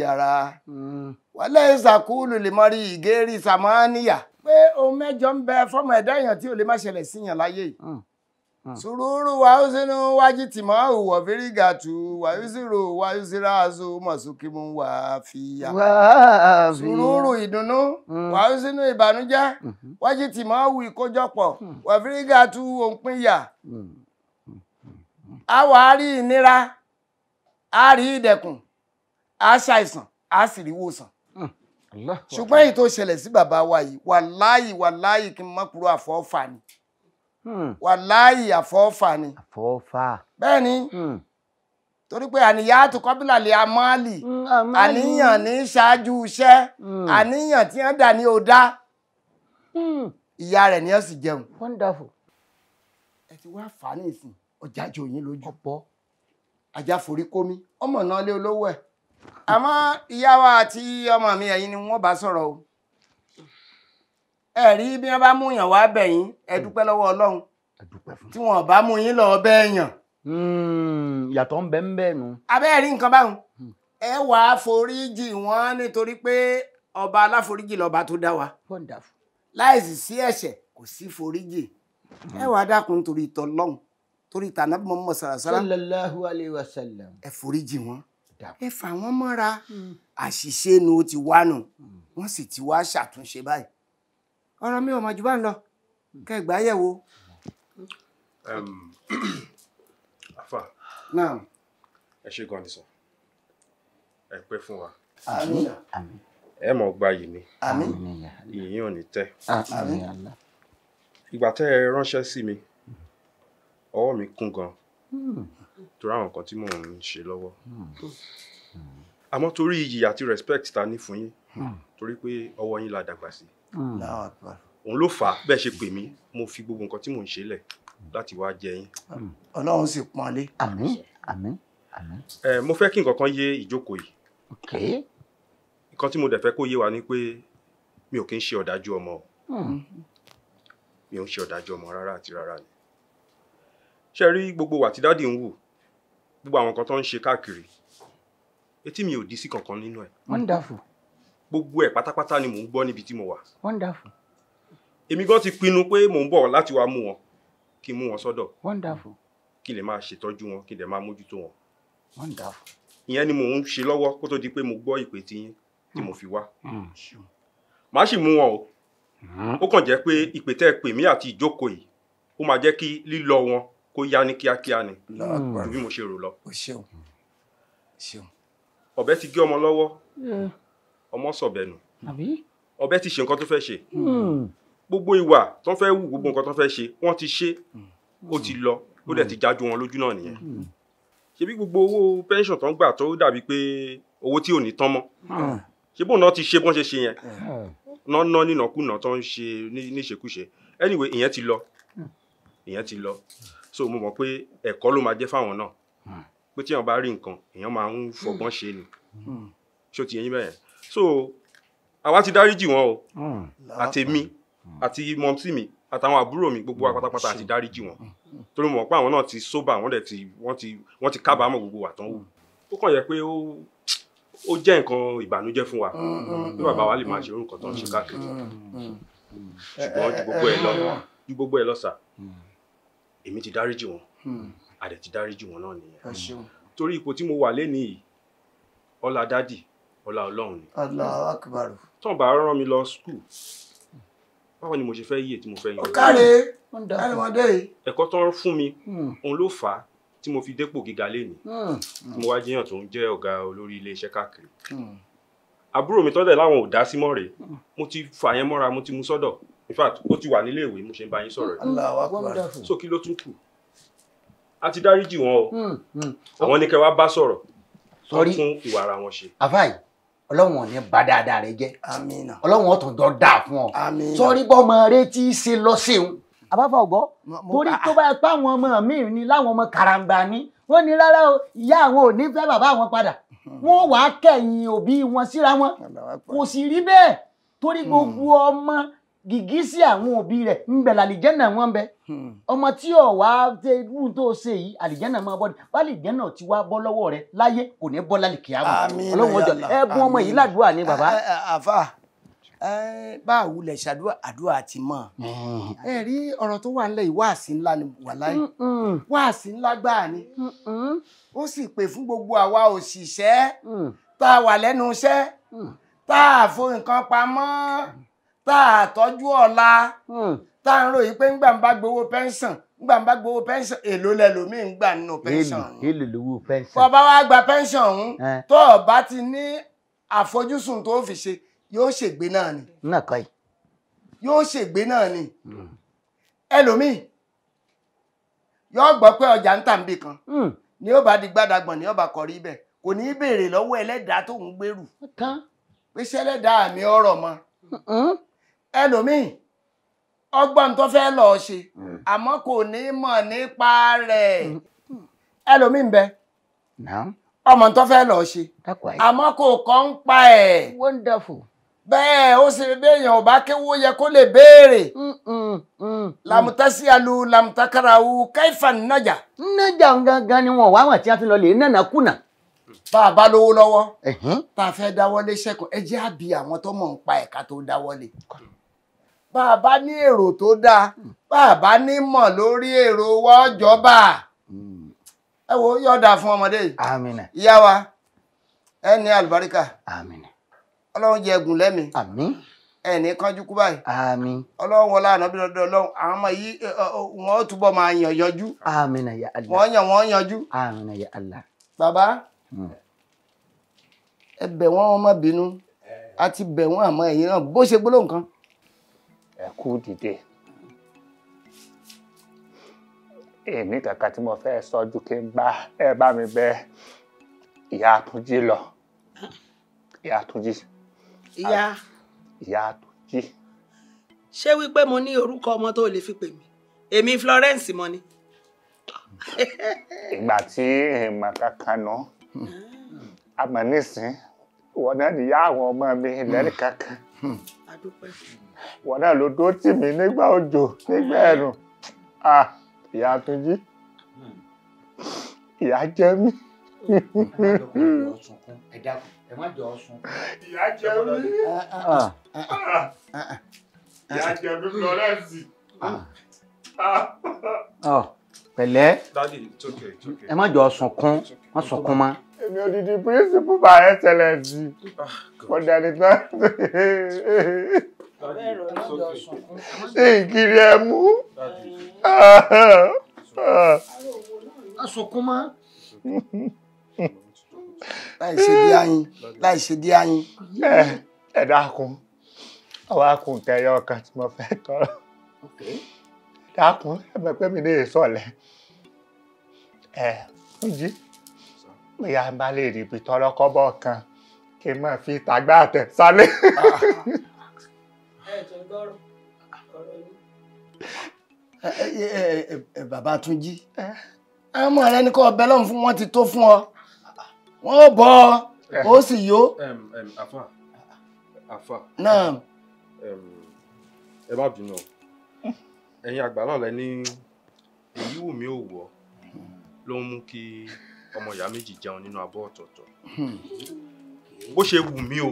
Speaker 7: wọlé ìsàkúlù lè mọrí ìgérí sàmánìyà pé ohun mẹ́jọ ń bẹ fọmọ ẹ̀dá èèyàn tí ò lè má ṣẹlẹ̀ síyàn láyé yìí hmm. hmm. sùúrù wa ó sínú wájú tìmọ̀ òwò fírígà tù wà ó sírò wà ó síra aṣọ mọ̀sókè mú wà á fi yà. sùúrù ìdùnnú wà ó sínú ìbànújẹ́ wájú tìmọ̀ òwò ìkójọpọ̀ wà fírígà tù òǹpinya. a wà á rí ìnira a rí ìdẹ̀kùn a ṣàìsàn a sì rí wòsàn ṣùgbọ́n èyí tó ṣẹlẹ̀ sí bàbá wa yìí wàláyì wàláyì kí n má kúrò àfọ́fà ni hmm. wàláyì àfọ́fà ni bẹ́ẹ̀ ni hmm. torí pé àníyá tó kọ́bílà lè amáàlì hmm, àníyàn ní ṣáájú iṣẹ́ àníyàn tí wọ́n dà ní ọ̀dá ìyá rẹ̀ ni ó sì jẹun. wonderful. ẹ ti wá fà á ní ìsìn ọjà jòyìn lójú. ọ̀pọ̀ ajá forí kómi ọmọ náà lé olówó ẹ̀ àmọ́ ìyá wa àti ọmọ mi ẹ̀yin ni wọ́n bá sọ̀rọ̀ o ẹ rí bí wọ́n bá mú yàn wá bẹ̀yìn ẹ hmm. dúpẹ́ lọ́wọ́ Ọlọ́run tí wọ́n bá mú yín lọ bẹ́ẹ̀yàn. Hmm, yàtọ̀ ń bẹ ń bẹ́ẹ̀ nu. abẹ́ẹ̀ rí nǹkan báwọn hmm. ẹ wàá foríjì wọn nítorí pé ọba aláforíjì lọba tó dá wa láìsí sí ẹ̀ṣẹ̀ kò sí foríjì ẹ wàá dákun torí ìtọ́ lọ́hùn torí ìtànà mọ́mọ́ sàràsàrà. sallam. ẹ foríjì wọn ẹ fà wọ́n mọ́ra hmm. àṣìṣe nu ó ti wá nù hmm. wọ́n sì ti wá ṣàtúnṣe báyìí ọ̀rọ̀ mi ò mọ̀ jù bá ń lọ kẹgbà yẹ̀wò.
Speaker 9: afa naam ẹ ṣe gan ni sọ ẹ pẹ́ fún wa àmín ẹ mọ̀ gba yìí ni àmín yìnyín ò ní tẹ́ àmín ìgbà tẹ́ ẹ ránṣẹ́ sí mi ọwọ́ mi kún gan-an. Hmm torí àwọn nǹkan tí mò ń ṣe lọ́wọ́ hmm. Hmm. àmọ́ torí iyì àti respect ta ní fún yín hmm. torí pé ọwọ́ yín la dàgbà sí òun ló fà á bẹ́ẹ̀ ṣe pè mí mo fi gbogbo nǹkan tí mò ń ṣe lẹ̀ láti wá jẹ yín.
Speaker 7: ọlọ́run sì pọ́n lé. àmín àmín àmín.
Speaker 9: ẹ mo fẹ́ kí nǹkan kan yé ìjókòó yìí. nǹkan tí mo dẹ̀ fẹ́ kó yé wa ni pé mi ò kí ń ṣe ọ̀dájú ọmọ o mi ò ń ṣe ọ̀dájú ọmọ rárá àti rárá ni. ṣe rí gbogbo wà tí dáàdì ń wù gbogbo àwọn nǹkan tó ń ṣe káàkiri etí mi ò dí sí kankan nínú ẹ. wonderful. gbogbo ẹ pátápátá ni mò ń gbọ́ níbi tí mo wà. wonderful. èmi gan ti pinnu pé mò ń bọ̀ láti wá mú wọn kí n mú wọn sọ́dọ̀. wonderful. kí lè máa ṣètọ́jú wọn kí lè máa mójútó wọn. wonderful. ìyẹn ni mò ń ṣe lọ́wọ́ kó tó di pé mo gbọ́ ìpè tí tí mo fi wá.
Speaker 2: Mm. Mm.
Speaker 9: màá sì mú wọn o. Mm-hmm. ó kàn jẹ́ pé ìpè tẹ́ pè mí àti ìjókòó yìí ó máa jẹ́ kí lílọ wọn kó yá ní kíákíá ni hmm. ju bí mo ṣe rò lọ. o ṣeun ṣeun. ọ̀bẹ ti gé ọmọ lọ́wọ́ ọmọ sọ̀bẹ̀nù ọ̀bẹ ti ṣe nǹkan tó fẹ́ ṣe hmm. gbogbo ìwà tó fẹ́ wù gbogbo nǹkan tó fẹ́ ṣe wọ́n ti ṣe hmm. ó ti lọ ó dẹ̀ ti jájú wọn lójú náà nìyẹn ṣebí gbogbo owó pension tó ń gbà tó dàbí pé owó tí ò ní tán mọ́ ṣé bóun náà ti ṣe bọ́n ṣe ṣe yẹn náà ná nínàkúnà tó ń ṣe níṣekúṣe anyway ìyẹn ti lọ ìyẹn ti lọ so mo mọ̀ pé ẹ̀kọ́ ló máa jẹ́ fáwọn náà hmm. pé tí èèyàn bá rí nǹkan èèyàn máa ń fọgbọ́n hmm. ṣe ni hmm. ṣó ti yẹn bẹ́ẹ̀ so àwa ti dáríjì wọn o àtèmi àti mọ̀mísì mi àtàwọn àbúrò mi gbogbo wa pátápátá àti dáríjì wọn torí mo mọ̀ pé àwọn náà ti sóbà wọ́n dẹ̀ ti wọ́n ti wọ́n gbogbo wa tán wù ó kàn yẹ pé ó ó jẹ́ nǹkan ìbànújẹ́ fún wa bí bàbá wa lè máa ṣe orúkọ tó ṣe káàkiri
Speaker 4: ṣùgbọ́n ju gbogbo ẹ̀ lọ
Speaker 9: ju gbogbo ẹ̀ lọ sà èmi ti dáríjì wọn hmm. a dẹ̀ ti dáríjì wọn náà nìyẹn torí ipò tí mo wà lẹ́ni yìí ọlá dádì ọlá ọlọ́run ni. tó ń bá rán mi lọ skul báwo ni mo ṣe fẹ́ yíyè tí mo fẹ́ yan. ọ̀kàrẹ́ ẹnìmọ̀dé yìí. ẹ̀kọ́ tó ń fún mi hmm. òun ló fà á tí mo fi dépò gíga lẹ́ni hmm. tí mo wá jiyàn tó ń jẹ́ ọ̀gá olórí iléeṣẹ́ káàkiri àbúrò mi tọ́dẹ̀ láwọn ò dá sí mọ́ rèé mo ti fà yẹn mọ́ra mo ti mú sọ́dọ̀ in fact ó ti wà nílé ìwé mo ṣe ń bá yín sọ̀rọ̀ yìí so kí ló tún kù a ti dáríjì wọn o hmm, hmm. àwọn ní kẹ́ wá bá sọ̀rọ̀ tó tún ìwà ara wọn ṣe.
Speaker 7: àfáì ọlọ́run ò ní bá dáadáa rẹ jẹ́ ọlọ́run ọ̀tún jọ dáa fún ọ sọrí bọ́mọ rẹ tí í ṣe lọ́sẹ̀hún àbáfà ọ̀gọ́ torí tó bá pa àwọn ọmọ mi ni láwọn ọmọ karambà ni wọ́n ní rárá o ìyá àwọn ò ní fẹ́ bàbá àwọn padà wọ́n wàá kẹ̀yìn òbí wọn síra wọn kò sì rí bẹ́ẹ̀ torí hmm. gbogbo ọmọ gìgísí àwọn òbí rẹ̀ ń bẹ làlìjẹ́nà wọn bẹ hmm. ọmọ tí ò wá ṣe irú tó ṣe yìí àlìjẹ́nà máa bọ́ ni bálìjẹ́nà ti wá bọ́ lọ́wọ́ rẹ̀ láyé kò ní bọ́ lálìkì àmọ́ ọlọ́run ọjọ́ ẹ̀bùn ọmọ yìí ládùúà ni bàbá. àfà bá a wulẹ̀ ṣàdúrà àdúrà ti mọ̀ hmm. ẹ rí ọ̀rọ̀ tó wà nílẹ̀ yìí wáàsí ńlá ni wàláhì hmm, wáàsí ńlá gbáà ni ó sì pè fún gbogbo àwa òṣìṣẹ́ tá a wà lẹ́nu iṣẹ́ tá a fo nǹkan pamọ́ tá a tọ́jú ọ̀la hmm. tá a ń ròyìn pé ńgbà ń bá gbowó pẹ́ńsàn ńgbà ń bá gbowó pẹ́ńsàn èlò lẹ́lòmíì ń nínú pẹ́ńsàn èlò lówó pẹ́ńsàn. bọ́ọ̀ bá wá gba pẹ́ńsàn ọ̀hún tó o bá ti ní àfojúsùn tó fi ṣe yóò ṣègbè náà ni. náà kọ́ yìí. yóò ṣègbè náà ni. Hmm. ẹlòmíì yóò gbọ́ pé ọjà ń tà ń kan hmm. ni ó bá di gbádàgbọ̀n ni ó bá kọrí bẹ̀ kò ní í béèrè lọ́wọ́ ẹlẹ́dàá tó ń gbèrú. pé ṣẹlẹ́dàá mi ọ̀rọ̀ mọ́. ẹlòmíì ọgbọ́n tó fẹ́ lọ ṣe hmm. àmọ́ kò ní mọ̀ nípa rẹ̀ hmm. ẹlòmíì bẹ ọmọ tó fẹ́ lọ ṣe àmọ́ kò kọ́ ń pa ẹ̀. wonderful. bẹ́ẹ̀ ó sì béèyàn ò bá kéwó yẹ kó lè béèrè. làmùtásí alu làmùtákàràwù káìfà nájà. gangan ni wọn wá bá a bá ní èrò tó dáa hmm. bá a bá ní mọ̀ lórí èrò wa ọjọ́ba hmm. ẹ wo yọ̀ọ̀dà fún ọmọdé àmín ìyá wa ẹ ní àlùbáríkà àmín ọlọ́run jẹ ẹgùn lẹ́mi àmín ẹ ní kánjú kú báyìí àmín ọlọ́run wọlé àná lọ́dọ̀ ọlọ́run àwọn ọmọ yìí wọ́n túbọ̀ máa yàn yanjú Allah wọ́n yàn wọ́n yanjú àmín ya Allah bàbá hmm. ẹ bẹ̀ wọ́n ọmọ bínú àti eh. bẹ̀ wọ́n àmọ́ ẹ̀yìn náà bó ṣe gbólóhùn kan
Speaker 2: ẹ kú dìde
Speaker 3: èmi kankan tí mo fẹ́ sọ ju kí n bá ẹ bá mi bẹ̀ ìyá Túnjí lọ ìyá Túnjí. ìyá. ìyá Túnjí. ṣé wípé mo
Speaker 1: ní orúkọ ọmọ tó lè fi pè mí
Speaker 3: èmi Florence mo ni. ìgbà tí èèmọ̀ kankan nù àmọ́ nísìnyí wọn náà níyà àwọn ọmọ mi lẹ́nu kankan. a
Speaker 6: dúpẹ́ fún un
Speaker 3: ìwọ náà ló dúró tì mí nígbà òjò nígbà ẹ̀rùn ìyá Túnjí ìyá jẹ mí. ìyá jẹ mí ìyá jẹ
Speaker 6: mí
Speaker 7: Florence. pẹ̀lẹ́ ẹ má jọ sunkún má sunkún mọ́
Speaker 6: èmi odidi principal by excellence
Speaker 3: kò ah, dẹni tán ìgìrì ẹ̀mú.
Speaker 7: asòkun mọ́. láì ṣe dí ayin láì ṣe dí
Speaker 3: ayin. Eh, ẹ dákun àwa kùn tẹyọ kan tí mo fẹ́ tọrọ dákun ẹ mọ̀ pé mi ní ìsọlẹ ẹ ń jí bóyá n bá lè rí ibi tọrọ kọ́bọ̀ kan kí n máa fi tàgbà àtẹ sálẹ̀. Ah, ah, ah
Speaker 1: ẹ̀tún gbọ́rọ̀ ọ̀rọ̀
Speaker 6: yìí. bàbá Túnjí àmọ́ rẹ
Speaker 7: ní kó ọbẹ lọ́hùn fún wọn ti tó fún ọ wọn ò bọ ọ ó sì yó.
Speaker 9: àfà àfà. náà. ẹ má bínú o ẹ̀yin àgbà náà lẹ ní èyí wù mí ò wọ ló ń mú kí ọmọ ìyá méjì jẹun nínú abọ́ ọ̀tọ̀ọ̀tọ̀ hmm. bó ṣe wù mí o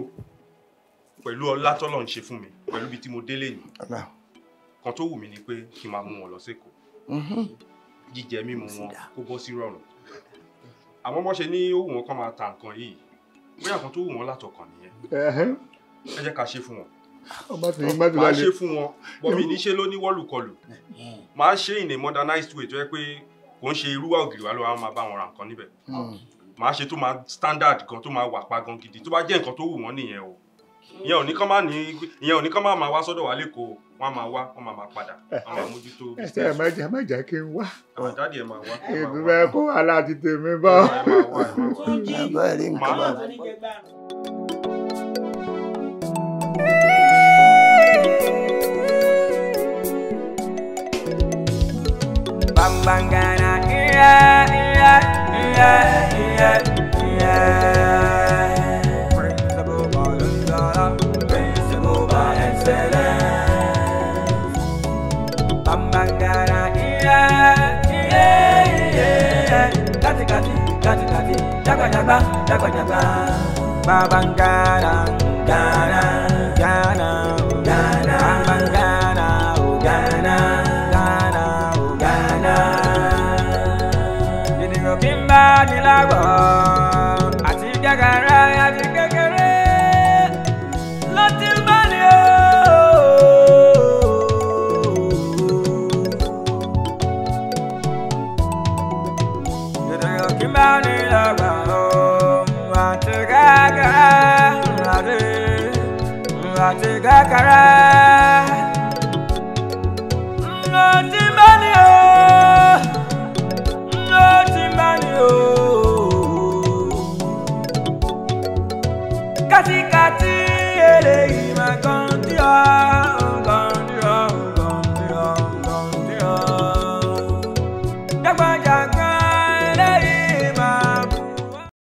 Speaker 9: pẹ̀lú ọlá tọ́lọ́run ṣe fún mi pẹ̀lú ibi tí mo délé yìí kan tó wù mí ni pé kí n máa mú wọn lọ sẹ́kọ̀ọ́ mm-hmm. jíjẹ mímu wọn kó bọ́ sí rọrùn àmọ́ bọ́ ṣe ní ó wù wọn kán máa ta nǹkan yìí bóyá kan tó wù wọn látọkàn nìyẹn ẹ jẹ́ ká ṣe fún wọn máa ṣe fún wọn bọ́mí níṣẹ́ ló ní wọ́lùkọlù máa ṣe in a modernized way tó yẹ pé kò ń ṣe irúwà ògiri wa ló máa bá wọn ra nǹkan níbẹ̀ máa mm. ṣe tó máa standard gan tó máa wà pa gan gidi tó bá jẹ́ nǹkan tó wù wọ́n nìyẹn o ìyẹn ò ní kán má ní ìyẹn ò ní kán má máa wá sọ́dọ̀ wa lẹ́kọ̀ọ́ wọn máa wá wọn máa máa padà eh, wọn máa mójútó. ẹsẹ eh, ẹ má
Speaker 6: jẹ má jẹ kí n wá.
Speaker 9: àwọn ẹ máa wá. ìdúró kó wàhálà ti bọ. bàbá ẹ rí nǹkan bá.
Speaker 5: Bambangana, yeah, yeah, yeah, yeah, yeah. nyaka nyaka babang garang garang àti kàkàrà.